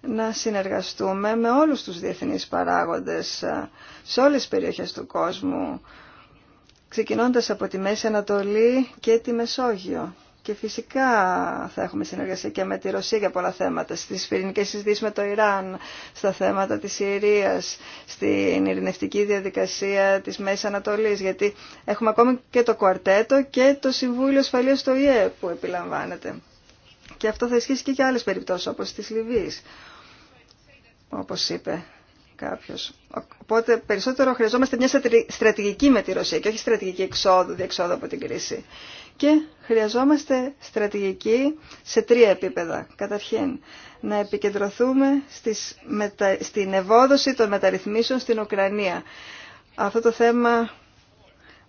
να συνεργαστούμε με όλους τους διεθνείς παράγοντες ε, σε όλες τις περιοχές του κόσμου, ξεκινώντας από τη Μέση Ανατολή και τη Μεσόγειο και φυσικά θα έχουμε συνεργασία και με τη Ρωσία για πολλά θέματα, στις πυρηνικές συζητήσεις με το Ιράν, στα θέματα της Συρίας, στην ειρηνευτική διαδικασία της Μέσης Ανατολής, γιατί έχουμε ακόμη και το κουαρτέτο και το Συμβούλιο Ασφαλείας του ΙΕ που επιλαμβάνεται. Και αυτό θα ισχύσει και για άλλες περιπτώσεις όπως της Λιβύης, όπως είπε Κάποιο. Οπότε περισσότερο χρειαζόμαστε μια στρατηγική με τη Ρωσία και όχι στρατηγική εξόδου, διεξόδου από την κρίση. Και χρειαζόμαστε στρατηγική σε τρία επίπεδα. Καταρχήν, να επικεντρωθούμε στις στην ευόδοση των μεταρρυθμίσεων στην Ουκρανία. Αυτό το θέμα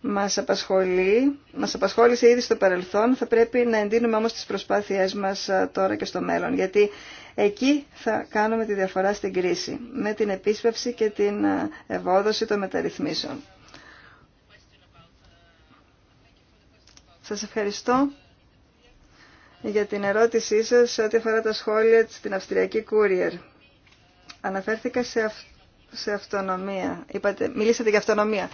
μας απασχολεί, μας απασχόλησε ήδη στο παρελθόν, θα πρέπει να εντείνουμε όμως τις προσπάθειές μας ε, τώρα και στο μέλλον, γιατί εκεί θα κάνουμε τη διαφορά στην κρίση, με την επίσπευση και την ε, ευόδοση των μεταρρυθμίσεων. Σας ευχαριστώ για την ερώτησή σας ό,τι αφορά τα σχόλια στην Αυστριακή Courier. Αναφέρθηκα σε, σε αυτονομία. Είπατε... Μιλήσατε για αυτονομία.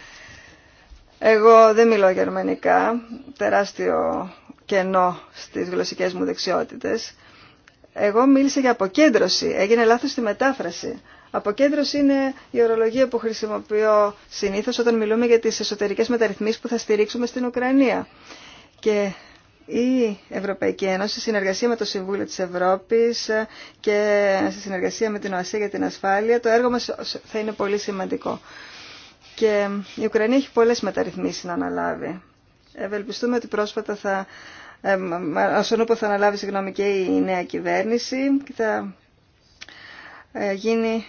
Εγώ δεν μιλώ γερμανικά, τεράστιο κενό στις γλωσσικές μου δεξιότητες. Εγώ μίλησα για αποκέντρωση, έγινε λάθος στη μετάφραση. Αποκέντρωση είναι η ορολογία που χρησιμοποιώ συνήθως όταν μιλούμε για τις εσωτερικές μεταρρυθμίσεις που θα στηρίξουμε στην Ουκρανία. Και η Ευρωπαϊκή Ένωση, στη συνεργασία με το Συμβούλιο της Ευρώπης και σε συνεργασία με την ΟΑΣΕ για την ασφάλεια, το έργο μας θα είναι πολύ σημαντικό. Και η Ουκρανία έχει πολλές μεταρρυθμίσεις να αναλάβει. Ευελπιστούμε ότι πρόσφατα θα, ε, που θα αναλάβει συγγνώμη, και η νέα κυβέρνηση και θα ε, γίνει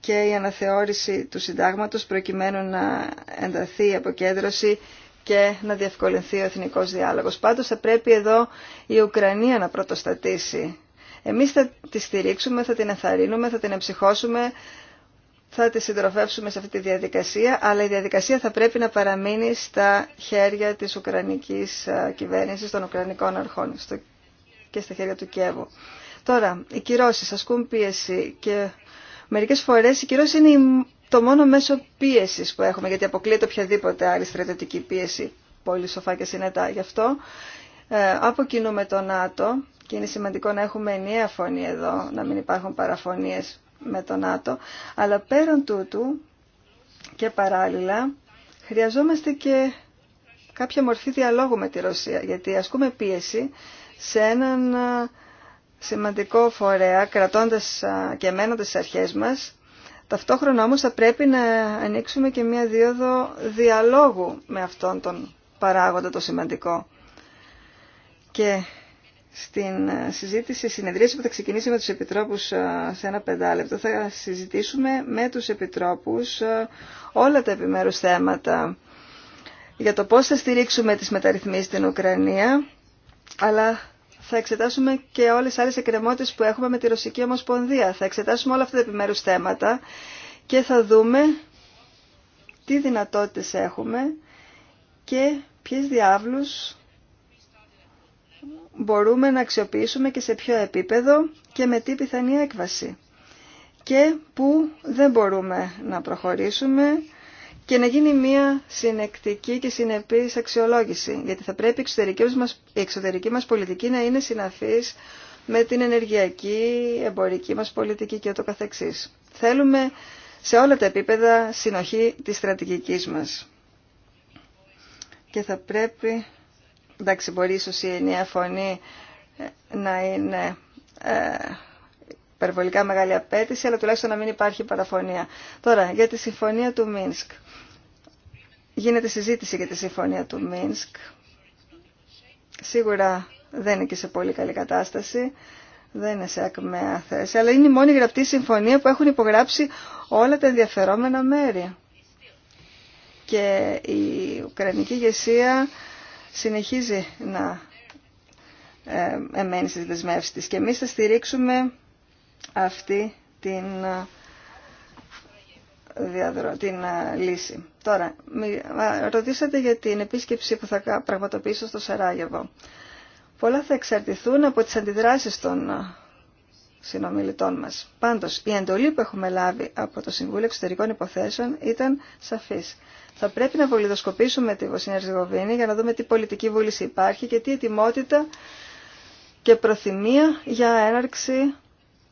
και η αναθεώρηση του συντάγματος προκειμένου να ενταθεί η αποκέντρωση και να διευκολυνθεί ο εθνικός διάλογος. Πάντως θα πρέπει εδώ η Ουκρανία να πρωτοστατήσει. Εμείς θα τη στηρίξουμε, θα την εθαρρύνουμε, θα την εμψυχώσουμε, θα τη συντροφεύσουμε σε αυτή τη διαδικασία, αλλά η διαδικασία θα πρέπει να παραμείνει στα χέρια της Ουκρανικής ε, κυβέρνησης, των Ουκρανικών αρχών και στα χέρια του Κιέβου. Τώρα, οι κυρώσεις ασκούν πίεση και μερικές φορές οι κυρώσει είναι το μόνο μέσο πίεσης που έχουμε, γιατί αποκλείεται οποιαδήποτε άλλη στρατιωτική πίεση, πολύ σοφά και συνετά. Γι' αυτό ε, αποκινούμε το ΝΑΤΟ και είναι σημαντικό να έχουμε ενιαία φωνή εδώ, να μην υπάρχουν παραφωνίες με τον ΝΑΤΟ, αλλά πέραν τούτου και παράλληλα χρειαζόμαστε και κάποια μορφή διαλόγου με τη Ρωσία, γιατί ασκούμε πίεση σε έναν σημαντικό φορέα, κρατώντας και μένοντας τις αρχές μας, ταυτόχρονα όμως θα πρέπει να ανοίξουμε και μία δίωδο διαλόγου με αυτόν τον παράγοντα το σημαντικό. Και στην ε, συζήτηση, συνεδρίαση που θα ξεκινήσει με τους επιτρόπους ε, σε ένα πεντάλεπτο, θα συζητήσουμε με τους επιτρόπους ε, όλα τα επιμέρους θέματα για το πώς θα στηρίξουμε τις μεταρρυθμίσεις στην Ουκρανία, αλλά θα εξετάσουμε και όλες τις άλλες εκκρεμότητες που έχουμε με τη Ρωσική Ομοσπονδία. Θα εξετάσουμε όλα αυτά τα επιμέρους θέματα και θα δούμε τι δυνατότητες έχουμε και ποιες διάβλους μπορούμε να αξιοποιήσουμε και σε ποιο επίπεδο και με τι πιθανή έκβαση και που δεν μπορούμε να προχωρήσουμε και να γίνει μια συνεκτική και συνεπής αξιολόγηση, γιατί θα πρέπει η εξωτερική μας, μας πολιτική να είναι συναφής με την ενεργειακή, εμπορική μας πολιτική και ούτω καθεξής. Θέλουμε σε όλα τα επίπεδα συνοχή της στρατηγικής μας. Και θα πρέπει Εντάξει, μπορεί ίσως η ενιαία φωνή ε, να είναι ε, υπερβολικά μεγάλη απέτηση, αλλά τουλάχιστον να μην υπάρχει παραφωνία. Τώρα, για τη συμφωνία του Μίνσκ. Γίνεται συζήτηση για τη συμφωνία του Μίνσκ. Σίγουρα δεν είναι και σε πολύ καλή κατάσταση. Δεν είναι σε ακμαία θέση. Αλλά είναι η μόνη γραπτή συμφωνία που έχουν υπογράψει όλα τα ενδιαφερόμενα μέρη. Και η Ουκρανική ηγεσία συνεχίζει να ε, εμένει στις δεσμεύσεις της και εμείς θα στηρίξουμε αυτή την, ε, διαδρο... την ε, λύση. Τώρα, ρωτήσατε για την επίσκεψη που θα πραγματοποιήσω στο Σαράγεβο. Πολλά θα εξαρτηθούν από τις αντιδράσεις των συνομιλητών μα. Πάντως, η εντολή που έχουμε λάβει από το Συμβούλιο Εξωτερικών Υποθέσεων ήταν σαφή. Θα πρέπει να βολιδοσκοπήσουμε τη Βοσνία Ερζεγοβίνη για να δούμε τι πολιτική βούληση υπάρχει και τι ετοιμότητα και προθυμία για έναρξη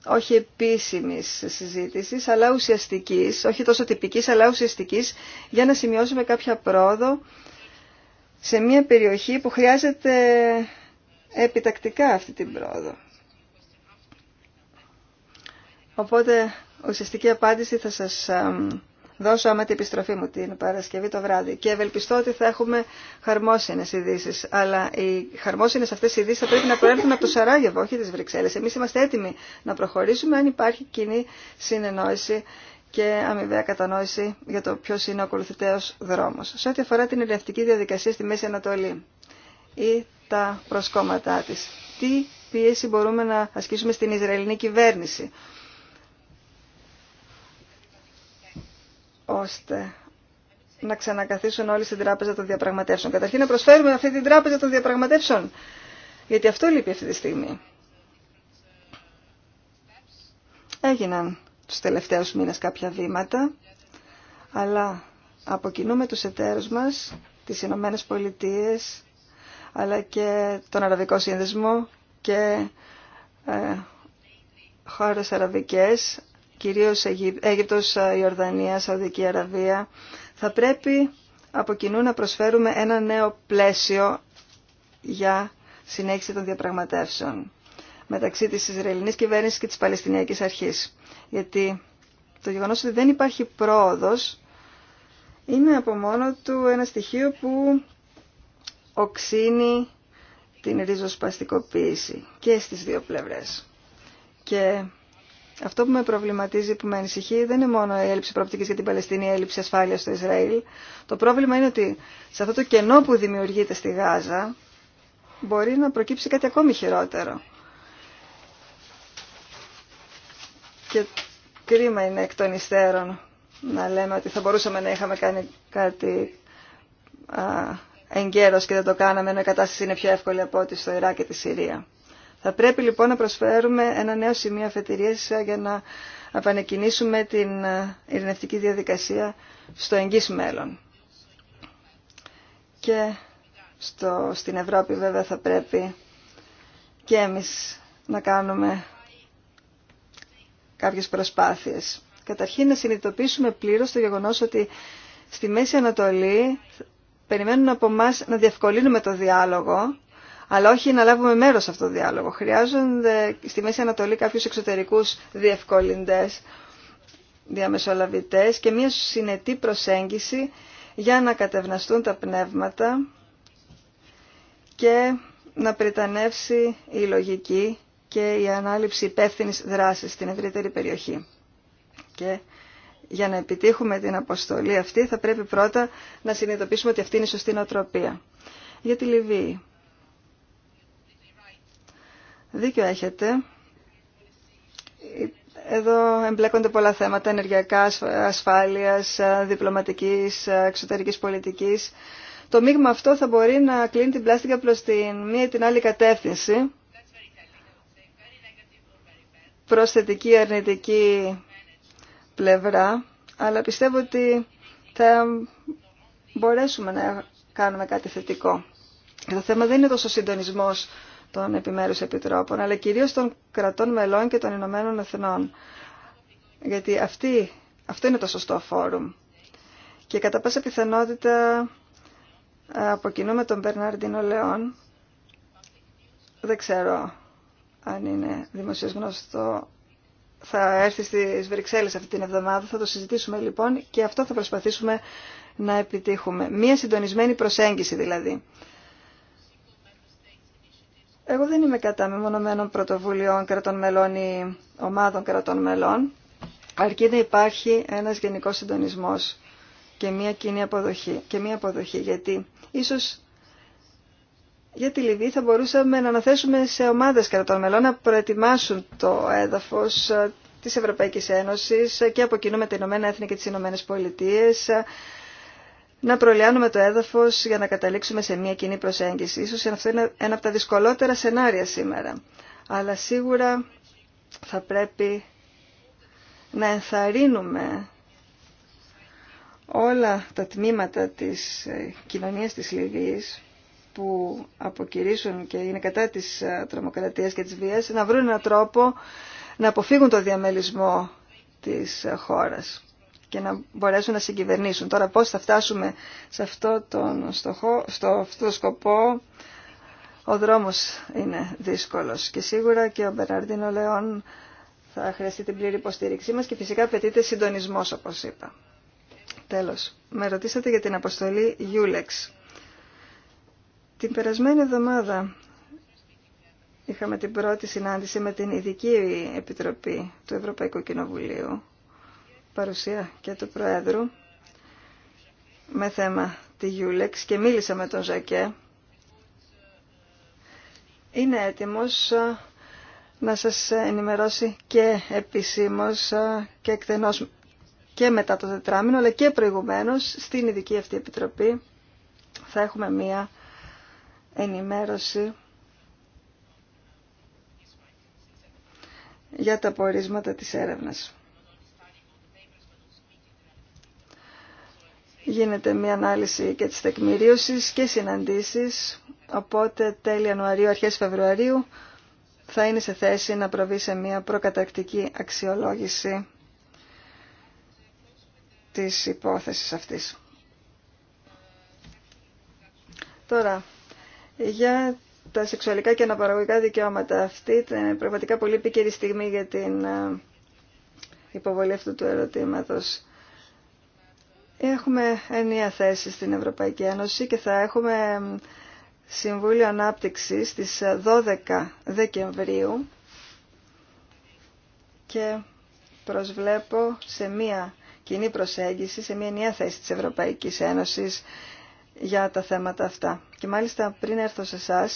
όχι επίσημης συζήτησης, αλλά ουσιαστική, όχι τόσο τυπικής, αλλά ουσιαστική, για να σημειώσουμε κάποια πρόοδο σε μια περιοχή που χρειάζεται επιτακτικά αυτή την πρόοδο. Οπότε ουσιαστική απάντηση θα σας δώσω άμα την επιστροφή μου την Παρασκευή το βράδυ. Και ευελπιστώ ότι θα έχουμε χαρμόσυνες ειδήσει. Αλλά οι χαρμόσυνες αυτές οι ειδήσει θα πρέπει να προέρχονται από το Σαράγεβο, όχι τις Βρυξέλλες. Εμείς είμαστε έτοιμοι να προχωρήσουμε αν υπάρχει κοινή συνεννόηση και αμοιβαία κατανόηση για το ποιο είναι ο ακολουθητέος δρόμος. Σε ό,τι αφορά την ελευθερική διαδικασία στη Μέση Ανατολή ή τα προσκόμματά της. Τι πίεση μπορούμε να ασκήσουμε στην Ισραηλινή κυβέρνηση ώστε να ξανακαθίσουν όλοι στην τράπεζα των διαπραγματεύσεων. Καταρχήν να προσφέρουμε αυτή την τράπεζα των διαπραγματεύσεων, γιατί αυτό λείπει αυτή τη στιγμή. Έγιναν τους τελευταίους μήνες κάποια βήματα, αλλά αποκινούμε τους εταίρους μας, τις Ηνωμένε Πολιτείε, αλλά και τον Αραβικό Σύνδεσμο και ε, χώρες αραβικές, κυρίως Αίγυπτος, Ιορδανία, Σαουδική Αραβία, θα πρέπει από κοινού να προσφέρουμε ένα νέο πλαίσιο για συνέχιση των διαπραγματεύσεων μεταξύ της Ισραηλινής κυβέρνησης και της Παλαιστινιακής Αρχής. Γιατί το γεγονός ότι δεν υπάρχει πρόοδος είναι από μόνο του ένα στοιχείο που οξύνει την ριζοσπαστικοποίηση και στις δύο πλευρές. Και αυτό που με προβληματίζει, που με ανησυχεί, δεν είναι μόνο η έλλειψη προοπτική για την Παλαιστίνη, η έλλειψη ασφάλεια στο Ισραήλ. Το πρόβλημα είναι ότι σε αυτό το κενό που δημιουργείται στη Γάζα μπορεί να προκύψει κάτι ακόμη χειρότερο. Και κρίμα είναι εκ των υστέρων να λέμε ότι θα μπορούσαμε να είχαμε κάνει κάτι εγκαίρως και δεν το κάναμε, ενώ η κατάσταση είναι πιο εύκολη από ό,τι στο Ιράκ και τη Συρία. Θα πρέπει λοιπόν να προσφέρουμε ένα νέο σημείο αφετηρίας για να επανεκκινήσουμε την ε, ειρηνευτική διαδικασία στο εγγύς μέλλον. Και στο, στην Ευρώπη βέβαια θα πρέπει και εμείς να κάνουμε κάποιες προσπάθειες. Καταρχήν να συνειδητοποιήσουμε πλήρως το γεγονός ότι στη Μέση Ανατολή περιμένουν από εμά να διευκολύνουμε το διάλογο αλλά όχι να λάβουμε μέρος σε αυτό το διάλογο. Χρειάζονται στη Μέση Ανατολή κάποιους εξωτερικούς διευκολυντές, διαμεσολαβητές και μια συνετή προσέγγιση για να κατευναστούν τα πνεύματα και να πριτανεύσει η λογική και η ανάληψη υπεύθυνη δράσης στην ευρύτερη περιοχή. Και για να επιτύχουμε την αποστολή αυτή θα πρέπει πρώτα να συνειδητοποιήσουμε ότι αυτή είναι η σωστή νοοτροπία. Για τη Λιβύη. Δίκιο έχετε. Εδώ εμπλέκονται πολλά θέματα ενεργειακά ασφάλειας, διπλωματικής, εξωτερικής πολιτικής. Το μείγμα αυτό θα μπορεί να κλείνει την πλάστικα προς την μία ή την άλλη κατεύθυνση. Προς θετική αρνητική πλευρά. Αλλά πιστεύω ότι θα μπορέσουμε να κάνουμε κάτι θετικό. Το θέμα δεν είναι τόσο συντονισμός των επιμέρους επιτρόπων, αλλά κυρίως των κρατών μελών και των Ηνωμένων Εθνών. Γιατί αυτή, αυτό είναι το σωστό φόρουμ. Και κατά πάσα πιθανότητα ε, από κοινού με τον Μπερνάρντινο Λεόν, δεν ξέρω αν είναι δημοσίως γνωστό, θα έρθει στις Βρυξέλλες αυτή την εβδομάδα, θα το συζητήσουμε λοιπόν και αυτό θα προσπαθήσουμε να επιτύχουμε. Μία συντονισμένη προσέγγιση δηλαδή. Εγώ δεν είμαι κατά μεμονωμένων πρωτοβουλειών κρατών μελών ή ομάδων κρατών μελών, αρκεί να υπάρχει ένας γενικός συντονισμός και μία κοινή αποδοχή, και μία αποδοχή γιατί ίσως για τη Λιβύη θα μπορούσαμε να αναθέσουμε σε ομάδες κρατών μελών να προετοιμάσουν το έδαφος ε, της Ευρωπαϊκής Ένωσης ε, και από κοινού με τα Ηνωμένα Έθνη και τις Ηνωμένες Πολιτείες, ε, να προλιάνουμε το έδαφος για να καταλήξουμε σε μια κοινή προσέγγιση. Ίσως αυτό είναι ένα από τα δυσκολότερα σενάρια σήμερα. Αλλά σίγουρα θα πρέπει να ενθαρρύνουμε όλα τα τμήματα της ε, κοινωνίας της Λιβύης που αποκηρύσουν και είναι κατά της ε, τρομοκρατίας και της βίας να βρουν έναν τρόπο να αποφύγουν το διαμελισμό της ε, χώρας και να μπορέσουν να συγκυβερνήσουν. Τώρα πώς θα φτάσουμε σε αυτό τον στο αυτό το σκοπό, ο δρόμος είναι δύσκολος και σίγουρα και ο Μπεραρδίνο Λεόν θα χρειαστεί την πλήρη υποστήριξή μας και φυσικά απαιτείται συντονισμός όπως είπα. Τέλος, με ρωτήσατε για την αποστολή Ιούλεξ. Την περασμένη εβδομάδα είχαμε την πρώτη συνάντηση με την Ειδική Επιτροπή του Ευρωπαϊκού Κοινοβουλίου παρουσία και του Προέδρου με θέμα τη Γιούλεξ και μίλησα με τον Ζακέ. Είναι έτοιμος ε, να σας ενημερώσει και επισήμως ε, και εκτενώς και μετά το τετράμινο, αλλά και προηγουμένως στην ειδική αυτή επιτροπή θα έχουμε μία ενημέρωση για τα πορίσματα της έρευνας. γίνεται μια ανάλυση και της τεκμηρίωσης και συναντήσεις, οπότε τέλη Ιανουαρίου, αρχές Φεβρουαρίου θα είναι σε θέση να προβεί σε μια προκατακτική αξιολόγηση της υπόθεσης αυτής. Τώρα, για τα σεξουαλικά και αναπαραγωγικά δικαιώματα. Αυτή είναι πραγματικά πολύ επίκαιρη στιγμή για την ε, υποβολή αυτού του ερωτήματος. Έχουμε ενία θέση στην Ευρωπαϊκή Ένωση και θα έχουμε Συμβούλιο Ανάπτυξης στις 12 ε, Δεκεμβρίου και προσβλέπω σε μία κοινή προσέγγιση, σε μία ενία θέση της Ευρωπαϊκής Ένωσης για τα θέματα αυτά. Και μάλιστα πριν έρθω σε εσά,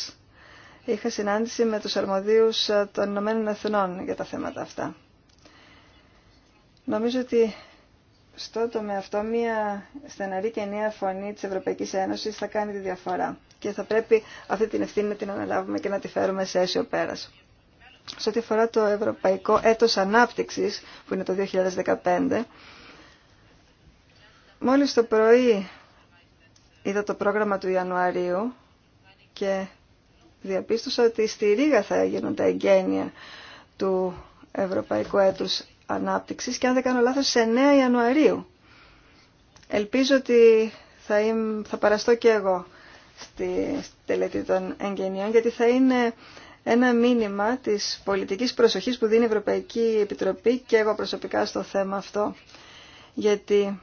είχα συνάντηση με τους αρμοδίους ε, των Ηνωμένων Εθνών για τα θέματα αυτά. Νομίζω ότι στο με αυτό μια στεναρή και νέα φωνή της Ευρωπαϊκής Ένωσης θα κάνει τη διαφορά και θα πρέπει αυτή την ευθύνη να την αναλάβουμε και να τη φέρουμε σε αίσιο πέρας. Σε ό,τι αφορά το Ευρωπαϊκό Έτος Ανάπτυξης που είναι το 2015, μόλις το πρωί είδα το πρόγραμμα του Ιανουαρίου και διαπίστωσα ότι στη Ρήγα θα γίνουν τα εγγένεια του Ευρωπαϊκού Έτους Ανάπτυξης και αν δεν κάνω λάθος σε 9 Ιανουαρίου. Ελπίζω ότι θα, θα παραστώ και εγώ στη, στη τελετή των εγγενειών γιατί θα είναι ένα μήνυμα της πολιτικής προσοχής που δίνει η Ευρωπαϊκή Επιτροπή και εγώ προσωπικά στο θέμα αυτό. Γιατί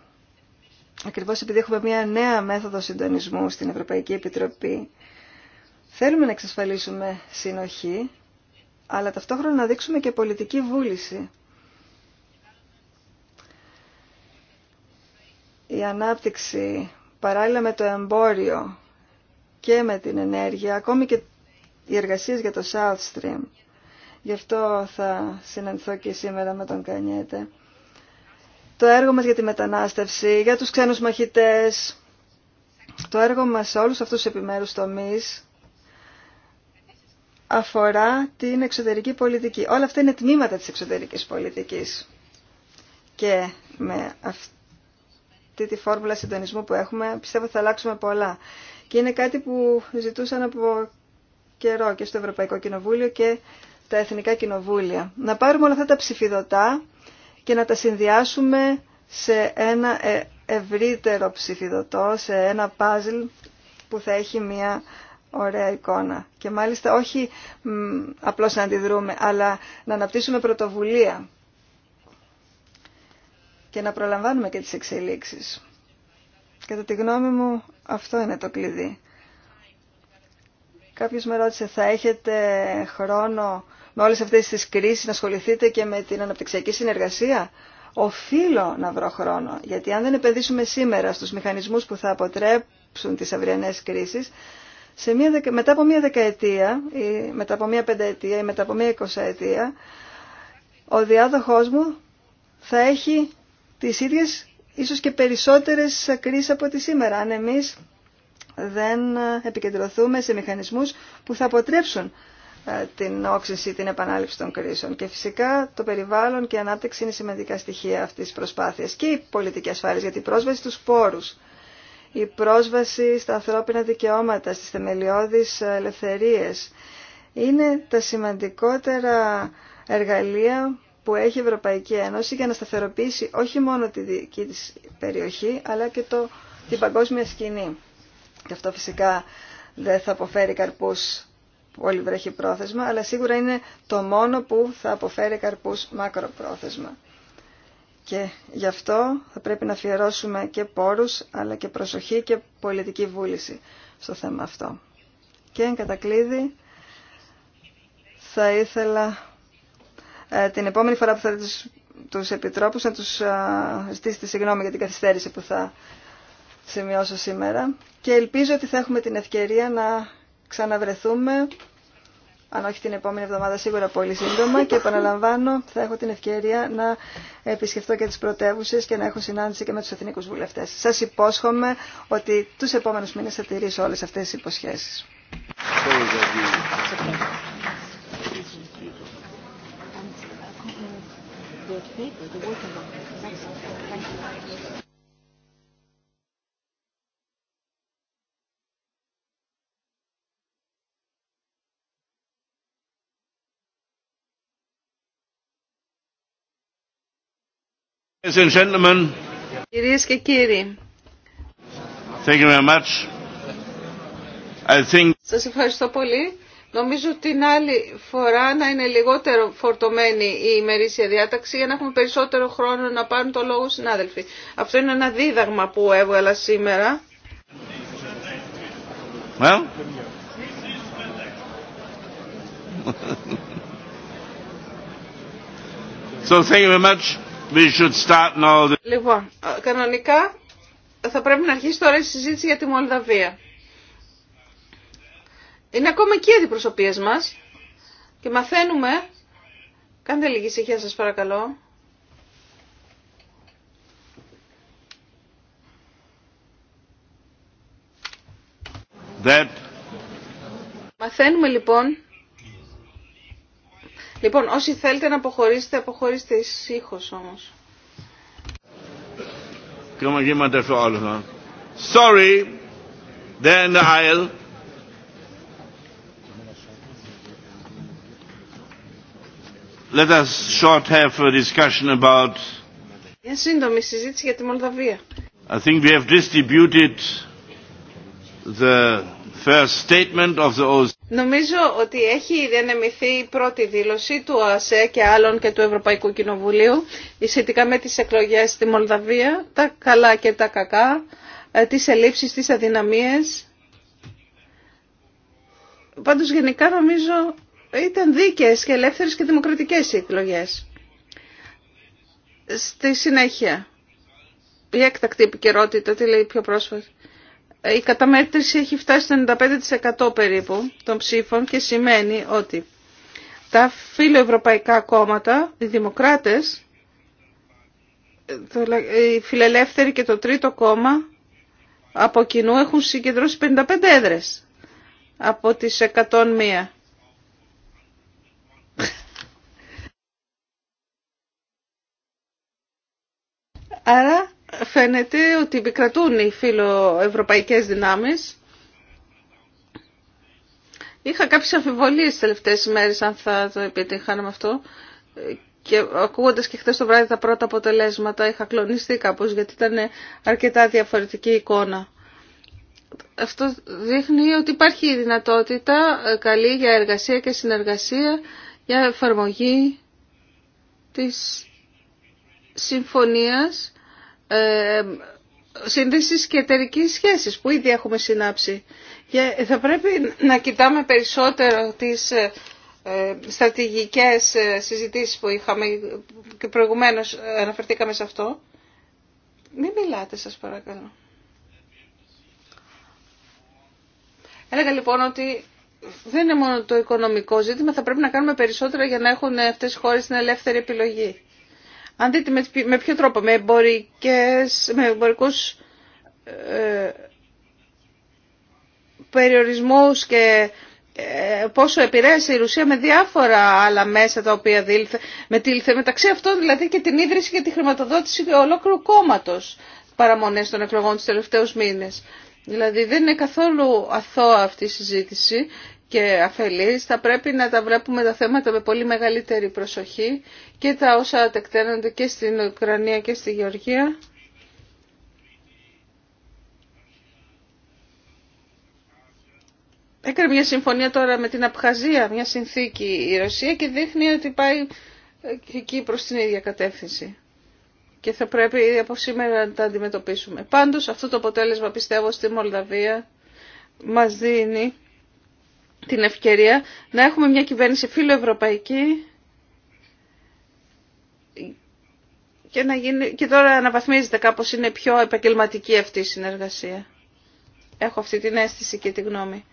ακριβώς επειδή έχουμε μια νέα μέθοδο συντονισμού στην Ευρωπαϊκή Επιτροπή θέλουμε να εξασφαλίσουμε συνοχή αλλά ταυτόχρονα να δείξουμε και πολιτική βούληση η ανάπτυξη παράλληλα με το εμπόριο και με την ενέργεια, ακόμη και οι εργασίες για το South Stream. Γι' αυτό θα συναντηθώ και σήμερα με τον Κανιέτε. Το έργο μας για τη μετανάστευση, για τους ξένους μαχητές, το έργο μας σε όλους αυτούς τους επιμέρους τομείς αφορά την εξωτερική πολιτική. Όλα αυτά είναι τμήματα της εξωτερικής πολιτικής. Και με αυτή αυτή τη φόρμουλα συντονισμού που έχουμε, πιστεύω θα αλλάξουμε πολλά. Και είναι κάτι που ζητούσαν από καιρό και στο Ευρωπαϊκό Κοινοβούλιο και τα Εθνικά Κοινοβούλια. Να πάρουμε όλα αυτά τα ψηφιδωτά και να τα συνδυάσουμε σε ένα ε, ευρύτερο ψηφιδωτό, σε ένα παζλ που θα έχει μια ωραία εικόνα. Και μάλιστα όχι μ, απλώς να αντιδρούμε, αλλά να αναπτύσσουμε πρωτοβουλία και να προλαμβάνουμε και τις εξελίξεις. Κατά τη γνώμη μου αυτό είναι το κλειδί. Κάποιος με ρώτησε, θα έχετε χρόνο με όλες αυτές τις κρίσεις να ασχοληθείτε και με την αναπτυξιακή συνεργασία. Οφείλω να βρω χρόνο, γιατί αν δεν επενδύσουμε σήμερα στους μηχανισμούς που θα αποτρέψουν τις αυριανές κρίσεις, μετά από μια δεκαετία ή μετά από μια πενταετία ή μετά από μια εικοσαετία, ο διάδοχός μου θα έχει τις ίδιες ίσως και περισσότερες κρίσεις από τη σήμερα, αν εμείς δεν ε, επικεντρωθούμε σε μηχανισμούς που θα αποτρέψουν ε, την όξυνση, την επανάληψη των κρίσεων. Και φυσικά το περιβάλλον και η ανάπτυξη είναι σημαντικά στοιχεία αυτής της προσπάθειας. Και η πολιτική ασφάλεια γιατί η πρόσβαση στους πόρους, η πρόσβαση στα ανθρώπινα δικαιώματα, στις θεμελιώδεις ελευθερίες, είναι τα σημαντικότερα εργαλεία που έχει η Ευρωπαϊκή Ένωση για να σταθεροποιήσει όχι μόνο τη δική της περιοχή, αλλά και το, την παγκόσμια σκηνή. Και αυτό φυσικά δεν θα αποφέρει καρπούς πολύ βρέχει πρόθεσμα, αλλά σίγουρα είναι το μόνο που θα αποφέρει καρπούς μακροπρόθεσμα. Και γι' αυτό θα πρέπει να αφιερώσουμε και πόρους, αλλά και προσοχή και πολιτική βούληση στο θέμα αυτό. Και εν κατακλείδη θα ήθελα ε, την επόμενη φορά που θα δείτε τους επιτρόπους να τους ε, ζητήσετε συγγνώμη για την καθυστέρηση που θα σημειώσω σήμερα και ελπίζω ότι θα έχουμε την ευκαιρία να ξαναβρεθούμε αν όχι την επόμενη εβδομάδα σίγουρα πολύ σύντομα και επαναλαμβάνω θα έχω την ευκαιρία να επισκεφτώ και τις πρωτεύουσες και να έχω συνάντηση και με τους εθνικούς βουλευτές. Σας υπόσχομαι ότι τους επόμενους μήνες θα τηρήσω όλες αυτές τις υποσχέσεις. the papers, the working Thank you. Κυρίες και κύριοι, Thank you very much. I think... σας ευχαριστώ πολύ. Νομίζω την άλλη φορά να είναι λιγότερο φορτωμένη η ημερήσια διάταξη για να έχουμε περισσότερο χρόνο να πάρουν το λόγο συνάδελφοι. Αυτό είναι ένα δίδαγμα που έβγαλα σήμερα. Well. Ε? so thank you very much. We should start now. Λοιπόν, κανονικά θα πρέπει να αρχίσει τώρα η συζήτηση για τη Μολδαβία είναι ακόμα εκεί οι αντιπροσωπείες μας και μαθαίνουμε, κάντε λίγη ησυχία σας παρακαλώ, That... Μαθαίνουμε λοιπόν, λοιπόν όσοι θέλετε να αποχωρήσετε, αποχωρήστε ησύχως όμως. Sorry, Let us short have a discussion about. Μια σύντομη συζήτηση για τη Μολδαβία. I think we have distributed the first statement of the Νομίζω ότι έχει διανεμηθεί η πρώτη δήλωση του ΟΑΣΕ και άλλων και του Ευρωπαϊκού Κοινοβουλίου σχετικά με τις εκλογές στη Μολδαβία, τα καλά και τα κακά, ε, τις ελλείψεις, τις αδυναμίες. Πάντως γενικά νομίζω ήταν δίκαιες και ελεύθερες και δημοκρατικές οι εκλογές. Στη συνέχεια, η έκτακτη επικαιρότητα, τι λέει πιο πρόσφατα, η καταμέτρηση έχει φτάσει στο 95% περίπου των ψήφων και σημαίνει ότι τα φιλοευρωπαϊκά κόμματα, οι δημοκράτες, οι φιλελεύθεροι και το τρίτο κόμμα από κοινού έχουν συγκεντρώσει 55 έδρες από τις 101. Άρα φαίνεται ότι επικρατούν οι φιλοευρωπαϊκές δυνάμεις. Είχα κάποιες αμφιβολίες τις τελευταίες ημέρες αν θα το με αυτό και ακούγοντας και χθες το βράδυ τα πρώτα αποτελέσματα είχα κλονιστεί κάπως γιατί ήταν αρκετά διαφορετική εικόνα. Αυτό δείχνει ότι υπάρχει η δυνατότητα ε, καλή για εργασία και συνεργασία για εφαρμογή της συμφωνίας ε, και εταιρική σχέσης που ήδη έχουμε συνάψει. θα πρέπει να κοιτάμε περισσότερο τις ε, ε, στρατηγικές ε, συζητήσεις που είχαμε και προηγουμένως αναφερθήκαμε σε αυτό. Μην μιλάτε σας παρακαλώ. Έλεγα λοιπόν ότι δεν είναι μόνο το οικονομικό ζήτημα, θα πρέπει να κάνουμε περισσότερα για να έχουν αυτές οι χώρες την ελεύθερη επιλογή. Αν δείτε με ποιο τρόπο, με, εμπορικές, με εμπορικούς ε, περιορισμούς και ε, πόσο επηρέασε η Ρουσία με διάφορα άλλα μέσα τα οποία δήλθε, με μεταξύ αυτών δηλαδή και την ίδρυση και τη χρηματοδότηση ολόκληρου κόμματος παραμονές των εκλογών τους τελευταίους μήνες. Δηλαδή δεν είναι καθόλου αθώα αυτή η συζήτηση και αφελείς, θα πρέπει να τα βλέπουμε τα θέματα με πολύ μεγαλύτερη προσοχή και τα όσα τεκταίνονται και στην Ουκρανία και στη Γεωργία. Έκανε μια συμφωνία τώρα με την Απχαζία, μια συνθήκη η Ρωσία και δείχνει ότι πάει εκεί προς την ίδια κατεύθυνση. Και θα πρέπει από σήμερα να τα αντιμετωπίσουμε. Πάντως αυτό το αποτέλεσμα πιστεύω στη Μολδαβία μας δίνει την ευκαιρία να έχουμε μια κυβέρνηση φιλοευρωπαϊκή και, να γίνει, και τώρα αναβαθμίζεται κάπως είναι πιο επαγγελματική αυτή η συνεργασία. Έχω αυτή την αίσθηση και τη γνώμη.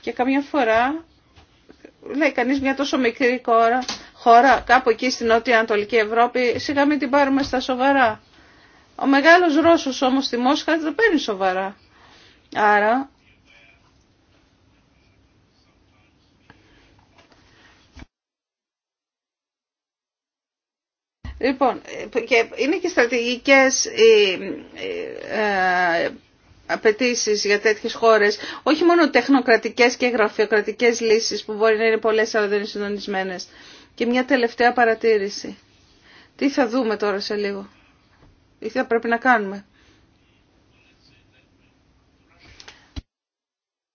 Και καμιά φορά λέει κανείς μια τόσο μικρή χώρα, χώρα κάπου εκεί στην Νότια Ανατολική Ευρώπη, σιγά μην την πάρουμε στα σοβαρά. Ο μεγάλος Ρώσος όμως στη Μόσχα δεν το παίρνει σοβαρά. Άρα Λοιπόν, και είναι και στρατηγικές οι ε, απαιτήσει για τέτοιες χώρες, όχι μόνο τεχνοκρατικές και γραφειοκρατικές λύσεις που μπορεί να είναι πολλές αλλά δεν είναι συντονισμένες. Και μια τελευταία παρατήρηση. Τι θα δούμε τώρα σε λίγο τι θα πρέπει να κάνουμε.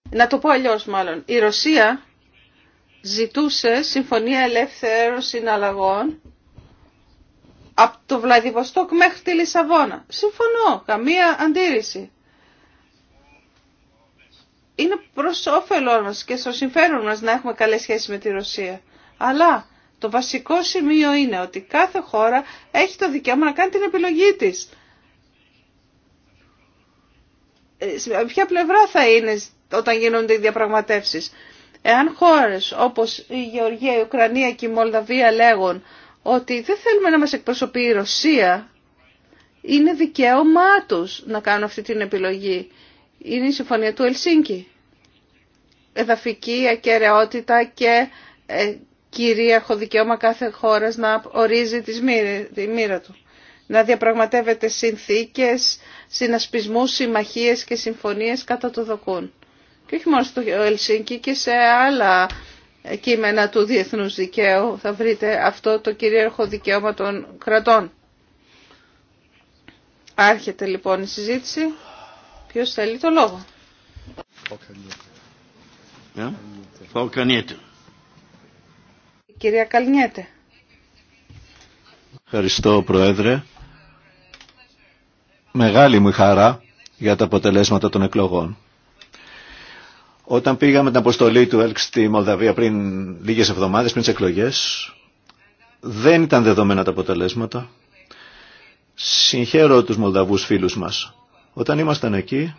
Να το πω αλλιώς μάλλον. Η Ρωσία ζητούσε συμφωνία ελεύθερων συναλλαγών από το Βλαδιβοστόκ μέχρι τη Λισαβόνα. Συμφωνώ, καμία αντίρρηση. Είναι προς όφελό μας και στο συμφέρον μας να έχουμε καλές σχέσεις με τη Ρωσία. Αλλά το βασικό σημείο είναι ότι κάθε χώρα έχει το δικαίωμα να κάνει την επιλογή της. Ε, ποια πλευρά θα είναι όταν γίνονται οι διαπραγματεύσεις. Εάν χώρες όπως η Γεωργία, η Ουκρανία και η Μολδαβία λέγουν ότι δεν θέλουμε να μας εκπροσωπεί η Ρωσία. Είναι δικαίωμά τους να κάνουν αυτή την επιλογή. Είναι η συμφωνία του Ελσίνκη. Εδαφική ακεραιότητα και ε, κυρίαρχο δικαίωμα κάθε χώρας να ορίζει τη μοίρα του. Να διαπραγματεύεται συνθήκες, συνασπισμούς, συμμαχίες και συμφωνίες κατά το δοκούν. Και όχι μόνο στο Ελσίνκη και σε άλλα κείμενα του διεθνούς δικαίου θα βρείτε αυτό το κυρίαρχο δικαίωμα των κρατών. Άρχεται λοιπόν η συζήτηση. Ποιος θέλει το λόγο. κυρία Καλνιέτε. Ευχαριστώ Πρόεδρε. Μεγάλη μου χαρά για τα αποτελέσματα των εκλογών. Όταν πήγαμε την αποστολή του ΕΛΚ στη Μολδαβία πριν λίγες εβδομάδες, πριν τις εκλογές, δεν ήταν δεδομένα τα αποτελέσματα. Συγχαίρω τους Μολδαβούς φίλους μας. Όταν ήμασταν εκεί,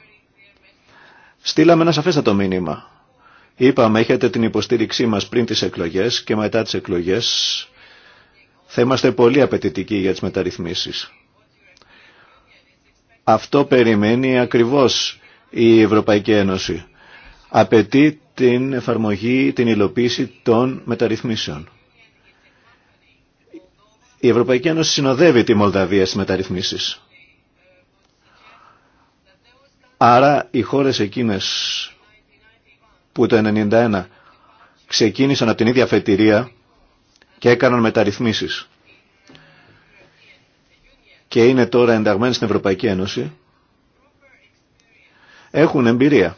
στείλαμε ένα σαφέστατο μήνυμα. Είπαμε, έχετε την υποστήριξή μας πριν τις εκλογές και μετά τις εκλογές θα είμαστε πολύ απαιτητικοί για τις μεταρρυθμίσεις. Αυτό περιμένει ακριβώς η Ευρωπαϊκή Ένωση απαιτεί την εφαρμογή, την υλοποίηση των μεταρρυθμίσεων. Η Ευρωπαϊκή Ένωση συνοδεύει τη Μολδαβία στις μεταρρυθμίσεις. Άρα οι χώρες εκείνες που το 1991 ξεκίνησαν από την ίδια φετηρία και έκαναν μεταρρυθμίσεις και είναι τώρα ενταγμένες στην Ευρωπαϊκή Ένωση έχουν εμπειρία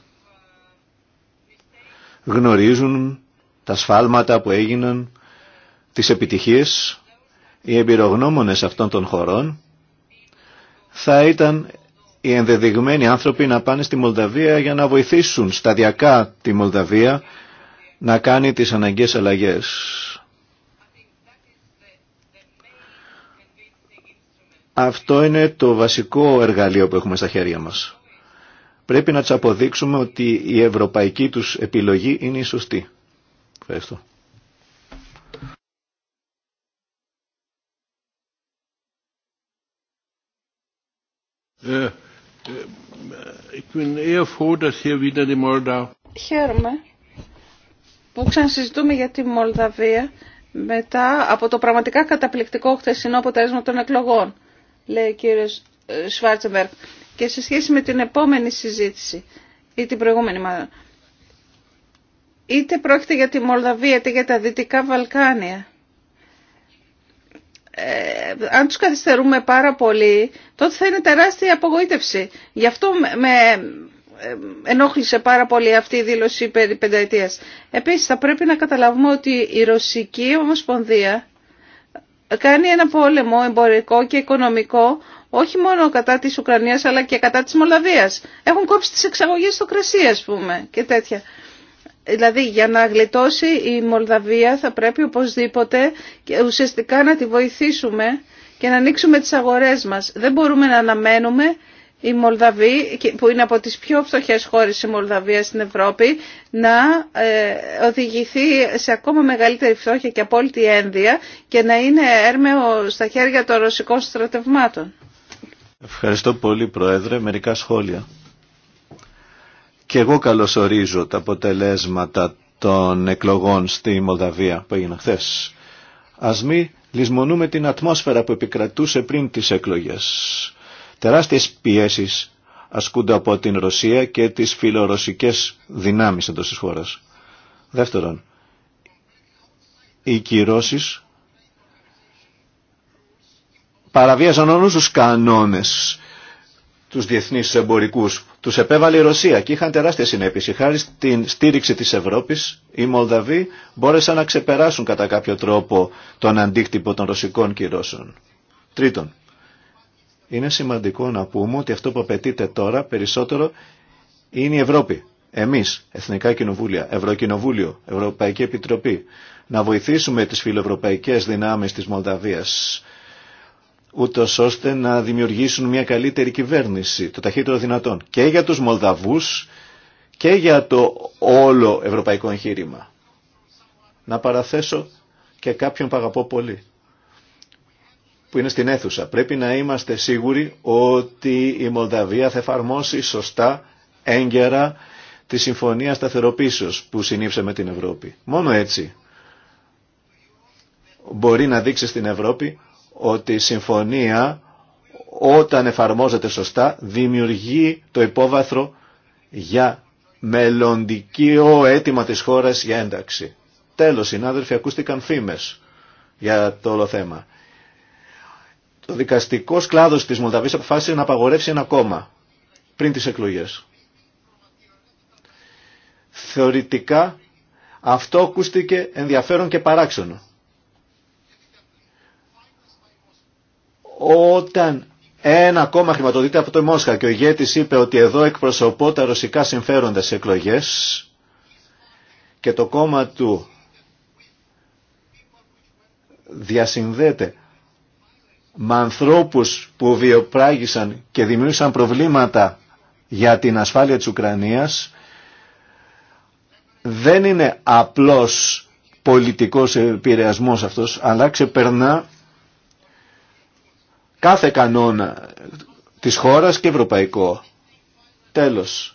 γνωρίζουν τα σφάλματα που έγιναν, τις επιτυχίες, οι εμπειρογνώμονες αυτών των χωρών, θα ήταν οι ενδεδειγμένοι άνθρωποι να πάνε στη Μολδαβία για να βοηθήσουν σταδιακά τη Μολδαβία να κάνει τις αναγκαίες αλλαγές. Αυτό είναι το βασικό εργαλείο που έχουμε στα χέρια μας πρέπει να του αποδείξουμε ότι η ευρωπαϊκή τους επιλογή είναι η σωστή. Ευχαριστώ. Ε, ε, Χαίρομαι που ξανασυζητούμε για τη Μολδαβία μετά από το πραγματικά καταπληκτικό χθεσινό αποτέλεσμα των εκλογών, λέει ο κύριος Σφάρτσεμπερκ και σε σχέση με την επόμενη συζήτηση ή την προηγούμενη μάλλον. Είτε πρόκειται για τη Μολδαβία είτε για τα Δυτικά Βαλκάνια. Ε, αν τους καθυστερούμε πάρα πολύ, τότε θα είναι τεράστια απογοήτευση. Γι' αυτό με ε, ενόχλησε πάρα πολύ αυτή η δήλωση περί πενταετίας. Επίσης θα πρέπει να καταλάβουμε ότι η Ρωσική Ομοσπονδία κάνει ένα πόλεμο εμπορικό και οικονομικό όχι μόνο κατά της Ουκρανίας αλλά και κατά της Μολδαβίας. Έχουν κόψει τις εξαγωγές στο κρασί ας πούμε και τέτοια. Δηλαδή για να γλιτώσει η Μολδαβία θα πρέπει οπωσδήποτε και ουσιαστικά να τη βοηθήσουμε και να ανοίξουμε τις αγορές μας. Δεν μπορούμε να αναμένουμε η Μολδαβή, που είναι από τις πιο φτωχές χώρες η Μολδαβία στην Ευρώπη, να ε, οδηγηθεί σε ακόμα μεγαλύτερη φτώχεια και απόλυτη ένδια και να είναι έρμεο στα χέρια των ρωσικών στρατευμάτων. Ευχαριστώ πολύ Πρόεδρε. Μερικά σχόλια. Και εγώ καλωσορίζω τα αποτελέσματα των εκλογών στη Μολδαβία που έγιναν χθε. Ας μην λησμονούμε την ατμόσφαιρα που επικρατούσε πριν τις εκλογές. Τεράστιες πιέσεις ασκούνται από την Ρωσία και τις φιλορωσικές δυνάμεις εντός της χώρας. Δεύτερον, οι κυρώσεις παραβίαζαν όλους τους κανόνες τους διεθνείς εμπορικούς. Τους επέβαλε η Ρωσία και είχαν τεράστια συνέπειση. Χάρη στην στήριξη της Ευρώπης, οι Μολδαβοί μπόρεσαν να ξεπεράσουν κατά κάποιο τρόπο τον αντίκτυπο των ρωσικών κυρώσεων. Τρίτον, είναι σημαντικό να πούμε ότι αυτό που απαιτείται τώρα περισσότερο είναι η Ευρώπη. Εμείς, Εθνικά Κοινοβούλια, Ευρωκοινοβούλιο, Ευρωπαϊκή Επιτροπή, να βοηθήσουμε τις φιλοευρωπαϊκές δυνάμεις της Μολδαβίας ούτω ώστε να δημιουργήσουν μια καλύτερη κυβέρνηση, το ταχύτερο δυνατόν, και για τους Μολδαβούς και για το όλο ευρωπαϊκό εγχείρημα. Να παραθέσω και κάποιον που αγαπώ πολύ, που είναι στην αίθουσα. Πρέπει να είμαστε σίγουροι ότι η Μολδαβία θα εφαρμόσει σωστά, έγκαιρα, τη Συμφωνία Σταθεροποίησεως που συνήψε με την Ευρώπη. Μόνο έτσι μπορεί να δείξει στην Ευρώπη ότι η συμφωνία όταν εφαρμόζεται σωστά δημιουργεί το υπόβαθρο για μελλοντικό αίτημα της χώρας για ένταξη. Τέλος, συνάδελφοι, ακούστηκαν φήμες για το όλο θέμα. Το δικαστικό κλάδος της Μολδαβής αποφάσισε να απαγορεύσει ένα κόμμα πριν τις εκλογές. Θεωρητικά αυτό ακούστηκε ενδιαφέρον και παράξενο. Όταν ένα κόμμα χρηματοδοτείται από το Μόσχα και ο ηγέτης είπε ότι εδώ εκπροσωπώ τα ρωσικά συμφέροντα σε εκλογές και το κόμμα του διασυνδέεται με ανθρώπους που βιοπράγησαν και δημιούργησαν προβλήματα για την ασφάλεια της Ουκρανίας δεν είναι απλός πολιτικός επηρεασμός αυτός αλλά ξεπερνά κάθε κανόνα της χώρας και ευρωπαϊκό. Τέλος.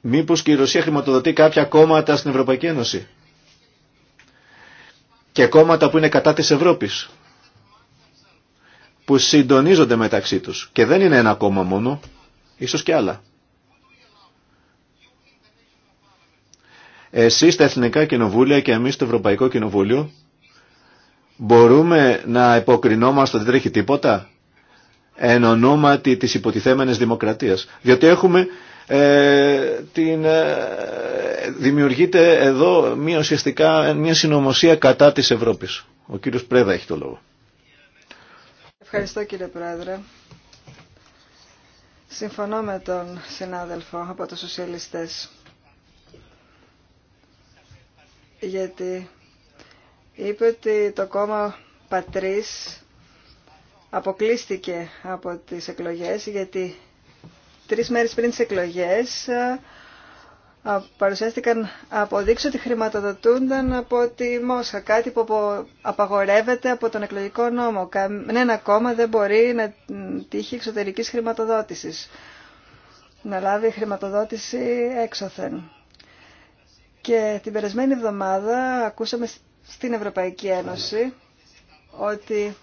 Μήπως και η Ρωσία χρηματοδοτεί κάποια κόμματα στην Ευρωπαϊκή Ένωση και κόμματα που είναι κατά της Ευρώπης που συντονίζονται μεταξύ τους και δεν είναι ένα κόμμα μόνο, ίσως και άλλα. Εσείς τα Εθνικά Κοινοβούλια και εμείς το Ευρωπαϊκό Κοινοβούλιο Μπορούμε να υποκρινόμαστε ότι δεν τρέχει τίποτα εν ονόματι της υποτιθέμενης δημοκρατίας. Διότι έχουμε ε, την, ε, δημιουργείται εδώ μια ουσιαστικά μια συνωμοσία κατά της Ευρώπης. Ο κύριος Πρέδα έχει το λόγο. Ευχαριστώ κύριε Πρόεδρε. Συμφωνώ με τον συνάδελφο από τους σοσιαλιστές. Γιατί είπε ότι το κόμμα Πατρίς αποκλείστηκε από τις εκλογές γιατί τρεις μέρες πριν τις εκλογές παρουσιάστηκαν αποδείξει ότι χρηματοδοτούνταν από τη Μόσχα, κάτι που απαγορεύεται από τον εκλογικό νόμο. Κανένα κόμμα δεν μπορεί να τύχει εξωτερικής χρηματοδότησης, να λάβει χρηματοδότηση έξωθεν. Και την περασμένη εβδομάδα ακούσαμε στην Ευρωπαϊκή Ένωση ότι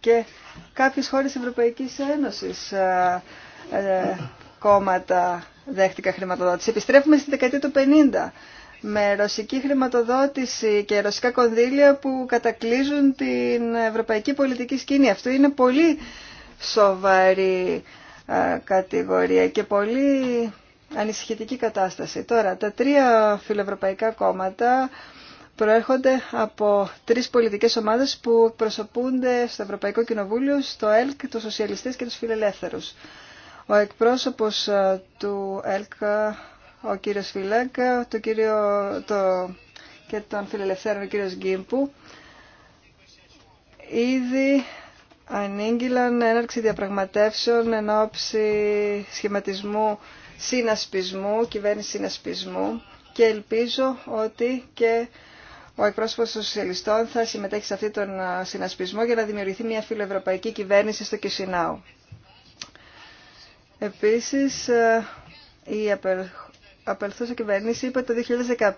και κάποιες χώρες Ευρωπαϊκής Ένωσης ε, ε, κόμματα δέχτηκαν χρηματοδότηση. Επιστρέφουμε στη δεκαετία του 50 με ρωσική χρηματοδότηση και ρωσικά κονδύλια που κατακλείζουν την ευρωπαϊκή πολιτική σκηνή. Αυτό είναι πολύ σοβαρή ε, κατηγορία και πολύ ανησυχητική κατάσταση. Τώρα, τα τρία φιλοευρωπαϊκά κόμματα προέρχονται από τρεις πολιτικές ομάδες που εκπροσωπούνται στο Ευρωπαϊκό Κοινοβούλιο, στο ΕΛΚ, τους Σοσιαλιστές και τους Φιλελεύθερους. Ο εκπρόσωπος ε, του ΕΛΚ, ο κύριος Φιλέκ, το κύριο, το, και των Φιλελευθέρων, ο κύριος Γκίμπου, ήδη ανήγγυλαν έναρξη διαπραγματεύσεων εν ώψη σχηματισμού συνασπισμού, κυβέρνηση συνασπισμού και ελπίζω ότι και ο εκπρόσωπος των Σοσιαλιστών θα συμμετέχει σε αυτόν τον συνασπισμό για να δημιουργηθεί μια φιλοευρωπαϊκή κυβέρνηση στο Κισινάου. Επίσης, η απελθούσα κυβέρνηση είπε το 2015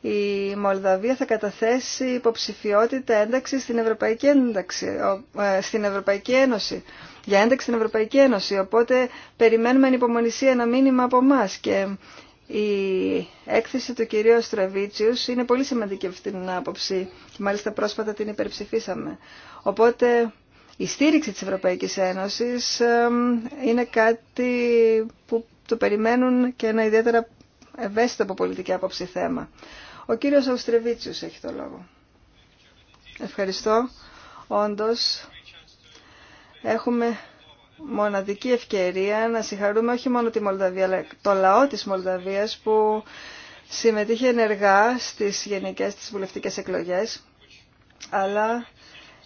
η Μολδαβία θα καταθέσει υποψηφιότητα ένταξη στην Ευρωπαϊκή, ένταξη, ε, στην Ευρωπαϊκή Ένωση για ένταξη στην Ευρωπαϊκή Ένωση. Οπότε περιμένουμε ανυπομονησία ένα μήνυμα από εμά. Και η έκθεση του κυρίου Αστραβίτσιου είναι πολύ σημαντική αυτή την άποψη και μάλιστα πρόσφατα την υπερψηφίσαμε. Οπότε η στήριξη της Ευρωπαϊκής Ένωσης είναι κάτι που το περιμένουν και ένα ιδιαίτερα ευαίσθητο από πολιτική άποψη θέμα. Ο κύριος Αυστρεβίτσιος έχει το λόγο. Ευχαριστώ. Όντως, έχουμε μοναδική ευκαιρία να συγχαρούμε όχι μόνο τη Μολδαβία, αλλά το λαό της Μολδαβίας που συμμετείχε ενεργά στις γενικές της βουλευτικές εκλογές, αλλά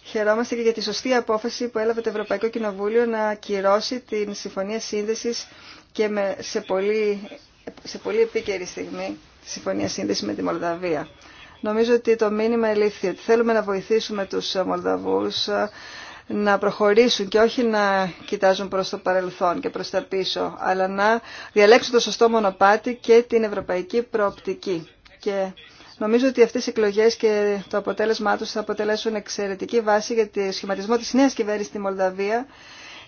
χαιρόμαστε και για τη σωστή απόφαση που έλαβε το Ευρωπαϊκό Κοινοβούλιο να κυρώσει την Συμφωνία Σύνδεσης και με, σε, πολύ, σε πολύ επίκαιρη στιγμή τη Συμφωνία Σύνδεσης με τη Μολδαβία. Νομίζω ότι το μήνυμα ελήφθη ότι θέλουμε να βοηθήσουμε τους Μολδαβούς να προχωρήσουν και όχι να κοιτάζουν προς το παρελθόν και προς τα πίσω, αλλά να διαλέξουν το σωστό μονοπάτι και την ευρωπαϊκή προοπτική. Και νομίζω ότι αυτές οι εκλογές και το αποτέλεσμά τους θα αποτελέσουν εξαιρετική βάση για τη σχηματισμό της νέας κυβέρνησης στη Μολδαβία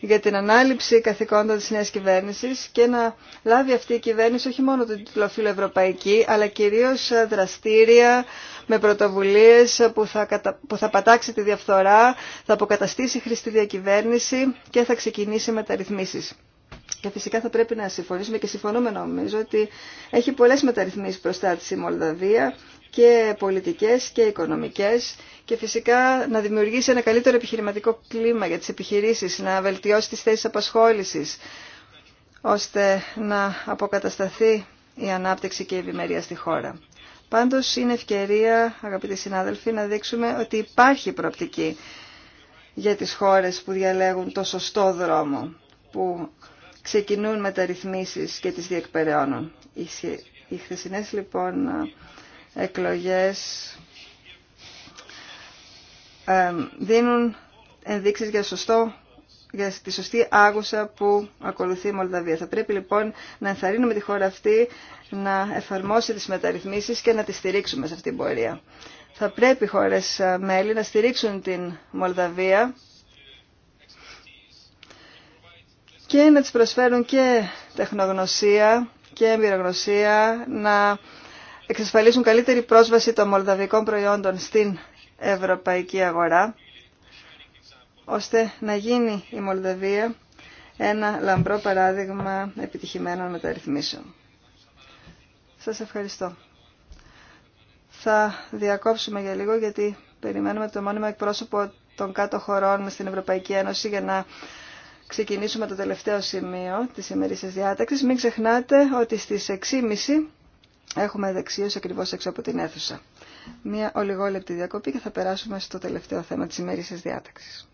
για την ανάληψη καθηκόντων της νέας κυβέρνησης και να λάβει αυτή η κυβέρνηση όχι μόνο τον τίτλο ευρωπαϊκή αλλά κυρίως δραστήρια με πρωτοβουλίες που θα, κατα... που θα πατάξει τη διαφθορά, θα αποκαταστήσει χρηστή διακυβέρνηση και θα ξεκινήσει μεταρρυθμίσεις. Και φυσικά θα πρέπει να συμφωνήσουμε και συμφωνούμε νομίζω ότι έχει πολλές μεταρρυθμίσεις προστάτηση η Μολδαβία και πολιτικές και οικονομικές και φυσικά να δημιουργήσει ένα καλύτερο επιχειρηματικό κλίμα για τις επιχειρήσεις, να βελτιώσει τις θέσεις απασχόλησης, ώστε να αποκατασταθεί η ανάπτυξη και η ευημερία στη χώρα. Πάντως είναι ευκαιρία, αγαπητοί συνάδελφοι, να δείξουμε ότι υπάρχει προοπτική για τις χώρες που διαλέγουν το σωστό δρόμο, που ξεκινούν μεταρρυθμίσεις και τις διεκπεραιώνουν. Οι χθεσινές λοιπόν εκλογές δίνουν ενδείξεις για για τη σωστή άγουσα που ακολουθεί η Μολδαβία. Θα πρέπει λοιπόν να ενθαρρύνουμε τη χώρα αυτή να εφαρμόσει τις μεταρρυθμίσεις και να τη στηρίξουμε σε αυτήν την πορεία. Θα πρέπει οι χώρες ε, μέλη να στηρίξουν την Μολδαβία και να της προσφέρουν και τεχνογνωσία και εμπειρογνωσία, να εξασφαλίσουν καλύτερη πρόσβαση των μολδαβικών προϊόντων στην ευρωπαϊκή αγορά, ώστε να γίνει η Μολδαβία ένα λαμπρό παράδειγμα επιτυχημένων μεταρρυθμίσεων. Σας ευχαριστώ. Θα διακόψουμε για λίγο γιατί περιμένουμε το μόνιμο εκπρόσωπο των κάτω χωρών στην Ευρωπαϊκή Ένωση για να ξεκινήσουμε το τελευταίο σημείο της ημερήσιας διάταξης. Μην ξεχνάτε ότι στις 6.30 έχουμε δεξίωση ακριβώ έξω από την αίθουσα. Μία ολιγόλεπτη διακοπή και θα περάσουμε στο τελευταίο θέμα της ημέρησης διάταξη.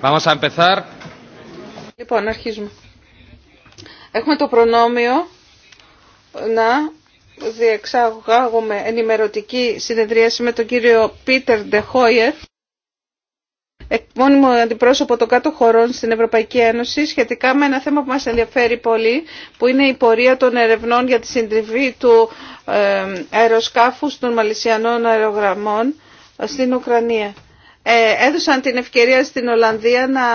Vamos a empezar. Λοιπόν, αρχίζουμε. Έχουμε το προνόμιο να διεξάγουμε ενημερωτική συνεδρίαση με τον κύριο Πίτερ Ντεχόιερ, μόνιμο αντιπρόσωπο των κάτω χωρών στην Ευρωπαϊκή Ένωση, σχετικά με ένα θέμα που μας ενδιαφέρει πολύ, που είναι η πορεία των ερευνών για τη συντριβή του ε, αεροσκάφους των μαλισιανών αερογραμμών στην Ουκρανία. Ε, έδωσαν την ευκαιρία στην Ολλανδία να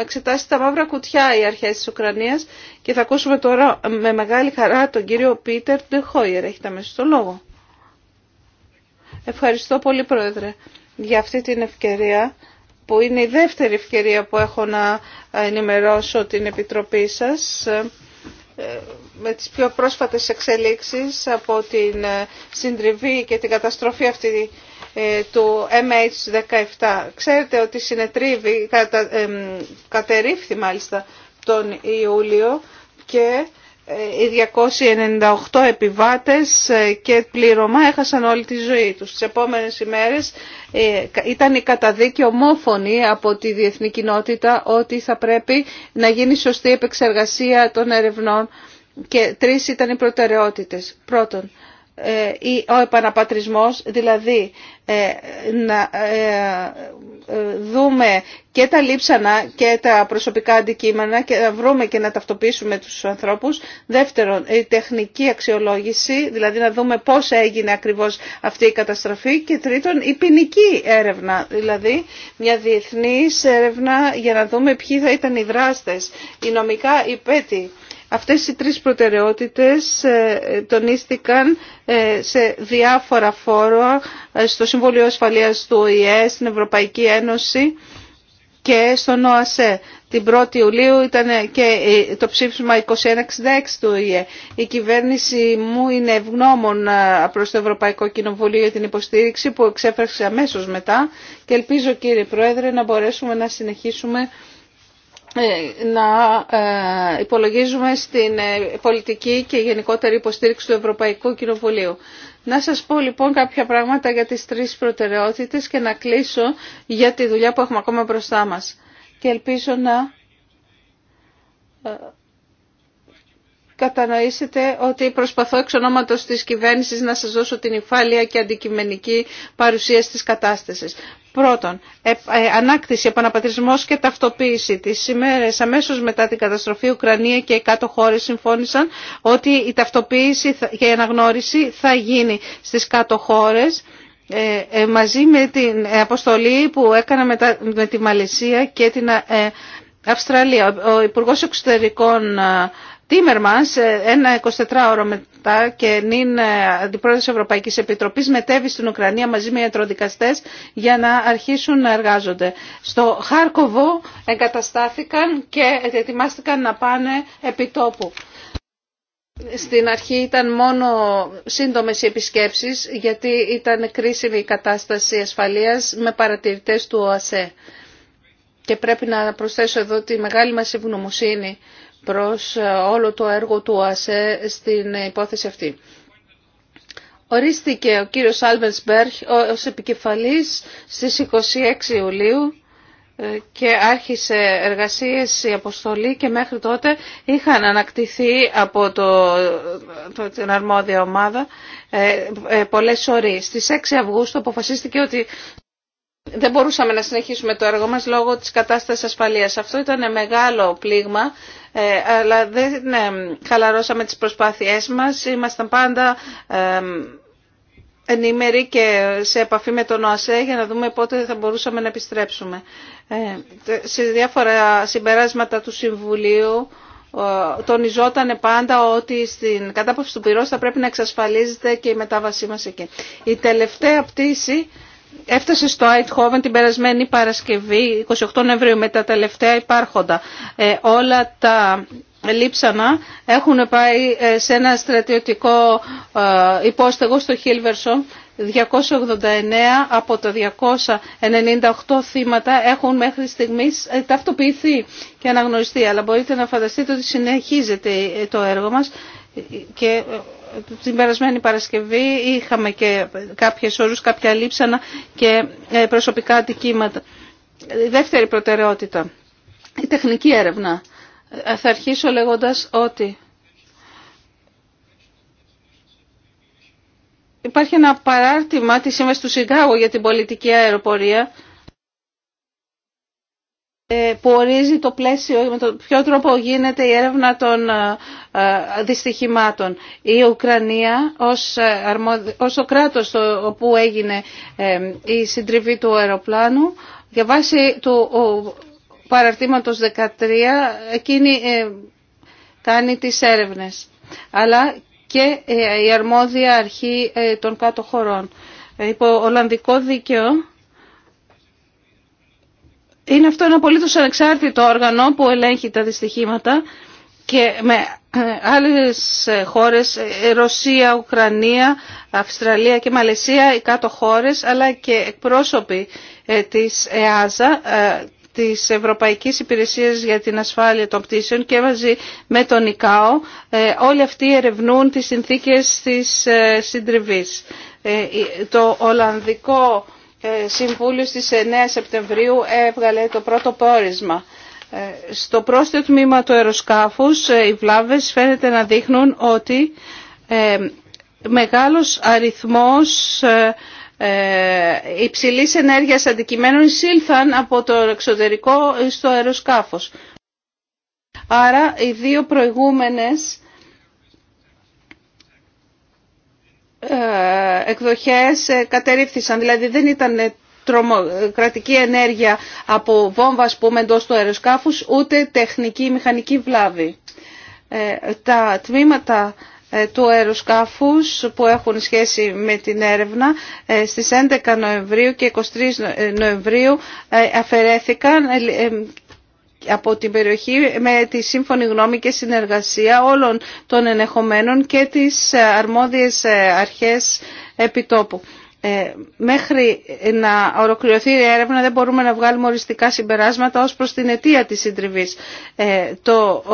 εξετάσει τα μαύρα κουτιά οι αρχές της Ουκρανίας και θα ακούσουμε τώρα με μεγάλη χαρά τον κύριο Πίτερ Ντεχόιερ. Έχετε αμέσως το λόγο. Ευχαριστώ πολύ Πρόεδρε για αυτή την ευκαιρία που είναι η δεύτερη ευκαιρία που έχω να ενημερώσω την Επιτροπή σας ε, με τις πιο πρόσφατες εξελίξεις από την ε, συντριβή και την καταστροφή αυτή ε, του MH17. Ξέρετε ότι συνετρίβει, κατερρύφθη μάλιστα τον Ιούλιο και ε, οι 298 επιβάτες ε, και πλήρωμα έχασαν όλη τη ζωή τους. Τις επόμενες ημέρες ε, ήταν η καταδίκη ομόφωνη από τη διεθνή κοινότητα ότι θα πρέπει να γίνει σωστή επεξεργασία των ερευνών και τρεις ήταν οι προτεραιότητες. Πρώτον, ε, ο επαναπατρισμός, δηλαδή ε, να ε, δούμε και τα λείψανα και τα προσωπικά αντικείμενα και να βρούμε και να ταυτοποιήσουμε τους ανθρώπους. Δεύτερον, η τεχνική αξιολόγηση, δηλαδή να δούμε πώς έγινε ακριβώς αυτή η καταστροφή. Και τρίτον, η ποινική έρευνα, δηλαδή μια διεθνής έρευνα για να δούμε ποιοι θα ήταν οι δράστες, οι νομικά υπέτη. Αυτές οι τρεις προτεραιότητες ε, τονίστηκαν ε, σε διάφορα φόρα ε, στο Συμβούλιο Ασφαλείας του ΟΗΕ, στην Ευρωπαϊκή Ένωση και στον ΟΑΣΕ. Την 1η Ιουλίου ήταν και το ψήφισμα 2166 του ΟΗΕ. Η κυβέρνηση μου είναι ευγνώμων προς το Ευρωπαϊκό Κοινοβουλίο για την υποστήριξη που εξέφραξε αμέσως μετά και ελπίζω κύριε Πρόεδρε να μπορέσουμε να συνεχίσουμε ε, να ε, υπολογίζουμε στην ε, πολιτική και γενικότερη υποστήριξη του Ευρωπαϊκού Κοινοβουλίου. Να σας πω λοιπόν κάποια πράγματα για τις τρεις προτεραιότητες και να κλείσω για τη δουλειά που έχουμε ακόμα μπροστά μας. Και ελπίζω να κατανοήσετε ότι προσπαθώ εξ ονόματος της κυβέρνησης να σας δώσω την υφάλεια και αντικειμενική παρουσία της κατάστασης. Πρώτον, ε, ε, ανάκτηση, επαναπατρισμός και ταυτοποίηση. Τις ημέρες αμέσως μετά την καταστροφή Ουκρανία και οι κάτω χώρες συμφώνησαν ότι η ταυτοποίηση και η αναγνώριση θα γίνει στις κάτω χώρες ε, μαζί με την αποστολή που έκανα με τη Μαλαισία και την Αυστραλία. Ο Υπουργός Εξωτερικών Τίμερμανς ένα 24ωρο και νυν ε, αντιπρόεδρος της Ευρωπαϊκής Επιτροπής μετέβη στην Ουκρανία μαζί με ιατροδικαστέ για να αρχίσουν να εργάζονται. Στο Χάρκοβο εγκαταστάθηκαν και ετοιμάστηκαν να πάνε επί επιτόπου. Στην αρχή ήταν μόνο σύντομες οι επισκέψεις γιατί ήταν κρίσιμη η κατάσταση ασφαλείας με παρατηρητές του ΟΑΣΕ. Και πρέπει να προσθέσω εδώ τη μεγάλη μας ευγνωμοσύνη προς ε, όλο το έργο του ΟΑΣΕ στην υπόθεση αυτή. Ορίστηκε ο κύριος Άλβενσμπερχ ως επικεφαλής στις 26 Ιουλίου ε, και άρχισε εργασίες η αποστολή και μέχρι τότε είχαν ανακτηθεί από το, την αρμόδια ομάδα ε, ε, πολλές ώρες. Στις 6 Αυγούστου αποφασίστηκε ότι δεν μπορούσαμε να συνεχίσουμε το έργο μας λόγω της κατάστασης ασφαλείας. Αυτό ήταν μεγάλο πλήγμα, ε, αλλά δεν ναι, χαλαρώσαμε τις προσπάθειές μας. Ήμασταν πάντα ενήμεροι και σε επαφή με τον ΟΑΣΕ για να δούμε πότε θα μπορούσαμε να επιστρέψουμε. Ε, σε διάφορα συμπεράσματα του Συμβουλίου τονιζόταν πάντα ότι στην κατάποψη του πυρός θα πρέπει να εξασφαλίζεται και η μετάβασή μας εκεί. Η τελευταία πτήση έφτασε στο Αιτχόβεν, την περασμένη Παρασκευή 28 Νοεμβρίου με τα τελευταία υπάρχοντα. Ε, όλα τα λείψανα έχουν πάει ε, σε ένα στρατιωτικό ε, υπόστεγο στο Χίλβερσον. 289 από τα 298 θύματα έχουν μέχρι στιγμής ε, ταυτοποιηθεί και αναγνωριστεί. Αλλά μπορείτε να φανταστείτε ότι συνεχίζεται το έργο μας και την περασμένη Παρασκευή είχαμε και κάποιες όρους, κάποια λείψανα και ε, προσωπικά αντικείμενα. δεύτερη προτεραιότητα, η τεχνική έρευνα. Ε, θα αρχίσω λέγοντας ότι υπάρχει ένα παράρτημα της Σύμβασης του Σιγκάγου για την πολιτική αεροπορία ε, που ορίζει το πλαίσιο, με τον ποιο τρόπο γίνεται η έρευνα των ε, ε, δυστυχημάτων. Η Ουκρανία ως, ως ο κράτος το, όπου έγινε η συντριβή του αεροπλάνου για βάση του παραρτήματος 13 εκείνη κάνει τις έρευνες αλλά και η αρμόδια αρχή των κάτω χωρών. Υπό Ολλανδικό δίκαιο είναι αυτό ένα απολύτως ανεξάρτητο όργανο που ελέγχει τα δυστυχήματα και με ε, άλλες ε, χώρες, ε, Ρωσία, Ουκρανία, Αυστραλία και Μαλαισία, οι κάτω χώρες, αλλά και εκπρόσωποι της ΕΑΖΑ, της Ευρωπαϊκής Υπηρεσίας για την Ασφάλεια των Πτήσεων και μαζί με τον ΙΚΑΟ, όλοι αυτοί ερευνούν τις συνθήκες της συντριβής. Το Ολλανδικό ε, Συμβούλιο στις 9 Σεπτεμβρίου έβγαλε το πρώτο πόρισμα. Ε, στο πρόσθετο τμήμα του αεροσκάφους ε, οι βλάβες φαίνεται να δείχνουν ότι μεγάλος αριθμός υψηλής ενέργειας αντικειμένων εισήλθαν από το εξωτερικό στο αεροσκάφος. Άρα οι δύο προηγούμενες Ε, εκδοχές ε, κατερρύφθησαν, Δηλαδή δεν ήταν ε, τρομοκρατική ενέργεια από βόμβα, ας πούμε, εντός του αεροσκάφους, ούτε τεχνική ή μηχανική βλάβη. τα τμήματα του αεροσκάφους που έχουν σχέση με την έρευνα στις 11 Νοεμβρίου και 23 Νοεμβρίου αφαιρέθηκαν από την περιοχή με τη σύμφωνη γνώμη και συνεργασία όλων των ενεχομένων και τις αρμόδιες ε, αρχές επιτόπου. Ε, μέχρι να ολοκληρωθεί η έρευνα δεν μπορούμε να βγάλουμε οριστικά συμπεράσματα ως προς την αιτία της συντριβής. Ε, το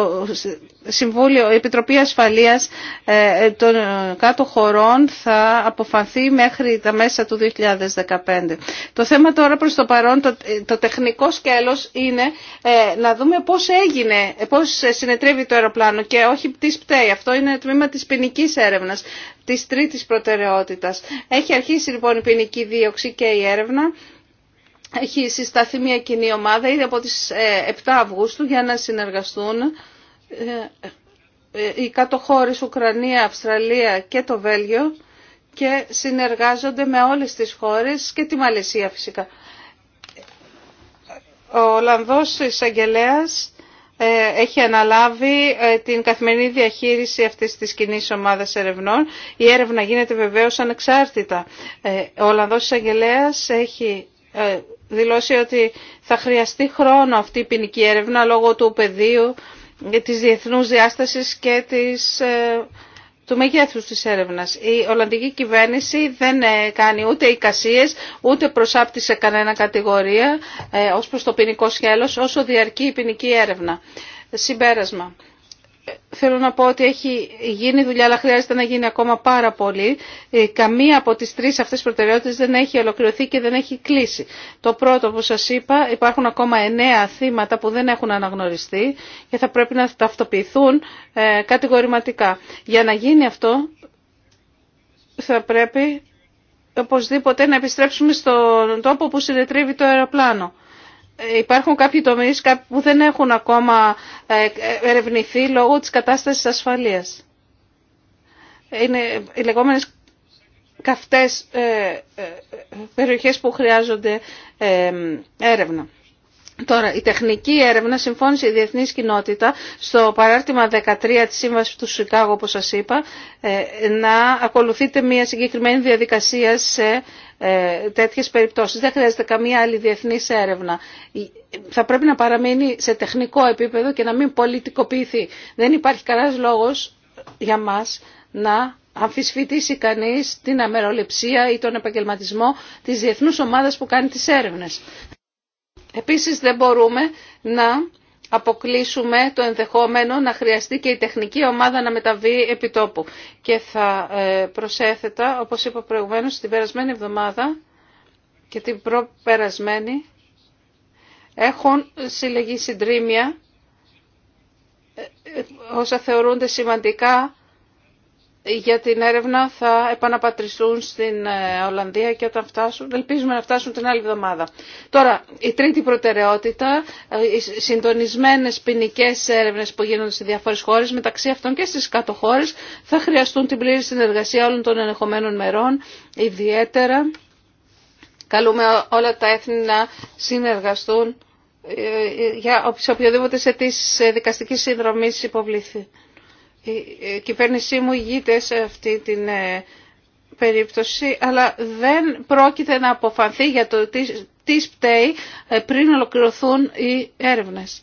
Συμβούλιο, η Επιτροπή Ασφαλείας ε, των κάτω χωρών θα αποφανθεί μέχρι τα μέσα του 2015. Το θέμα τώρα προς το παρόν, το, τεχνικό σκέλος είναι ε, να δούμε πώς έγινε, πώς συνετρίβει το αεροπλάνο και όχι τι πταίει. Αυτό είναι τμήμα της ποινική έρευνας της τρίτης προτεραιότητας. Έχει αρχίσει λοιπόν η ποινική δίωξη και η έρευνα. Έχει συσταθεί μια κοινή ομάδα ήδη από τις 7 ε, Αυγούστου για να συνεργαστούν ε, ε, οι κάτω Ουκρανία, Αυστραλία και το Βέλγιο και συνεργάζονται με όλες τις χώρες και τη Μαλαισία φυσικά. Ο Ολλανδός εισαγγελέα ε, έχει αναλάβει ε, την καθημερινή διαχείριση αυτής της κοινή ομάδας ερευνών. Η έρευνα γίνεται βεβαίως ανεξάρτητα. Ε, ο Ολλανδός Εισαγγελέας έχει δηλώσει ότι θα χρειαστεί χρόνο αυτή η ποινική έρευνα λόγω του πεδίου, της διεθνούς διάστασης και της του μεγέθου τη έρευνα. Η Ολλανδική κυβέρνηση δεν ε, κάνει ούτε εικασίε, ούτε προσάπτει κανένα κατηγορία ε, ω προ το ποινικό σχέλο, όσο διαρκεί η ποινική έρευνα. Συμπέρασμα. Θέλω να πω ότι έχει γίνει δουλειά, αλλά χρειάζεται να γίνει ακόμα πάρα πολύ. Ε, καμία από τις τρεις αυτές προτεραιότητες δεν έχει ολοκληρωθεί και δεν έχει κλείσει. Το πρώτο που σας είπα, υπάρχουν ακόμα εννέα θύματα που δεν έχουν αναγνωριστεί και θα πρέπει να ταυτοποιηθούν ε, κατηγορηματικά. Για να γίνει αυτό θα πρέπει οπωσδήποτε να επιστρέψουμε στον τόπο που συνετρίβει το αεροπλάνο. Υπάρχουν κάποιοι τομείς που δεν έχουν ακόμα ε, ερευνηθεί λόγω της κατάστασης ασφαλείας. Είναι οι λεγόμενες καυτές ε, ε, περιοχές που χρειάζονται έρευνα. Τώρα, η τεχνική έρευνα συμφώνησε η διεθνής κοινότητα στο παράρτημα 13 της Σύμβασης του Σικάγο, όπως σας είπα, ε, να ακολουθείτε μια συγκεκριμένη διαδικασία σε ε, τέτοιες περιπτώσεις. Δεν χρειάζεται καμία άλλη διεθνής έρευνα. Θα πρέπει να παραμείνει σε τεχνικό επίπεδο και να μην πολιτικοποιηθεί. Δεν υπάρχει κανένας λόγος για μας να αμφισφητήσει κανείς την αμεροληψία ή τον επαγγελματισμό της διεθνούς ομάδας που κάνει τις έρευνες. Επίσης δεν μπορούμε να αποκλείσουμε το ενδεχόμενο να χρειαστεί και η τεχνική ομάδα να μεταβεί επί τόπου. Και θα ε, προσέθετα, όπως είπα προηγουμένως, την περασμένη εβδομάδα και την προπερασμένη έχουν συλλεγεί συντρίμια ε, ε, όσα θεωρούνται σημαντικά για την έρευνα θα επαναπατριστούν στην ε, Ολλανδία και όταν φτάσουν, ελπίζουμε να φτάσουν την άλλη εβδομάδα. Τώρα, η τρίτη προτεραιότητα, ε, οι συντονισμένες ποινικέ έρευνες που γίνονται σε διάφορες χώρες, μεταξύ αυτών και στις κάτω χώρες, θα χρειαστούν την πλήρη συνεργασία όλων των ενεχομένων μερών, ιδιαίτερα καλούμε όλα τα έθνη να συνεργαστούν ε, για οποιοδήποτε σε τις δικαστικές συνδρομής υποβληθεί η ε, κυβέρνησή μου ηγείται σε αυτή την ε, περίπτωση, αλλά δεν πρόκειται να αποφανθεί για το τι σπταίει ε, πριν ολοκληρωθούν οι έρευνες.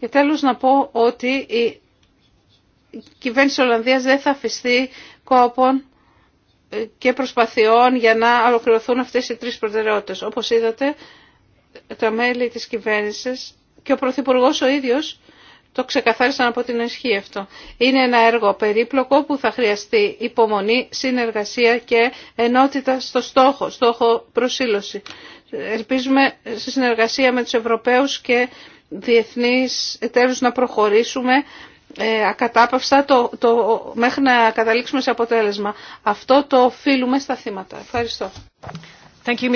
Και τέλος να πω ότι η κυβέρνηση Ολλανδίας δεν θα αφιστεί κόπων και προσπαθειών για να ολοκληρωθούν αυτές οι τρεις προτεραιότητες. Όπως είδατε, τα μέλη της κυβέρνησης και ο Πρωθυπουργός ο ίδιος το ξεκαθάρισαν από την ισχύ αυτό. Είναι ένα έργο περίπλοκο που θα χρειαστεί υπομονή, συνεργασία και ενότητα στο στόχο, στόχο προσήλωση. Ελπίζουμε στη συνεργασία με τους Ευρωπαίους και διεθνείς εταίρους να προχωρήσουμε ε, ακατάπαυστα το, το, μέχρι να καταλήξουμε σε αποτέλεσμα. Αυτό το οφείλουμε στα θύματα. Ευχαριστώ. Thank you,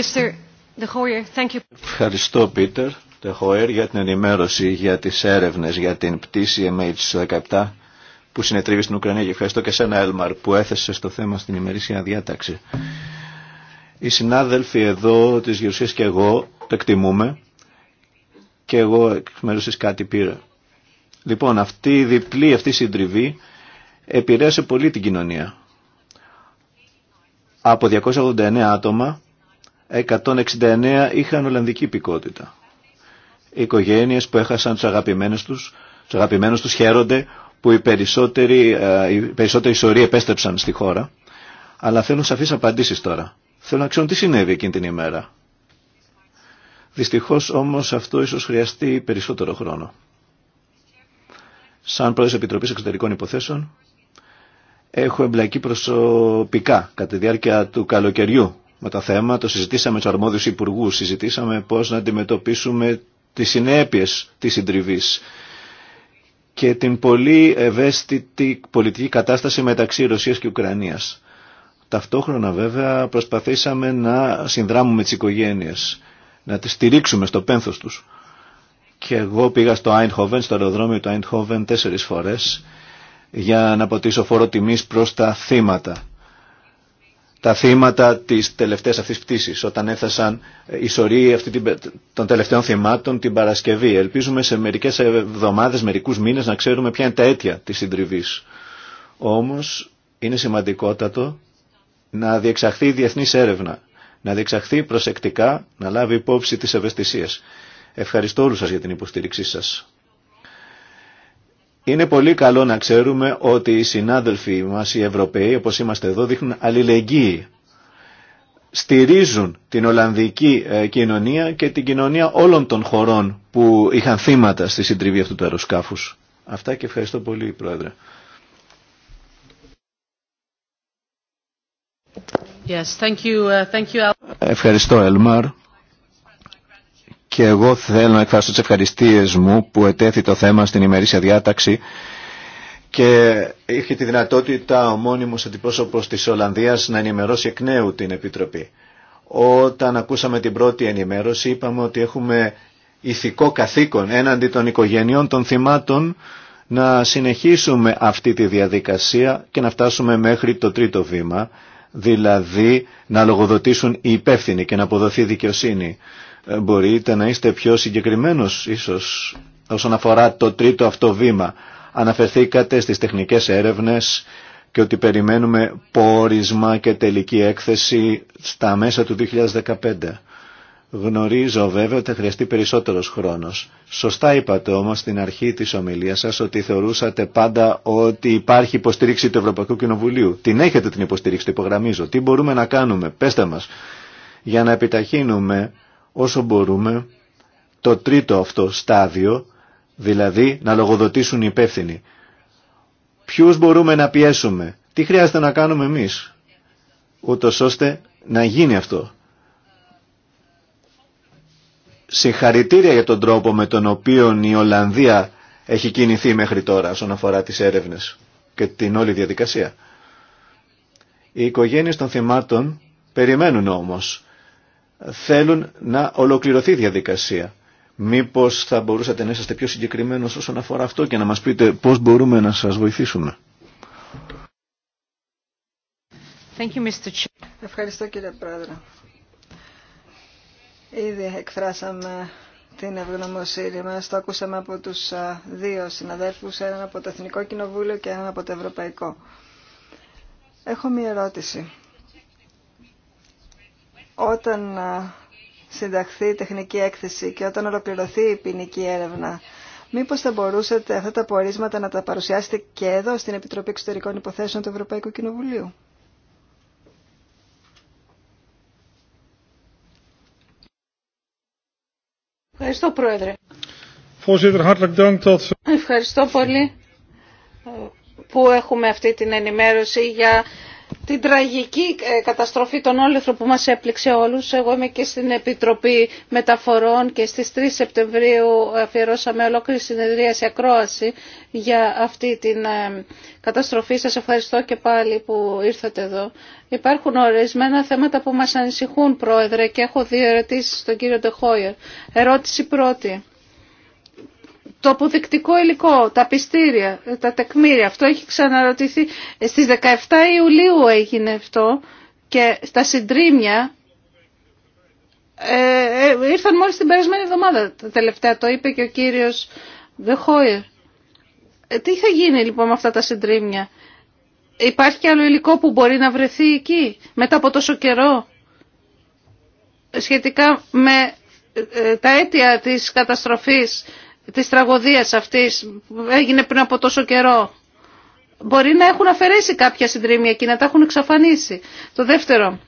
Mr. Ευχαριστώ, Πίτερ το έρθει για την ενημέρωση για τις έρευνες για την πτήση MH17 που συνετρίβει στην Ουκρανία και ευχαριστώ και σένα Έλμαρ που έθεσε στο θέμα στην ημερήσια διάταξη. Οι συνάδελφοι εδώ της Γερουσίας και εγώ το εκτιμούμε και εγώ εκ μέρους της κάτι πήρα. Λοιπόν αυτή η διπλή αυτή η συντριβή επηρέασε πολύ την κοινωνία. Από 289 άτομα 169 είχαν Ολλανδική υπηκότητα. Οι οικογένειες που έχασαν τους αγαπημένους τους, τους αγαπημένους τους χαίρονται που οι περισσότεροι, ε, οι περισσότεροι σωροί επέστρεψαν στη χώρα. Αλλά θέλουν σαφείς απαντήσεις τώρα. Θέλουν να ξέρουν τι συνέβη εκείνη την ημέρα. Δυστυχώς όμως αυτό ίσως χρειαστεί περισσότερο χρόνο. Σαν πρόεδρος Επιτροπής Εξωτερικών Υποθέσεων, έχω εμπλακεί προσωπικά κατά τη διάρκεια του καλοκαιριού με τα θέμα. Το συζητήσαμε με του αρμόδιους υπουργούς, συζητήσαμε πώ να αντιμετωπίσουμε τις συνέπειες της συντριβή και την πολύ ευαίσθητη πολιτική κατάσταση μεταξύ Ρωσίας και Ουκρανίας. Ταυτόχρονα βέβαια προσπαθήσαμε να συνδράμουμε τις οικογένειες, να τις στηρίξουμε στο πένθος τους. Και εγώ πήγα στο Άιντχοβεν, στο αεροδρόμιο του Άιντχοβεν τέσσερις φορές για να αποτίσω φόρο τιμής προς τα θύματα τα θύματα της τελευταίας αυτής πτήσης, όταν έφτασαν οι ε, σωροί αυτή των τελευταίων θυμάτων την Παρασκευή. Ελπίζουμε σε μερικές εβδομάδες, μερικούς μήνες να ξέρουμε ποια είναι τα αίτια της συντριβή. Όμως είναι σημαντικότατο να διεξαχθεί η διεθνής έρευνα, να διεξαχθεί προσεκτικά, να λάβει υπόψη τις ευαισθησίες. Ευχαριστώ όλους σας για την υποστήριξή σας. Είναι πολύ καλό να ξέρουμε ότι οι συνάδελφοί μας, οι Ευρωπαίοι, όπως είμαστε εδώ, δείχνουν αλληλεγγύη. Στηρίζουν την Ολλανδική ε, κοινωνία και την κοινωνία όλων των χωρών που είχαν θύματα στη συντριβή αυτού του αεροσκάφους. Αυτά και ευχαριστώ πολύ, Πρόεδρε. Yes, thank you, uh, thank you. Ευχαριστώ, Ελμάρ και εγώ θέλω να εκφράσω τις ευχαριστίες μου που ετέθη το θέμα στην ημερήσια διάταξη και είχε τη δυνατότητα ο μόνιμος αντιπρόσωπος της Ολλανδίας να ενημερώσει εκ νέου την Επιτροπή. Όταν ακούσαμε την πρώτη ενημέρωση είπαμε ότι έχουμε ηθικό καθήκον έναντι των οικογενειών των θυμάτων να συνεχίσουμε αυτή τη διαδικασία και να φτάσουμε μέχρι το τρίτο βήμα, δηλαδή να λογοδοτήσουν οι υπεύθυνοι και να αποδοθεί δικαιοσύνη. Ε, μπορείτε να είστε πιο συγκεκριμένος ίσως όσον αφορά το τρίτο αυτό βήμα. Αναφερθήκατε στις τεχνικές έρευνες και ότι περιμένουμε πόρισμα και τελική έκθεση στα μέσα του 2015. Γνωρίζω βέβαια ότι θα χρειαστεί περισσότερος χρόνος. Σωστά είπατε όμως στην αρχή της ομιλίας σας ότι θεωρούσατε πάντα ότι υπάρχει υποστήριξη του Ευρωπαϊκού Κοινοβουλίου. Την έχετε την υποστήριξη, το υπογραμμίζω. Τι μπορούμε να κάνουμε, πέστε μας, για να επιταχύνουμε όσο μπορούμε το τρίτο αυτό στάδιο, δηλαδή να λογοδοτήσουν οι υπεύθυνοι. Ποιους μπορούμε να πιέσουμε, τι χρειάζεται να κάνουμε εμείς, ούτως ώστε να γίνει αυτό. Συγχαρητήρια για τον τρόπο με τον οποίο η Ολλανδία έχει κινηθεί μέχρι τώρα όσον αφορά τις έρευνες και την όλη διαδικασία. Οι οικογένειες των θυμάτων περιμένουν όμως θέλουν να ολοκληρωθεί η διαδικασία. Μήπως θα μπορούσατε να είσαστε πιο συγκεκριμένος όσον αφορά αυτό και να μας πείτε πώς μπορούμε να σας βοηθήσουμε. Thank you, Mr. Ευχαριστώ κύριε Πρόεδρε. Ήδη εκφράσαμε την ευγνωμοσύνη μας. Το ακούσαμε από τους δύο συναδέλφους, έναν από το Εθνικό Κοινοβούλιο και έναν από το Ευρωπαϊκό. Έχω μία ερώτηση όταν ε, συνταχθεί η τεχνική έκθεση και όταν ολοκληρωθεί η ποινική έρευνα, μήπως θα μπορούσατε αυτά τα πορίσματα να τα παρουσιάσετε και εδώ στην Επιτροπή Εξωτερικών Υποθέσεων του Ευρωπαϊκού Κοινοβουλίου. Ευχαριστώ, Πρόεδρε. Ευχαριστώ πολύ ε, που έχουμε αυτή την ενημέρωση για την τραγική ε, καταστροφή των όλεθρων που μας έπληξε όλους. Εγώ είμαι και στην Επιτροπή Μεταφορών και στις 3 Σεπτεμβρίου αφιερώσαμε ολόκληρη συνεδρία σε ακρόαση για αυτή την ε, καταστροφή. Σας ευχαριστώ και πάλι που ήρθατε εδώ. Υπάρχουν ορισμένα θέματα που μας ανησυχούν, Πρόεδρε, και έχω δύο ερωτήσεις στον κύριο Ντεχόιερ. Ερώτηση πρώτη το αποδεικτικό υλικό, τα πιστήρια, τα τεκμήρια. Αυτό έχει ξαναρωτηθεί. Στις 17 Ιουλίου έγινε αυτό και στα συντρίμια ε, ε, ήρθαν μόλις την περασμένη εβδομάδα τα τελευταία. Το είπε και ο κύριος Δεχόιερ. Ε, τι θα γίνει λοιπόν με αυτά τα συντρίμια. Υπάρχει και άλλο υλικό που μπορεί να βρεθεί εκεί μετά από τόσο καιρό σχετικά με ε, τα αίτια της καταστροφής της τραγωδίας αυτής έγινε πριν από τόσο καιρό. Μπορεί να έχουν αφαιρέσει κάποια συντρίμια εκεί, να τα έχουν εξαφανίσει. Το δεύτερο,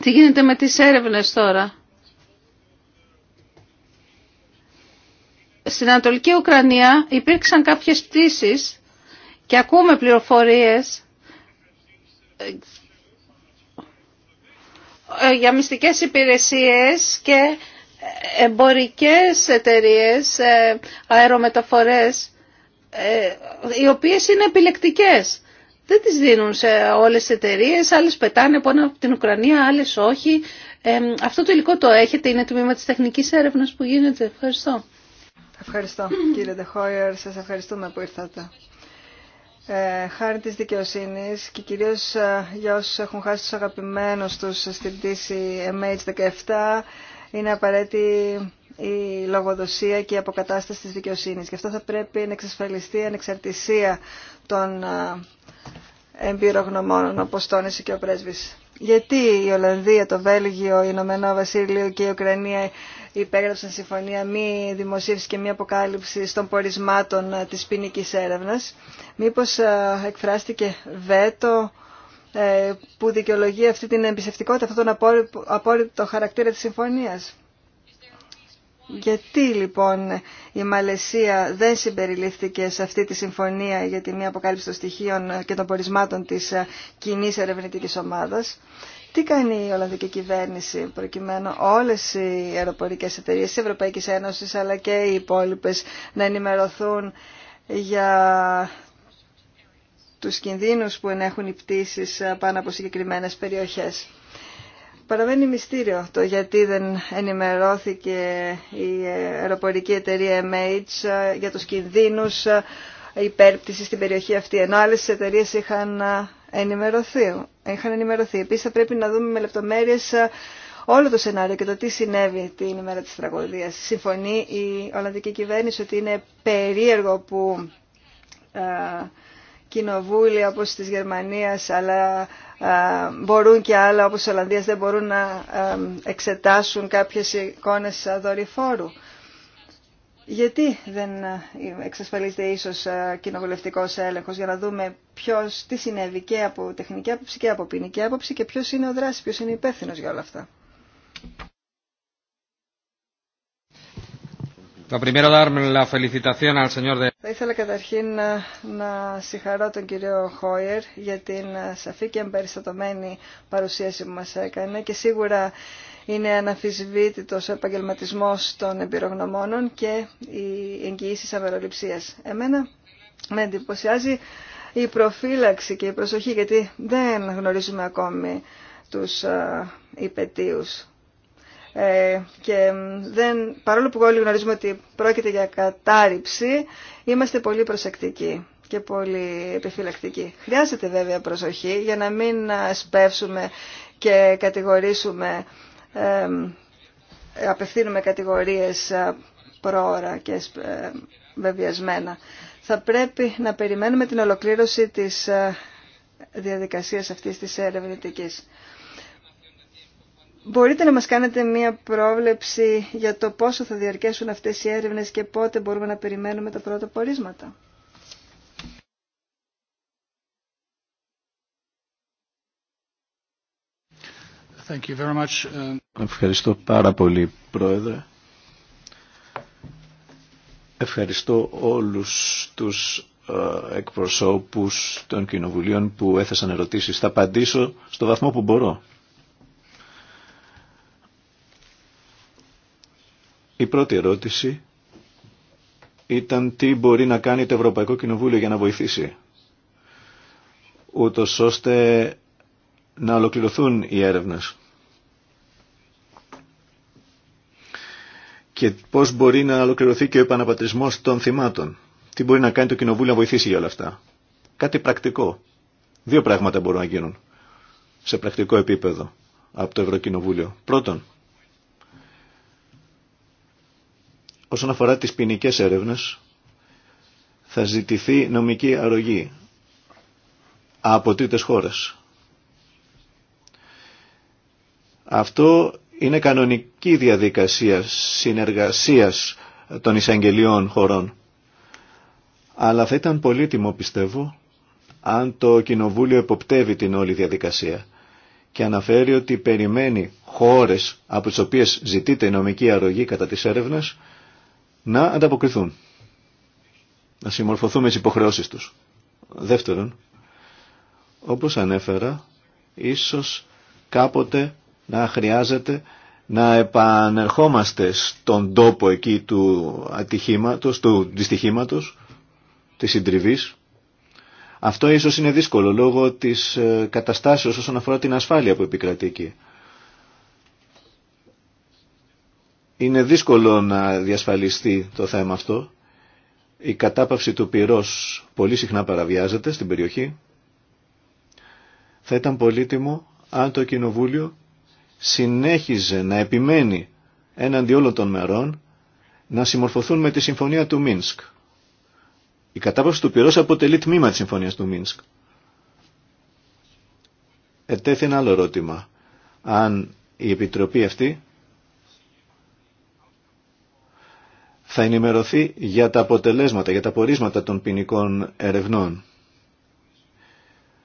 τι γίνεται με τις έρευνες τώρα. Στην Ανατολική Ουκρανία υπήρξαν κάποιες πτήσεις και ακούμε πληροφορίες ε, για μυστικές υπηρεσίες και εμπορικές εταιρείες, ε, αερομεταφορές, ε, οι οποίες είναι επιλεκτικές. Δεν τις δίνουν σε όλες τις εταιρείε, άλλες πετάνε από την Ουκρανία, άλλες όχι. Ε, αυτό το υλικό το έχετε, είναι τμήμα της τεχνικής έρευνας που γίνεται. Ευχαριστώ. Ευχαριστώ κύριε Ντεχόιερ, σας ευχαριστούμε που ήρθατε. χάρη της δικαιοσύνης και κυρίως για όσους έχουν χάσει τους αγαπημένους τους στην πτήση MH17 είναι απαραίτητη η λογοδοσία και η αποκατάσταση της δικαιοσύνης. Γι' αυτό θα πρέπει να εξασφαλιστεί η ανεξαρτησία των εμπειρογνωμόνων, όπως τόνισε και ο πρέσβης. Γιατί η Ολλανδία, το Βέλγιο, η Ηνωμένο Βασίλειο και η Ουκρανία υπέγραψαν συμφωνία μη δημοσίευση και μη αποκάλυψη των πορισμάτων της ποινική έρευνας. Μήπως εκφράστηκε βέτο ε, που δικαιολογεί αυτή την εμπιστευτικότητα, αυτόν τον απόρριτο χαρακτήρα της συμφωνίας. Γιατί λοιπόν η Μαλαισία δεν συμπεριλήφθηκε σε αυτή τη συμφωνία για τη μία αποκάλυψη των στοιχείων και των πορισμάτων της ε, κοινή ερευνητικής ομάδας. Τι κάνει η Ολλανδική κυβέρνηση προκειμένου όλες οι αεροπορικές εταιρείες της Ευρωπαϊκής Ένωσης αλλά και οι υπόλοιπες να ενημερωθούν για τους κινδύνους που ενέχουν οι πτήσεις ε, πάνω από συγκεκριμένες περιοχές. Παραμένει μυστήριο το γιατί δεν ενημερώθηκε η ε, αεροπορική εταιρεία MH ε, για τους κινδύνους υπέρπτυση στην περιοχή αυτή, ενώ άλλες εταιρείες είχαν ενημερωθεί. Είχαν ενημερωθεί. Επίσης θα πρέπει να δούμε με λεπτομέρειες όλο το σενάριο και το τι συνέβη την ημέρα της τραγωδίας. Συμφωνεί η Ολλανδική κυβέρνηση ότι είναι περίεργο που κοινοβούλια όπως της Γερμανίας αλλά μπορούν και άλλα όπως τη Ολλανδίας δεν μπορούν να εξετάσουν κάποιες εικόνες δορυφόρου. Γιατί δεν εξασφαλίζεται ίσως κοινοβουλευτικός έλεγχος για να δούμε ποιος, τι συνέβη και από τεχνική άποψη και από ποινική άποψη και ποιος είναι ο δράση, ποιος είναι υπεύθυνο για όλα αυτά. Θα ήθελα καταρχήν να, να συγχαρώ τον κύριο Χόιερ για την ε, σαφή και εμπεριστατωμένη παρουσίαση που μας έκανε και σίγουρα είναι αναφυσβήτητος ο επαγγελματισμός των εμπειρογνωμόνων και οι εγγυήσεις αμεροληψίας. Εμένα με εντυπωσιάζει η προφύλαξη και η προσοχή γιατί δεν γνωρίζουμε ακόμη τους ε, υπετίους ε, και δεν, παρόλο που όλοι γνωρίζουμε ότι πρόκειται για κατάρριψη, είμαστε πολύ προσεκτικοί και πολύ επιφυλακτικοί. Χρειάζεται βέβαια προσοχή για να μην σπεύσουμε και κατηγορήσουμε, απευθύνουμε κατηγορίες ε, πρόωρα και ε, βεβαιασμένα. Θα πρέπει να περιμένουμε την ολοκλήρωση της διαδικασίας αυτής της ερευνητικής. Μπορείτε να μας κάνετε μία πρόβλεψη για το πόσο θα διαρκέσουν αυτές οι έρευνες και πότε μπορούμε να περιμένουμε τα πρώτα πορίσματα. Uh, Ευχαριστώ πάρα πολύ, Πρόεδρε. Ευχαριστώ όλους τους ε, εκπροσώπους των κοινοβουλίων που έθεσαν ερωτήσεις. Θα απαντήσω στο βαθμό που μπορώ. Η πρώτη ερώτηση ήταν τι μπορεί να κάνει το Ευρωπαϊκό Κοινοβούλιο για να βοηθήσει, ούτω ώστε να ολοκληρωθούν οι έρευνες. Και πώς μπορεί να ολοκληρωθεί και ο επαναπατρισμός των θυμάτων. Τι μπορεί να κάνει το Κοινοβούλιο να βοηθήσει για όλα αυτά. Κάτι πρακτικό. Δύο πράγματα μπορούν να γίνουν σε πρακτικό επίπεδο από το Ευρωκοινοβούλιο. Πρώτον, Όσον αφορά τις ποινικέ έρευνες, θα ζητηθεί νομική αρρωγή από τρίτες χώρες. Αυτό είναι κανονική διαδικασία συνεργασίας των εισαγγελιών χωρών. Αλλά θα ήταν πολύτιμο, πιστεύω, αν το Κοινοβούλιο εποπτεύει την όλη διαδικασία και αναφέρει ότι περιμένει χώρες από τις οποίες ζητείται νομική αρρωγή κατά τις έρευνες να ανταποκριθούν. Να συμμορφωθούν με τις υποχρεώσεις τους. Δεύτερον, όπως ανέφερα, ίσως κάποτε να χρειάζεται να επανερχόμαστε στον τόπο εκεί του ατυχήματος, του δυστυχήματος, της συντριβή. Αυτό ίσως είναι δύσκολο λόγω της ε, καταστάσεως όσον αφορά την ασφάλεια που επικρατεί εκεί. Είναι δύσκολο να διασφαλιστεί το θέμα αυτό. Η κατάπαυση του πυρός πολύ συχνά παραβιάζεται στην περιοχή. Θα ήταν πολύτιμο αν το Κοινοβούλιο συνέχιζε να επιμένει έναντι όλων των μερών να συμμορφωθούν με τη Συμφωνία του Μίνσκ. Η κατάπαυση του πυρός αποτελεί τμήμα της Συμφωνίας του Μίνσκ. Ετέθη ένα άλλο ερώτημα. Αν η Επιτροπή αυτή θα ενημερωθεί για τα αποτελέσματα, για τα πορίσματα των ποινικών ερευνών.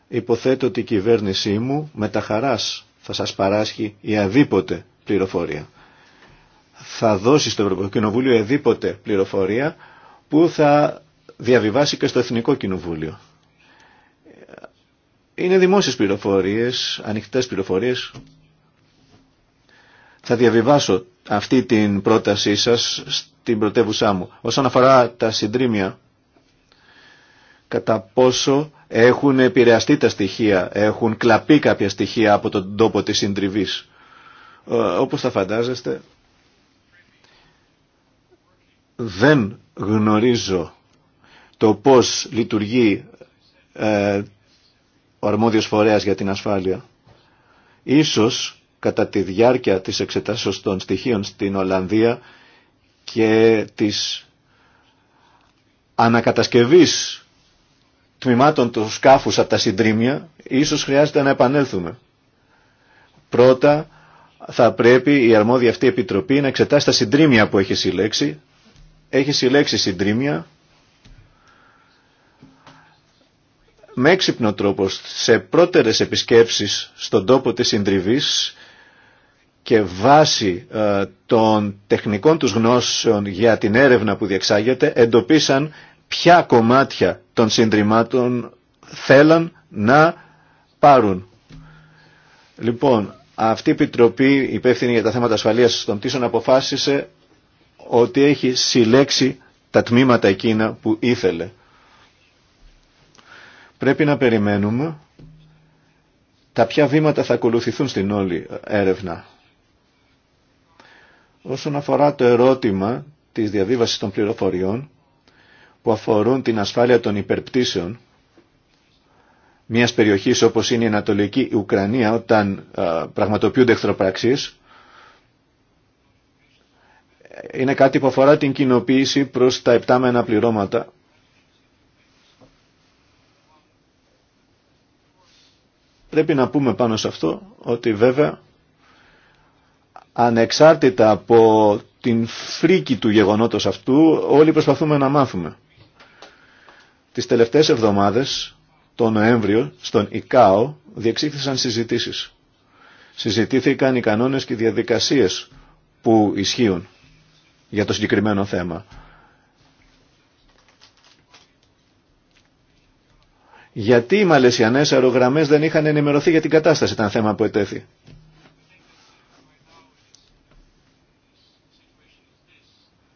Υποθέτω ότι η κυβέρνησή μου με τα χαράς θα σας παράσχει η αδίποτε πληροφορία. Θα δώσει στο Ευρωπαϊκό Κοινοβούλιο αδίποτε πληροφορία που θα διαβιβάσει και στο Εθνικό Κοινοβούλιο. Είναι δημόσιες πληροφορίες, ανοιχτές πληροφορίες θα διαβιβάσω αυτή την πρότασή σας στην πρωτεύουσά μου. Όσον αφορά τα συντρίμια, κατά πόσο έχουν επηρεαστεί τα στοιχεία, έχουν κλαπεί κάποια στοιχεία από τον τόπο της συντριβής. Ε, όπως θα φαντάζεστε, δεν γνωρίζω το πώς λειτουργεί ε, ο αρμόδιος φορέας για την ασφάλεια. Ίσως κατά τη διάρκεια της εξετάσεως των στοιχείων στην Ολλανδία και της ανακατασκευής τμήματων του σκάφους από τα συντρίμια, ίσως χρειάζεται να επανέλθουμε. Πρώτα θα πρέπει η αρμόδια αυτή επιτροπή να εξετάσει τα συντρίμια που έχει συλλέξει. Έχει συλλέξει συντρίμια με έξυπνο τρόπο σε πρώτερες επισκέψεις στον τόπο της συντριβής και βάσει των τεχνικών τους γνώσεων για την έρευνα που διεξάγεται εντοπίσαν ποια κομμάτια των συντριμμάτων θέλαν να πάρουν. Λοιπόν, αυτή η Επιτροπή υπεύθυνη για τα θέματα ασφαλείας των πτήσεων αποφάσισε ότι έχει συλλέξει τα τμήματα εκείνα που ήθελε. Πρέπει να περιμένουμε τα ποια βήματα θα ακολουθηθούν στην όλη έρευνα. Όσον αφορά το ερώτημα της διαβίβασης των πληροφοριών που αφορούν την ασφάλεια των υπερπτήσεων μιας περιοχής όπως είναι η Ανατολική Ουκρανία όταν πραγματοποιούνται εχθροπραξίες είναι κάτι που αφορά την κοινοποίηση προς τα επτάμενα πληρώματα Πρέπει να πούμε πάνω σε αυτό ότι βέβαια ανεξάρτητα από την φρίκη του γεγονότος αυτού, όλοι προσπαθούμε να μάθουμε. Τις τελευταίες εβδομάδες, το Νοέμβριο, στον ΙΚΑΟ, διεξήχθησαν συζητήσεις. Συζητήθηκαν οι κανόνες και οι διαδικασίες που ισχύουν για το συγκεκριμένο θέμα. Γιατί οι μαλαισιανές αερογραμμές δεν είχαν ενημερωθεί για την κατάσταση, ήταν θέμα που ετέθη.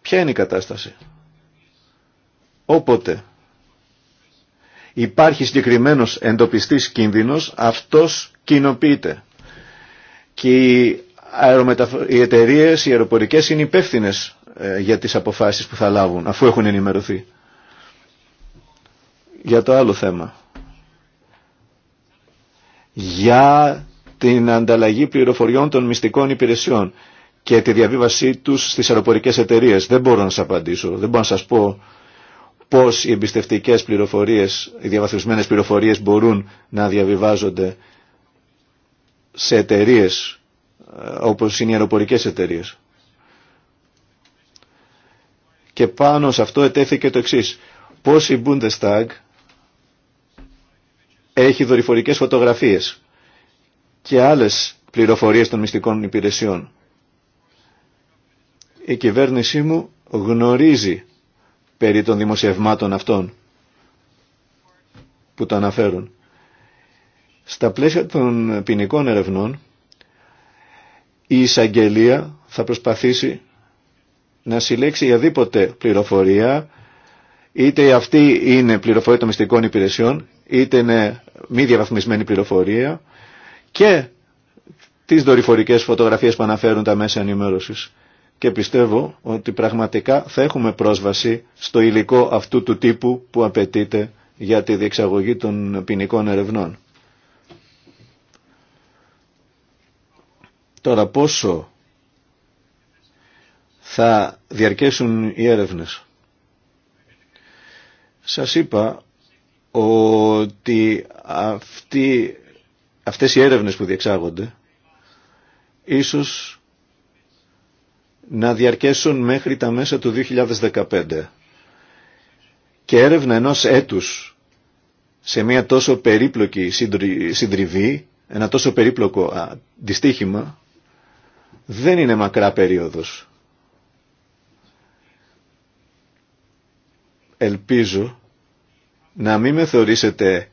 Ποια είναι η κατάσταση. Όποτε υπάρχει συγκεκριμένος εντοπιστής κίνδυνος, αυτός κοινοποιείται. Και οι, οι εταιρείε, οι αεροπορικές είναι υπεύθυνε ε, για τις αποφάσεις που θα λάβουν, αφού έχουν ενημερωθεί. Για το άλλο θέμα. Για την ανταλλαγή πληροφοριών των μυστικών υπηρεσιών και τη διαβίβασή τους στις αεροπορικές εταιρείες. Δεν μπορώ να σας απαντήσω, δεν μπορώ να σας πω πώς οι εμπιστευτικές πληροφορίες, οι διαβαθμισμένες πληροφορίες μπορούν να διαβιβάζονται σε εταιρείε ε, όπως είναι οι αεροπορικές εταιρείε. Και πάνω σε αυτό ετέθηκε το εξής. Πώς η Bundestag έχει δορυφορικές φωτογραφίες και άλλες πληροφορίες των μυστικών υπηρεσιών η κυβέρνησή μου γνωρίζει περί των δημοσιευμάτων αυτών που τα αναφέρουν. Στα πλαίσια των ποινικών ερευνών η εισαγγελία θα προσπαθήσει να συλλέξει οποιαδήποτε πληροφορία είτε αυτή είναι πληροφορία των μυστικών υπηρεσιών είτε είναι μη διαβαθμισμένη πληροφορία και τις δορυφορικές φωτογραφίες που αναφέρουν τα μέσα ενημέρωσης και πιστεύω ότι πραγματικά θα έχουμε πρόσβαση στο υλικό αυτού του τύπου που απαιτείται για τη διεξαγωγή των ποινικών ερευνών. Τώρα πόσο θα διαρκέσουν οι έρευνες. Σας είπα ότι αυτοί, αυτές οι έρευνες που διεξάγονται ίσως να διαρκέσουν μέχρι τα μέσα του 2015. Και έρευνα ενός έτους σε μια τόσο περίπλοκη συντριβή, ένα τόσο περίπλοκο δυστύχημα, δεν είναι μακρά περίοδος. Ελπίζω να μην με θεωρήσετε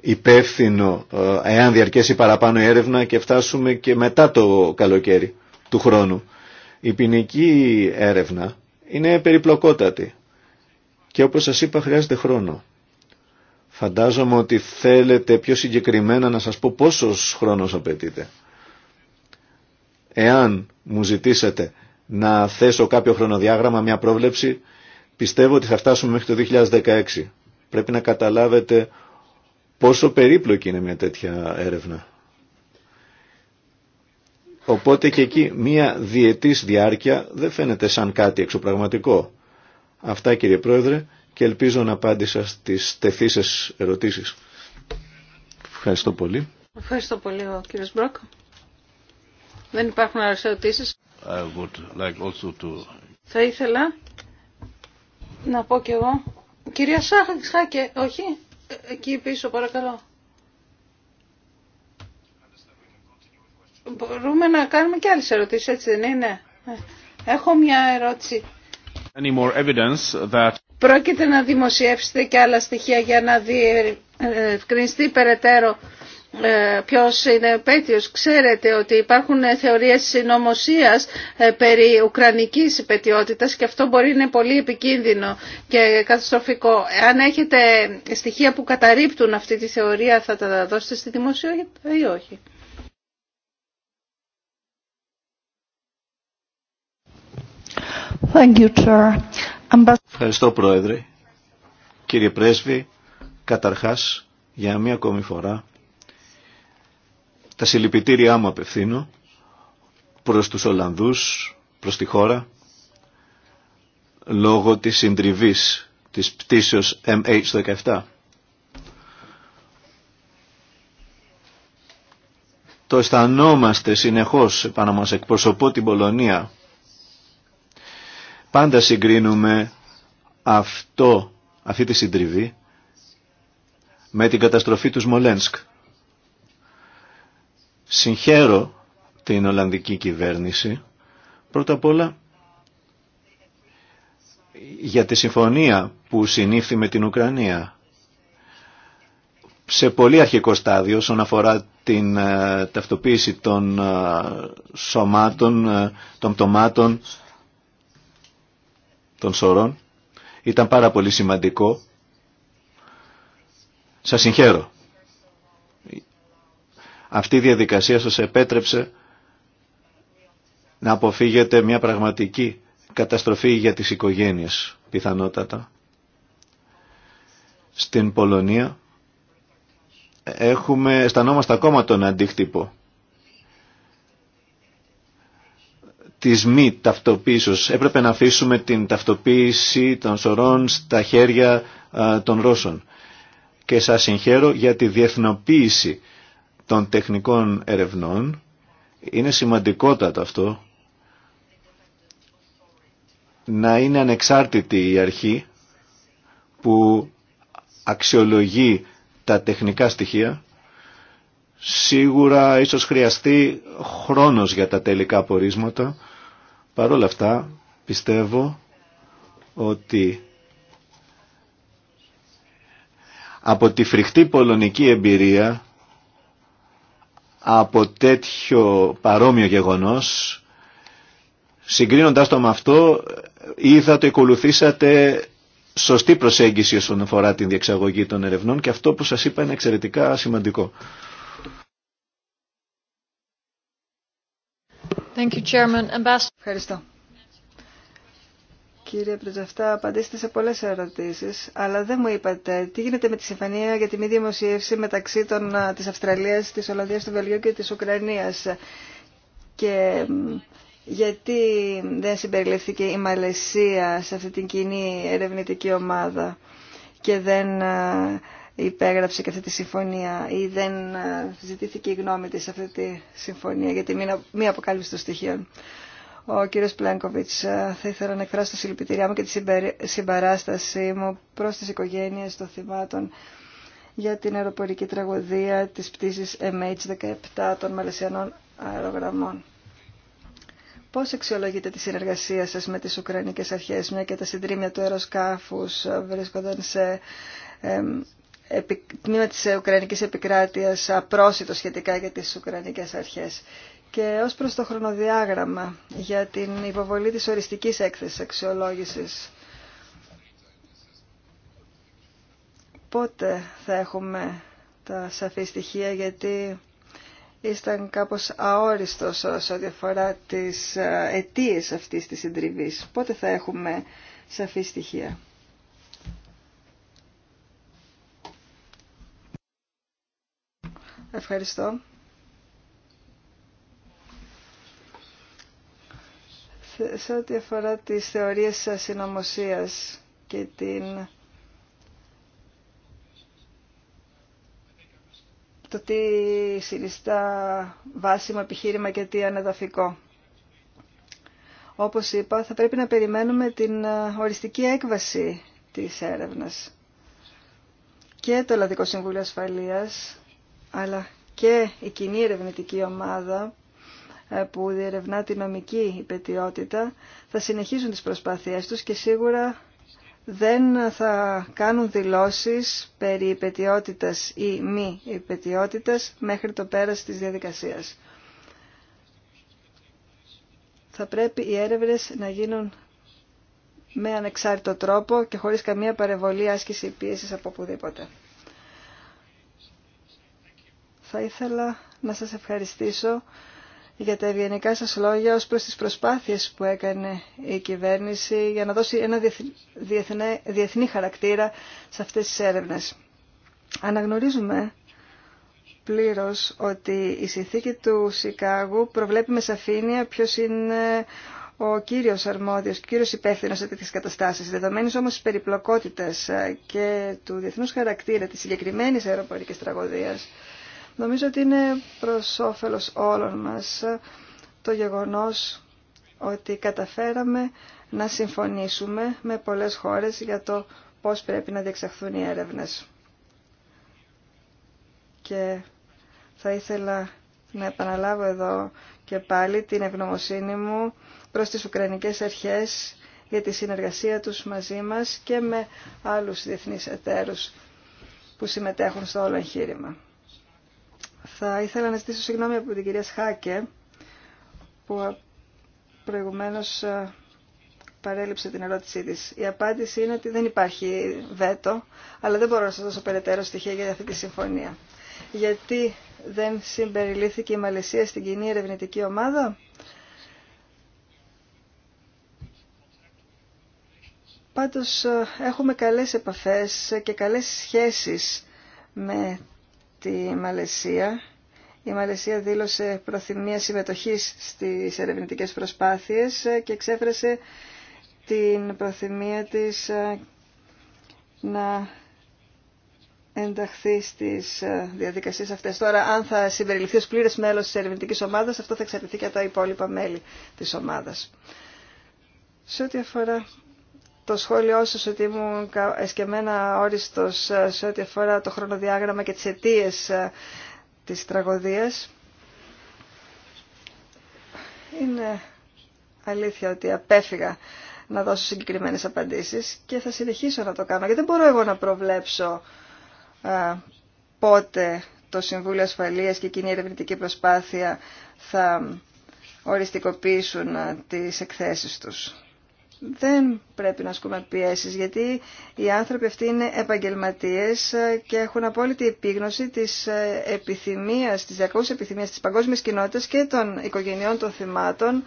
υπεύθυνο ε, εάν διαρκέσει παραπάνω η έρευνα και φτάσουμε και μετά το καλοκαίρι του χρόνου. Η ποινική έρευνα είναι περιπλοκότατη και όπως σας είπα χρειάζεται χρόνο. Φαντάζομαι ότι θέλετε πιο συγκεκριμένα να σας πω πόσος χρόνος απαιτείται. Εάν μου ζητήσετε να θέσω κάποιο χρονοδιάγραμμα, μια πρόβλεψη, πιστεύω ότι θα φτάσουμε μέχρι το 2016. Πρέπει να καταλάβετε πόσο περίπλοκη είναι μια τέτοια έρευνα. Οπότε και εκεί μία διετής διάρκεια δεν φαίνεται σαν κάτι εξωπραγματικό. Αυτά κύριε Πρόεδρε και ελπίζω να απάντησα στις τεθήσεις ερωτήσεις. Ευχαριστώ πολύ. Ευχαριστώ πολύ ο κύριος Δεν υπάρχουν άλλες ερωτήσεις. like Θα ήθελα να πω κι εγώ. Κυρία Σάχα, όχι, ε, εκεί πίσω παρακαλώ. Μπορούμε να κάνουμε και άλλες ερωτήσεις, έτσι δεν είναι. Ε, έχω μια ερώτηση. Any more evidence that... Πρόκειται να δημοσιεύσετε και άλλα στοιχεία για να διευκρινιστεί περαιτέρω ε, ποιος είναι πέτειος. Ξέρετε ότι υπάρχουν θεωρίες συνωμοσίας ε, περί ουκρανικής υπετιότητας και αυτό μπορεί να είναι πολύ επικίνδυνο και καταστροφικό. Αν έχετε στοιχεία που καταρρύπτουν αυτή τη θεωρία θα τα δώσετε στη δημοσιογραφία ή όχι. Thank Ευχαριστώ Πρόεδρε. Κύριε Πρέσβη, καταρχάς για μία ακόμη φορά τα συλληπιτήριά μου απευθύνω προς τους Ολλανδούς, προς τη χώρα, λόγω της συντριβής της πτήσεως MH17. Το αισθανόμαστε συνεχώς, επάνω μας εκπροσωπώ την Πολωνία, Πάντα συγκρίνουμε αυτό, αυτή τη συντριβή με την καταστροφή του Σμολένσκ. Συγχαίρω την Ολλανδική κυβέρνηση πρώτα απ' όλα για τη συμφωνία που συνήφθη με την Ουκρανία σε πολύ αρχικό στάδιο όσον αφορά την ε, ταυτοποίηση των ε, σωμάτων, ε, των πτωμάτων των Ήταν πάρα πολύ σημαντικό. Σας συγχαίρω. Αυτή η διαδικασία σας επέτρεψε να αποφύγετε μια πραγματική καταστροφή για τις οικογένειες, πιθανότατα. Στην Πολωνία έχουμε, αισθανόμαστε ακόμα τον αντίκτυπο της μη ταυτοποίησης. Έπρεπε να αφήσουμε την ταυτοποίηση των σωρών στα χέρια των Ρώσων. Και σας συγχαίρω για τη διεθνοποίηση των τεχνικών ερευνών. Είναι σημαντικότατο αυτό να είναι ανεξάρτητη η αρχή που αξιολογεί τα τεχνικά στοιχεία. Σίγουρα ίσως χρειαστεί χρόνος για τα τελικά πορίσματα Παρ' όλα αυτά πιστεύω ότι από τη φρικτή πολωνική εμπειρία από τέτοιο παρόμοιο γεγονός συγκρίνοντας το με αυτό θα το ακολουθήσατε σωστή προσέγγιση όσον αφορά την διεξαγωγή των ερευνών και αυτό που σας είπα είναι εξαιρετικά σημαντικό. Ευχαριστώ. Κύριε Πρετζαφτά, απαντήσατε σε πολλές ερωτήσεις, αλλά δεν μου είπατε τι γίνεται με τη συμφωνία για τη μη δημοσίευση μεταξύ των, της Αυστραλίας, της Ολλανδίας, του Βελγίου και της Ουκρανίας. Και γιατί δεν συμπεριληφθήκε η Μαλαισία σε αυτή την κοινή ερευνητική ομάδα και δεν υπέγραψε και αυτή τη συμφωνία ή δεν ε, ζητήθηκε η γνώμη της σε αυτή τη συμφωνία για τη μη αποκάλυψη των στοιχείων. Ο κύριος Πλένκοβιτς, ε, θα ήθελα να εκφράσω τη συλληπιτήριά μου και τη συμπαράστασή μου προς τις οικογένειες των θυμάτων για την αεροπορική τραγωδία της πτήσης MH17 των Μαλαισιανών αερογραμμών. Πώς αξιολογείτε τη συνεργασία σας με τις Ουκρανικές αρχές, μια και τα συντρίμια του αεροσκάφους ε, βρίσκονταν σε τμήμα της Ουκρανικής επικράτειας απρόσιτο σχετικά για τις Ουκρανικές αρχές. Και ως προς το χρονοδιάγραμμα για την υποβολή της οριστικής έκθεσης αξιολόγησης. Πότε θα έχουμε τα σαφή στοιχεία γιατί ήσταν κάπως αόριστος όσο διαφορά τις ε, αιτίες αυτής της συντριβής. Πότε θα έχουμε σαφή στοιχεία. Ευχαριστώ. Σε ό,τι αφορά τις θεωρίες συνωμοσία και την... το τι συνιστά βάσιμο επιχείρημα και τι ανεδαφικό. Όπως είπα, θα πρέπει να περιμένουμε την ε, οριστική έκβαση της έρευνας. Και το Ελλαδικό Συμβούλιο Ασφαλείας αλλά και η κοινή ερευνητική ομάδα ε, που διερευνά τη νομική υπετιότητα θα συνεχίσουν τις προσπάθειές τους και σίγουρα δεν θα κάνουν δηλώσεις περί υπετιότητας ή μη υπετιότητας μέχρι το πέρας της διαδικασίας. Θα πρέπει οι έρευνες να γίνουν με ανεξάρτητο τρόπο και χωρίς καμία παρεμβολή άσκηση πίεσης από οπουδήποτε. Θα ήθελα να σας ευχαριστήσω για τα ευγενικά σας λόγια ως προς τις προσπάθειες που έκανε η κυβέρνηση για να δώσει ένα διεθνή, διεθνή χαρακτήρα σε αυτές τις έρευνες. Αναγνωρίζουμε πλήρως ότι η συνθήκη του Σικάγου προβλέπει με σαφήνεια ποιος είναι ο κύριος αρμόδιος, ο κύριος υπεύθυνος σε τέτοιες καταστάσεις. Δεδομένης όμως της περιπλοκότητας και του διεθνούς χαρακτήρα της συγκεκριμένης αεροπορικής τραγωδίας, Νομίζω ότι είναι προς όφελος όλων μας το γεγονός ότι καταφέραμε να συμφωνήσουμε με πολλές χώρες για το πώς πρέπει να διεξαχθούν οι έρευνες. Και θα ήθελα να επαναλάβω εδώ και πάλι την ευγνωμοσύνη μου προς τις Ουκρανικές Αρχές για τη συνεργασία τους μαζί μας και με άλλους διεθνείς εταίρους που συμμετέχουν στο όλο εγχείρημα. Θα ήθελα να ζητήσω συγγνώμη από την κυρία Σχάκε που προηγουμένως παρέλειψε την ερώτησή της. Η απάντηση είναι ότι δεν υπάρχει βέτο, αλλά δεν μπορώ να σας δώσω περαιτέρω στοιχεία για αυτή τη συμφωνία. Γιατί δεν συμπεριλήθηκε η Μαλαισία στην κοινή ερευνητική ομάδα. Πάντως έχουμε καλές επαφές και καλές σχέσεις με τη Μαλαισία. Η Μαλαισία δήλωσε προθυμία συμμετοχής στις ερευνητικές προσπάθειες και εξέφρασε την προθυμία της ε, να ενταχθεί στις ε, διαδικασίες αυτές. Τώρα, αν θα συμπεριληφθεί ως πλήρες μέλος της ερευνητικής ομάδας, αυτό θα εξαρτηθεί και από τα υπόλοιπα μέλη της ομάδας. Σε ό,τι αφορά το σχόλιο σας ότι ήμουν εσκεμένα όριστος ε, σε ό,τι αφορά το χρονοδιάγραμμα και τις αιτίε ε, της τραγωδίας. Είναι αλήθεια ότι απέφυγα να δώσω συγκεκριμένες απαντήσεις και θα συνεχίσω να το κάνω γιατί δεν μπορώ εγώ να προβλέψω ε, πότε το Συμβούλιο Ασφαλείας και η κοινή ερευνητική προσπάθεια θα οριστικοποιήσουν τις εκθέσεις τους δεν πρέπει να ασκούμε πιέσεις γιατί οι άνθρωποι αυτοί είναι επαγγελματίες και έχουν απόλυτη επίγνωση της επιθυμίας, της διακόσης επιθυμίας της παγκόσμιας κοινότητας και των οικογενειών των θυμάτων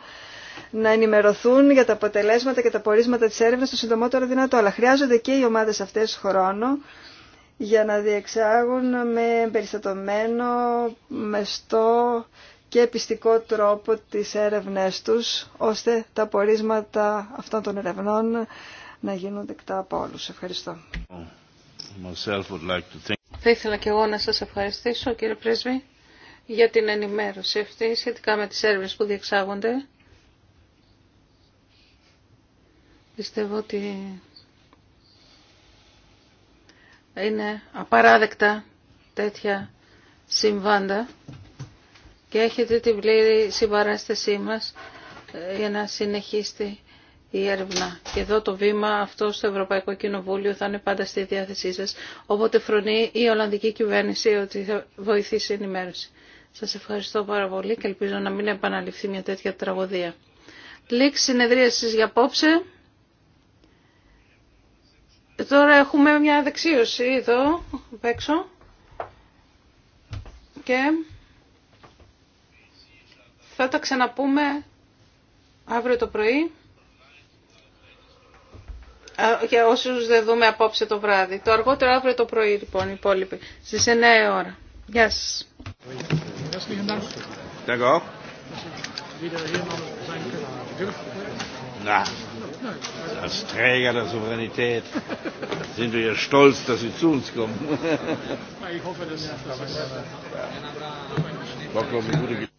να ενημερωθούν για τα αποτελέσματα και τα πορίσματα της έρευνας το συντομότερο δυνατό. Αλλά χρειάζονται και οι ομάδες αυτές χρόνο για να διεξάγουν με περιστατωμένο, μεστό και πιστικό τρόπο τις έρευνές τους, ώστε τα πορίσματα αυτών των ερευνών να γίνουν δεκτά από όλους. Ευχαριστώ. Θα ήθελα και εγώ να σας ευχαριστήσω, κύριε Πρέσβη, για την ενημέρωση αυτή σχετικά με τις έρευνες που διεξάγονται. Πιστεύω ότι είναι απαράδεκτα τέτοια συμβάντα και έχετε την πλήρη συμπαράστασή μας ε, για να συνεχίσει η έρευνα. Και εδώ το βήμα αυτό στο Ευρωπαϊκό Κοινοβούλιο θα είναι πάντα στη διάθεσή σας. Όποτε φρονεί η Ολλανδική κυβέρνηση ότι θα βοηθήσει η ενημέρωση. Σας ευχαριστώ πάρα πολύ και ελπίζω να μην επαναληφθεί μια τέτοια τραγωδία. Λήξη συνεδρίασης για απόψε. Ε, τώρα έχουμε μια δεξίωση εδώ απ' έξω. Και... Θα τα ξαναπούμε αύριο το πρωί. Για όσους δεν δούμε απόψε το βράδυ. Το αργότερο αύριο το πρωί λοιπόν οι υπόλοιποι. Στις 9 ώρα. Γεια σας. Na, als Träger der Souveränität sind wir ja stolz, dass Sie zu uns kommen. Ich hoffe, dass